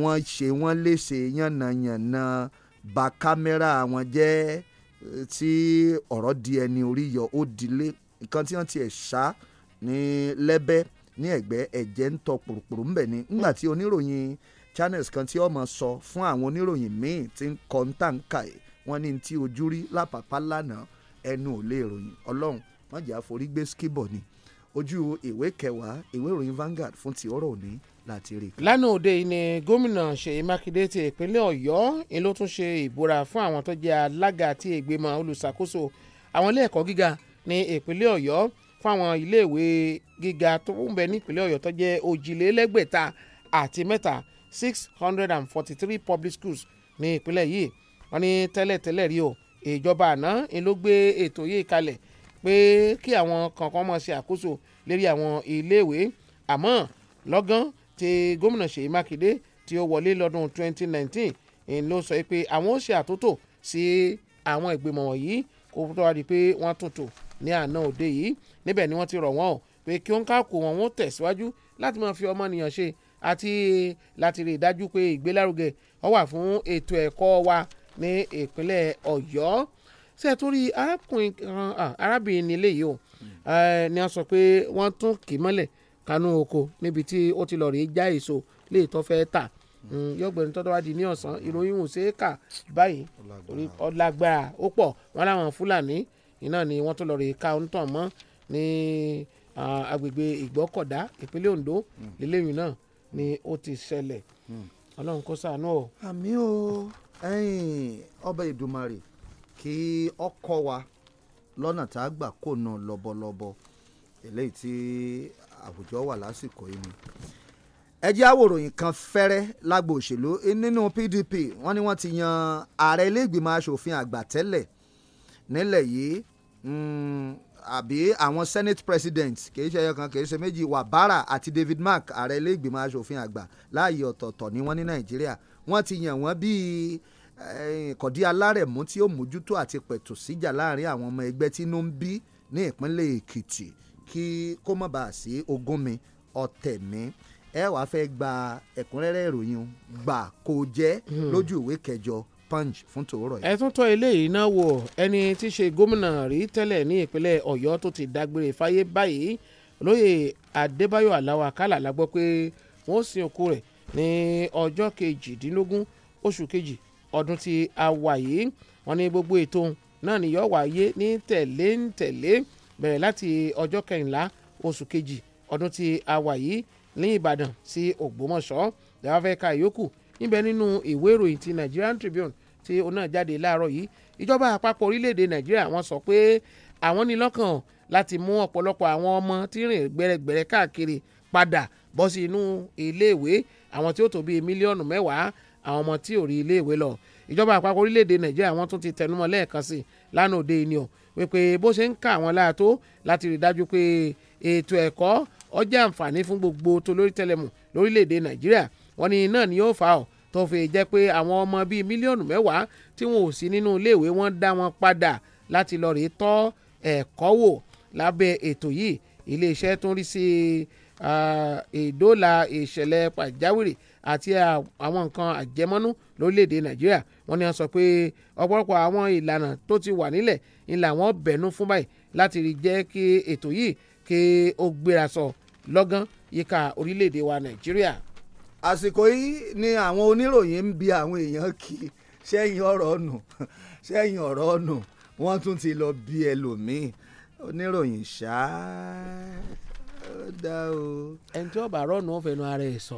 wọ́n ṣe wọ́n léṣe yànnàyànnà bà kámẹ́rà wọn jẹ́ tí ọ̀rọ̀ di ẹni orí yọ ó dilé nǹkan tí wọ́n ti ẹ̀ ṣá ní lẹ́bẹ́ẹ́ ní ẹ̀gbẹ́ ẹ̀jẹ̀ ń tọ pòròpòrò ń bẹ̀ ni ńgbà tí oníròyìn channels kan tí ọmọ sọ fún àwọn oníròyìn míì tí ń kọ ń tà ń kà ẹ̀ wọ́n ní tí ojú rí lápapá lánàá ẹnu ò lè ròyìn ọlọ́run má jẹ́ àforí gbé skibọ̀ ni ojú ìwé kẹwàá ìwé ìròyìn Vanguard fún ti ọ̀rọ̀ òní láti rí. lánàá òde yìí ni gómìnà Ṣèyí Mákindé ti ìpínlẹ̀ Ọ̀yọ́ ni ló tún ṣe ìbúra fún àwọn tó jẹ́ alága àti ìgbìmọ̀ olùṣàkóso àwọn ilé ẹ̀kọ́ gíga ní ìpínlẹ̀ Ọ̀yọ́ fáwọn iléèwé gíga tó ń bẹ nípínlẹ̀ ọ̀yọ́ tó jẹ́ òjìlélẹ́gbẹ̀ta àti mẹ́ta six hundred and forty three public schools ní ìpínlẹ̀ yìí wọ́n ní tẹ́lẹ̀tẹ́lẹ̀ rí o ìjọba àná ni ló gbé ètò yìí kalẹ̀ pé kí àwọn kankan máa ṣe àkóso lérí àwọn iléèwé àmọ́ lọ́gán tí gómìnà ṣèyí mákindé tí ó wọlé lọ́dún twenty nineteen ló sọ pé àwọn ó ṣe àtúntò sí àwọn ìgbìmọ̀ wọ̀nyí kó tó wá di pé wọ́n tún ní àná òde yìí níbẹ̀ ni wọ́n ti rọ̀ wọ́n o pé kí ó ń kákò wọn wọ́n tẹ̀síwájú láti máa fi ọmọnìyàn ṣe àti láti rí i dájú pé ìgbélárugẹ ọ wà fún ètò ẹ̀kọ́ wa ní ìpínlẹ̀ ọ̀yọ́ sẹ́ẹ̀túrí arákùnrin kan arábìnrin nílé yìí o eh, ni a sọ pé wọ́n tún kì í mọ́lẹ̀ kanú oko níbi tí ó ti lọ́ọ́ rí já èso lè tọ́ fẹ́ tà hmm, yọgbẹ̀rún tọ́tọ́ wá di ní ọ̀sán ìròyìn ò ṣeé kà báyìí ọ̀làgbára ó pọ̀ wọn láwọn fúlàní iná ni wọ́n tún lọ rè ká ń tàn mọ́ ní agbègbè ìgbọ́kọ̀dá ìpínlẹ̀ Ondo hmm. lélẹ́yìn náà ni ó ti ṣẹlẹ̀ hmm. Ọlọ́run kó ṣàánú o. àmì o ọba Èdùmàrè kí ọkọ wa lọ́nà tá a gbà kó na lọ́bọ̀lọ́bọ̀ eléyìí tí àwùjọ wà lásìkò yìí ni ẹ jẹ́ àwòròyìn kan fẹ́rẹ́ lágbo òṣèlú nínú PDP wọ́n ní wọ́n ti yan ààrẹ ilé ìgbìmọ̀ asòfin àgbà tẹ́lẹ̀ nílẹ̀ yìí mm, àbí àwọn senate president kìí ṣe ẹyọkan kìí ṣe méjì wabara àti david mark ààrẹ ilé ìgbìmọ̀ asòfin àgbà láàyè ọ̀tọ̀ọ̀tọ̀ ni wọ́n ní nàìjíríà wọ́n ti yàn wọ́n bíi eh, kọ̀dí alárẹ̀mú tí ó mójútó àti pẹ̀tù síjà láàrin àwọn ọmọ ẹgbẹ́ tí inú ń bí ní ìpínlẹ̀ èkìtì kí kó má bàa sí ogún mi ọ̀tẹ̀ mi ẹ wàá fẹ́ gba ẹ̀kúnrẹ́rẹ́ ìròyìn gbà kó jẹ́ hmm. lójú ìwé kẹjọ punch fún tòórọ̀ yìí. ẹ tún tọ́ eléyìí náà wò ẹni tí í ṣe gómìnà rí tẹ́lẹ̀ ní ìpínlẹ̀ ọ̀yọ́ tó ti dágbére fáyé báyìí olóyè adébáyọ̀ aláwọ̀ àkàlà la gbọ́ pé wọ́n sin òkú rẹ̀ ní ọjọ́ kejìdínlógún oṣù kejì ọdún tí a wà yìí wọ́n ní gbogbo ètò náà ni yóò wáyé ní tẹ̀lé ń tẹ̀lé bẹ̀rẹ̀ láti ọjọ́ kẹrìnlá oṣù kejì ọdún tí a wà yìí ní ìbàdàn sí ògbómọ̀ṣọ́ lẹ́wọ́n fẹ́ ka ìyókù níbẹ̀ nínú ìwé ìròyìn ti Nigerian Tribune ti ó náà jáde láàárọ̀ yìí ìjọba àpapọ̀ orílẹ̀-èdè Nàìjíríà wọ́n sọ pé àwọn ní lọ́kàn láti mú ọ̀pọ̀lọpọ̀ àwọn ọmọ tí rìn gbẹ̀rẹ̀gbẹ̀rẹ̀ káàkiri padà bọ́ sí inú iléèwé àwọn tí ó tó bíi mílíọ̀nù mẹ́wàá àwọn ọmọ tí ò rí iléèwé lọ ìjọba àpapọ̀ orílẹ̀-èdè Nàìjíríà wọ́n tún ti tẹnumọ́ lẹ́ẹ̀kan sí lánàá òde ni o wípé bó ṣe ń ká àwọn láàtó láti rí dájú pé ètò ẹ̀kọ́ ó àǹfààní fún gbogbo tó lórí tẹlẹmù lórílẹ̀-èdè Nàìjíríà wọ́n ní náà ni yóò fà ọ́ tó fi jẹ́ pé àwọn ọmọ bíi mílíọ̀nù mẹ́wàá tí wọn ò sí nínú iléèwé wọ́n dá wọn padà láti lọ rèé tọ́ ẹ̀kọ́ wò lábẹ́ ètò yìí iléeṣẹ́ tó ń rí sí ìdóòlà ìṣẹ̀lẹ̀ pàjáwìrì àti àwọn nǹkan àjẹmọ́nú lórílẹ̀‐èdè nàìjíríà wọ́n ní wọ́n sọ pé ọ̀pọ̀lọpọ̀ àwọn ìlànà tó ti wà nílẹ̀ ni làwọn bẹ̀nu fún báyìí láti rí jẹ́ kí ètò yìí kí ó gbéra sọ lọ́gán yíká orílẹ̀‐èdè wa nàìjíríà àsìkò yìí ni àwọn oníròyìn ń bi àwọn èèyàn kì í sẹ́yìn ọ̀rọ̀ ọ̀nù sẹ́yìn ọ̀rọ̀ ọ̀nù wọ́n tún ti lọ bí ẹlòmíì oníròyìn ṣáá dá o. ẹni tí ọba rọnù wọn fẹnu ara ẹ sọ.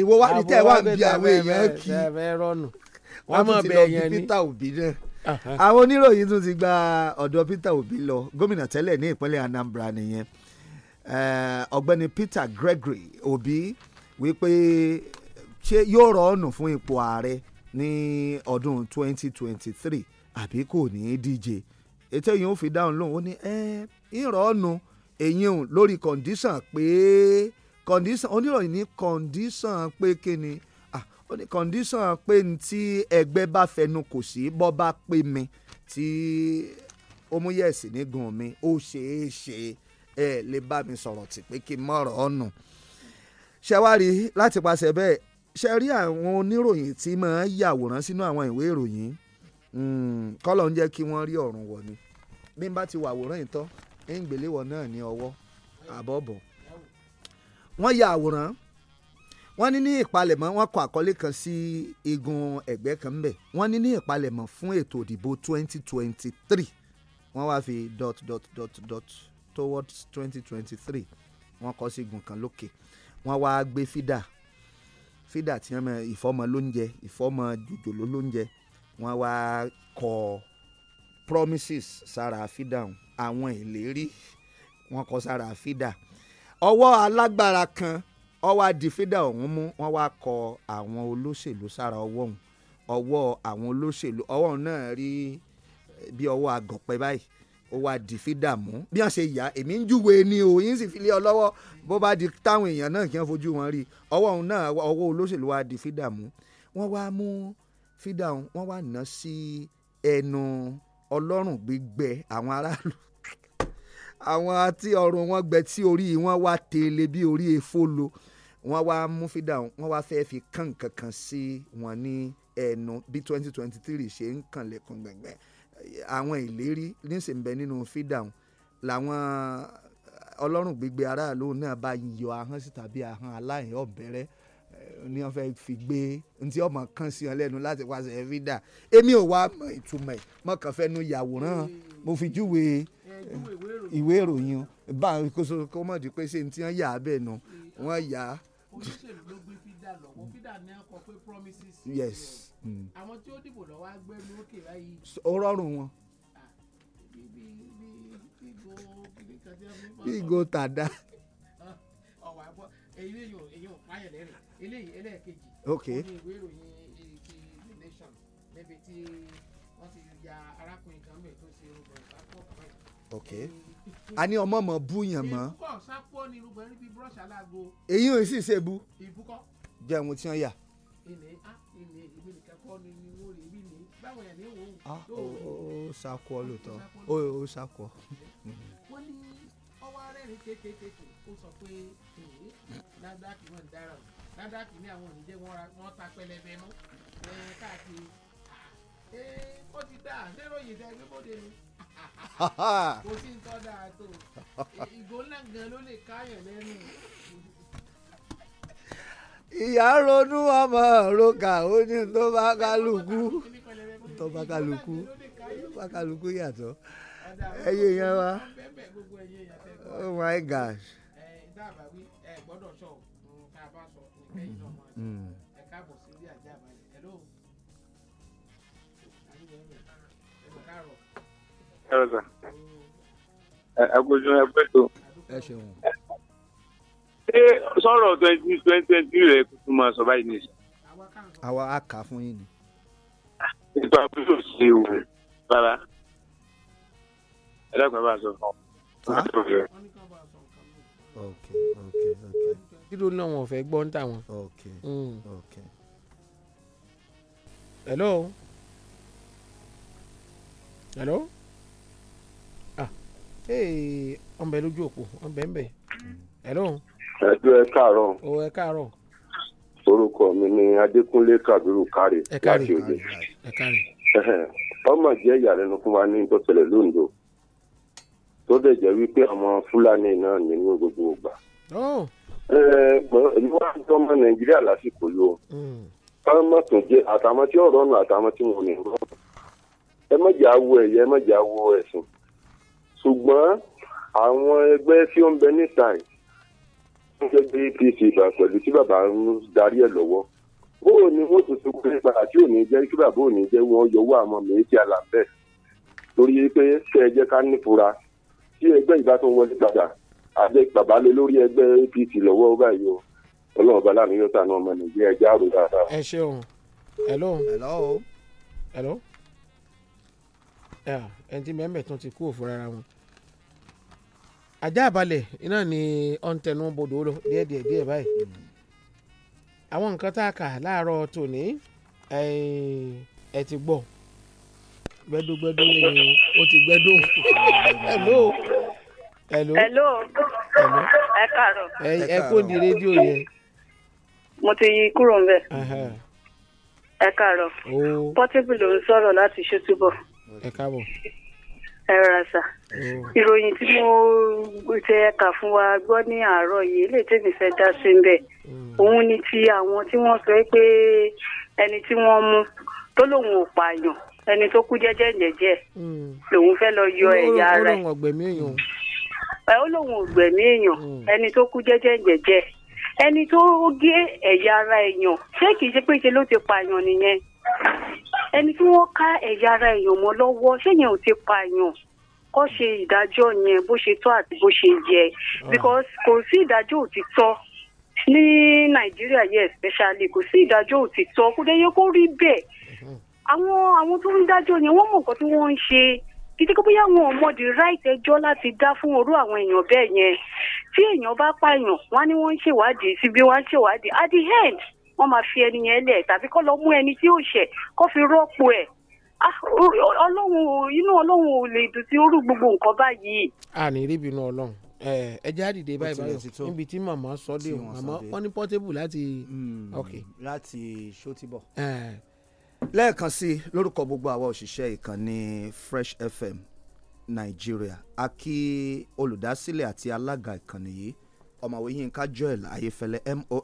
ìwọ wá ní tẹ wá ń bi àwọn èèyàn kì í wọ́n tún ti lọ bí Peter Obi náà àwọn oníròyìn tún ti gba ọ̀dọ̀ Peter Obi lọ gómìnà tẹ́lẹ̀ ní ìpínlẹ̀ Anambra nìyẹn ọ̀gbẹ́ni Peter Gregory Obi wípé ṣé yóò rọ ọ̀nà fún ipò ààrẹ ní ọdún 2023 àbí kò ní í díje ètò yìí ó fi dáhùn lóhùn ó ní ẹ ìrọ̀ ọ̀nà èyí ò lórí condition pé kọ̀ǹdíṣàn oníròyìn ní condition pé kíni ó ní kọ̀ǹdíṣàn pé tí ẹgbẹ́ bá fẹnu kò sí bọ́ bá pè mí tí ó mú yẹ̀sì ní gùn mi ó ṣeé ṣe ẹ lè bá mi sọ̀rọ̀ tì pé kí n mọ̀rọ̀ ọ̀nà ṣẹwárí láti paṣẹ bẹ́ẹ̀ ṣe rí àwọn oníròyìn tí máa ń yàwòrán sínú àwọn ìwé ìròyìn hmm, kọ́lọ̀ ń jẹ́ kí wọ́n rí ọ̀run wọ̀ ni bí n bá ti wàwòrán ìtọ́ ń gbèléwọ̀ náà ní ọwọ́ àbọ̀bọ̀ wọ́n ya àwòrán wọ́n ní ní ìpalẹ̀mọ́ wọ́n kọ àkọlé kan sí igun ẹ̀gbẹ́ kan ń bẹ̀ wọ́n ní ní ìpalẹ̀mọ́ fún ètò ìdìbò 2023 wọ́n wá fi dot dot dot dot towards 2023 wọ́n kọ sí igun kan lókè. Okay wọ́n wá gbé fídà fídà tí wọ́n mọ ìfọ́mọ lóúnjẹ ìfọ́mọ jòjòló lóúnjẹ wọ́n wá kọ promises sára fídà àwọn ìlérí wọ́n kọ sára fídà ọwọ́ alágbára kan ọwọ́ adìfídà ọ̀hún mú wọ́n wá kọ àwọn olóṣèlú sára ọwọ́ ọwọ́ àwọn olóṣèlú ọwọ́ náà rí bí ọwọ́ àgọ̀pẹ báyìí ó wá di fídàmú bí wọ́n ṣe yà èmi ń júwe ni o yín sì fi lé ọ lọ́wọ́ bó bá di táwọn èèyàn náà kí wọ́n fojú wọn rí ọwọ́ òun náà ọwọ́ olóṣèlú wa di fídàmú wọ́n wá mú fídàmú wọ́n wá ná sí ẹnu ọlọ́run gbígbẹ àwọn aráàlú àwọn àti ọrùn wọn gbẹ tí orí wọn wá tẹ̀lé bí orí efó lo wọ́n wá mú fídàmú wọ́n wá fẹ́ẹ́ fi kàn kankan sí wọn ní ẹnu bí twenty twenty three ṣe ń kànlẹ̀kùn gbẹ̀ngbẹ̀ àwọn ìlérí nísìnyìnbẹ nínú fídàun làwọn eh, ọlọ́run gbígbé aráàlú náà bá yọ ahọ́n síta bí ahọ́n aláìní ọ̀bẹ̀rẹ̀ eh, ni wọ́n fẹ́ fi gbé ntí ọmọ kan sí ọ lẹ́nu láti pàṣẹ fídà èmi ò wá mọ ìtumọ̀ ẹ̀ mọ̀kàn fẹ́nu yàwòrán mo fi júwe eh, ìwé ìròyìn bá a kó mọ̀ di pé ṣé ntí wọ́n yà á bẹ́ẹ̀ nu wọ́n yà á. oníṣèlú ló gbé fídà lọ́wọ́ fídà ní ọkọ̀ pé promises. yes àwọn tí ó dìbò lọ wá gbé lókè báyìí. ó rọrùn wọn. bí ìgò tàdá. ọwọ àbọ èyí yóò èyí ò pààyàn lẹ́rìn eléyìí ẹlẹ́ẹ̀kejì. ok ní ìwé ìròyìn ti the nation níbi tí wọ́n ti ya arákùnrin kan mẹ́ẹ̀ tó ṣe orúkọ ìpapọ̀ kan. ok a ní ọmọ mọ̀ búyàn mọ́. ìbúkọ̀ sápó ni irúgbọ̀n rí bí búrọ̀ṣì aláàgbo. èyí ò sì ṣe bú. ìbúkọ̀. jẹun tí wọ́n yà. ilé a ah, akọni ni wọ́n rè wí lé báwọn yẹn ní wòó. ó sakọ ah, lóòótọ́ ó sakọ. wọ́n ní ọwọ́ arẹ́rìn kékeré ó sọ pé èyí NAFDAC dára o NAFDAC ní àwọn òníjẹ́ wọ́n ta pẹlẹbẹ mọ́ káàkiri ó ti dáa níròyìn tẹ gbé bóde ni kò sí ń tọ́ dáa tó ìgò ńlá gan ló lè káyàn lẹ́nu. ìyá ronú ọmọ roka ó ní tó bá kálukú tó bá kálukú bá kálukú wa oh my gosh. Hmm. ẹ ẹ ẹ ẹ ṣeun. ṣé sọ̀rọ̀ twenty twenty twenty rẹ̀ kúkú máa sọ báyìí nìyí. àwa á kà á fún yín ni. ìgbà àbúrò ṣe wò rárá ẹ dákun ẹ bá sọ fún ọ. ok ok ok. dídò náà wọn ò fẹ́ gbọ́ ń tà wọn. ok hmm. hello. hello. ah ee ọmọ ẹ lójú òpó ọmọ ẹ ń bẹ. hello. hello? ẹjọ ẹ káàárọ̀. o ẹ káàárọ̀. orúkọ mi ni adékúnlé kabiru kárì láti òde. ọmọ jẹ́ ìyàlẹ́nu fún wa ní tọ́tẹ̀lẹ̀ lóńdó tó dẹ̀ jẹ́ wípé àwọn fúlàní náà nínú gbogbo ìgbà. èyí wá ń tọ́ ọmọ nàìjíríà lásìkò yìí o. káwọn mm. má tún jẹ́ àtàwọn tí ọ̀rọ̀ nù àtàwọn tí wọn ò ní rọ́. ẹ má jà wo ẹ̀yẹ ẹ má jà wo ẹ̀sìn. ṣùgbọ́n àwọn ẹgbẹ́ tí ó ń bẹ níta yìí gẹ́gẹ́ bí apc gbà pẹ̀lú tí bàbá ń darí ẹ̀ lọ́wọ́ bóò ni wọ́n tuntun kú nípa àti òní jẹ́ kí bàbá òní jẹ́ wọ́n yọwọ́ àmọ́ mi tí a là ń bẹ̀ torí pé kẹ́ ẹ jẹ́ ká nífura tí ẹgbẹ́ ìbá tó wọlé padà àjẹ́ bàbá lé lórí ẹgbẹ́ apc lọ́wọ́ báyìí o ọlọ́run bá láàrin yóò sànú ọmọ nàìjíríà ẹjẹ́ àrò dáadáa. ẹ ṣeun hello hello hello ẹ ẹ ti mẹ́mẹ́ tún ti kú òfurara wọn. ajá balẹ̀ iná ni ọ̀ǹtẹ̀nu bodò lọ díẹ̀díẹ̀ díẹ̀ báyìí àwọn nǹkan tá a kà láàárọ̀ tòní ẹ ti gbọ́ gbẹdúgbẹdú ni ti gbẹdú hello hello hello ẹ kó di rédíò yẹn. mo ti yí kúrò ńbẹ̀ ẹ káàárọ̀ oh. pọtíbù ń sọ̀rọ̀ láti ṣètúbọ. ẹ ẹ rà sà ìròyìn tí mo tẹ kà fún wa gbọ́ ní àárọ̀ yìí eléyìí tèmi fẹ́ dá sí ń bẹ̀ mm. òun ni ti àwọn tí wọ́n sọ pé ẹni tí wọ́n mú tó lòun ò pààyàn ẹni tó kú jẹ́jẹ́ jẹ́jẹ́ mm. lòun fẹ́ lọ yọ ẹ̀yà ara ẹ̀ ẹ ó lòun ò èèyàn mm. ẹni tó kú jẹ́jẹ́ jẹ́jẹ́ ẹni tó gé ẹ̀yà ara èèyàn ṣé kìí ṣe pé ṣe ló ti pààyàn nìyẹn ẹni tí wọ́n ká ẹ̀yà ara èèyàn mọ́ lọ́wọ́ ṣéyẹn ò ti pààyàn kọ́ ṣe ìdájọ́ yẹn bó ṣe tọ́ àti bó ṣe yẹ ah. because kò sí ìdájọ́ òtítọ́ ní nàìjíríà yẹ especially kò sí ìdájọ́ òtítọ́ kó dẹ̀ yẹ kó rí bẹ́ẹ̀ àwọn àwọn tó ń dájọ́ yẹn wọ́n mọ̀ nǹkan tí wọ́n ń ṣe títí kó bóyá wọn ò the right ẹjọ́ láti dá fún orú àwọn èèyàn bẹ́ẹ̀ yẹn tí èèyàn bá pààyàn wọ́n ní wọ́n ń ṣèwádìí síbi wọ́n ń ṣèwádìí at the end wọ́n máa fi ẹni yẹn lẹ̀ tàbí kọ́ lọ mú ẹni tí ò ṣẹ̀ kọ́ fi rọ́pò ẹ̀ ah, ọlọ́run inú ọlọ́run ò lè dùn sí orú gbogbo nǹkan báyìí. a ní rí ìbínú ọlọ́run ẹ já dìde báyìí báyìí níbi tí màmá sọ dé o màmá wọn ní pọ́tébù láti. Hmm, láti ṣótìbọ̀. lẹ́ẹ̀kan sí lórúkọ gbogbo àwa òṣìṣẹ́ ìkànnì fresh fm nàìjíríà a kí olùdásílẹ̀ àti alága ìkànnì yìí ọ̀mọ̀wé yínká joel ayéfẹ́lẹ́ mon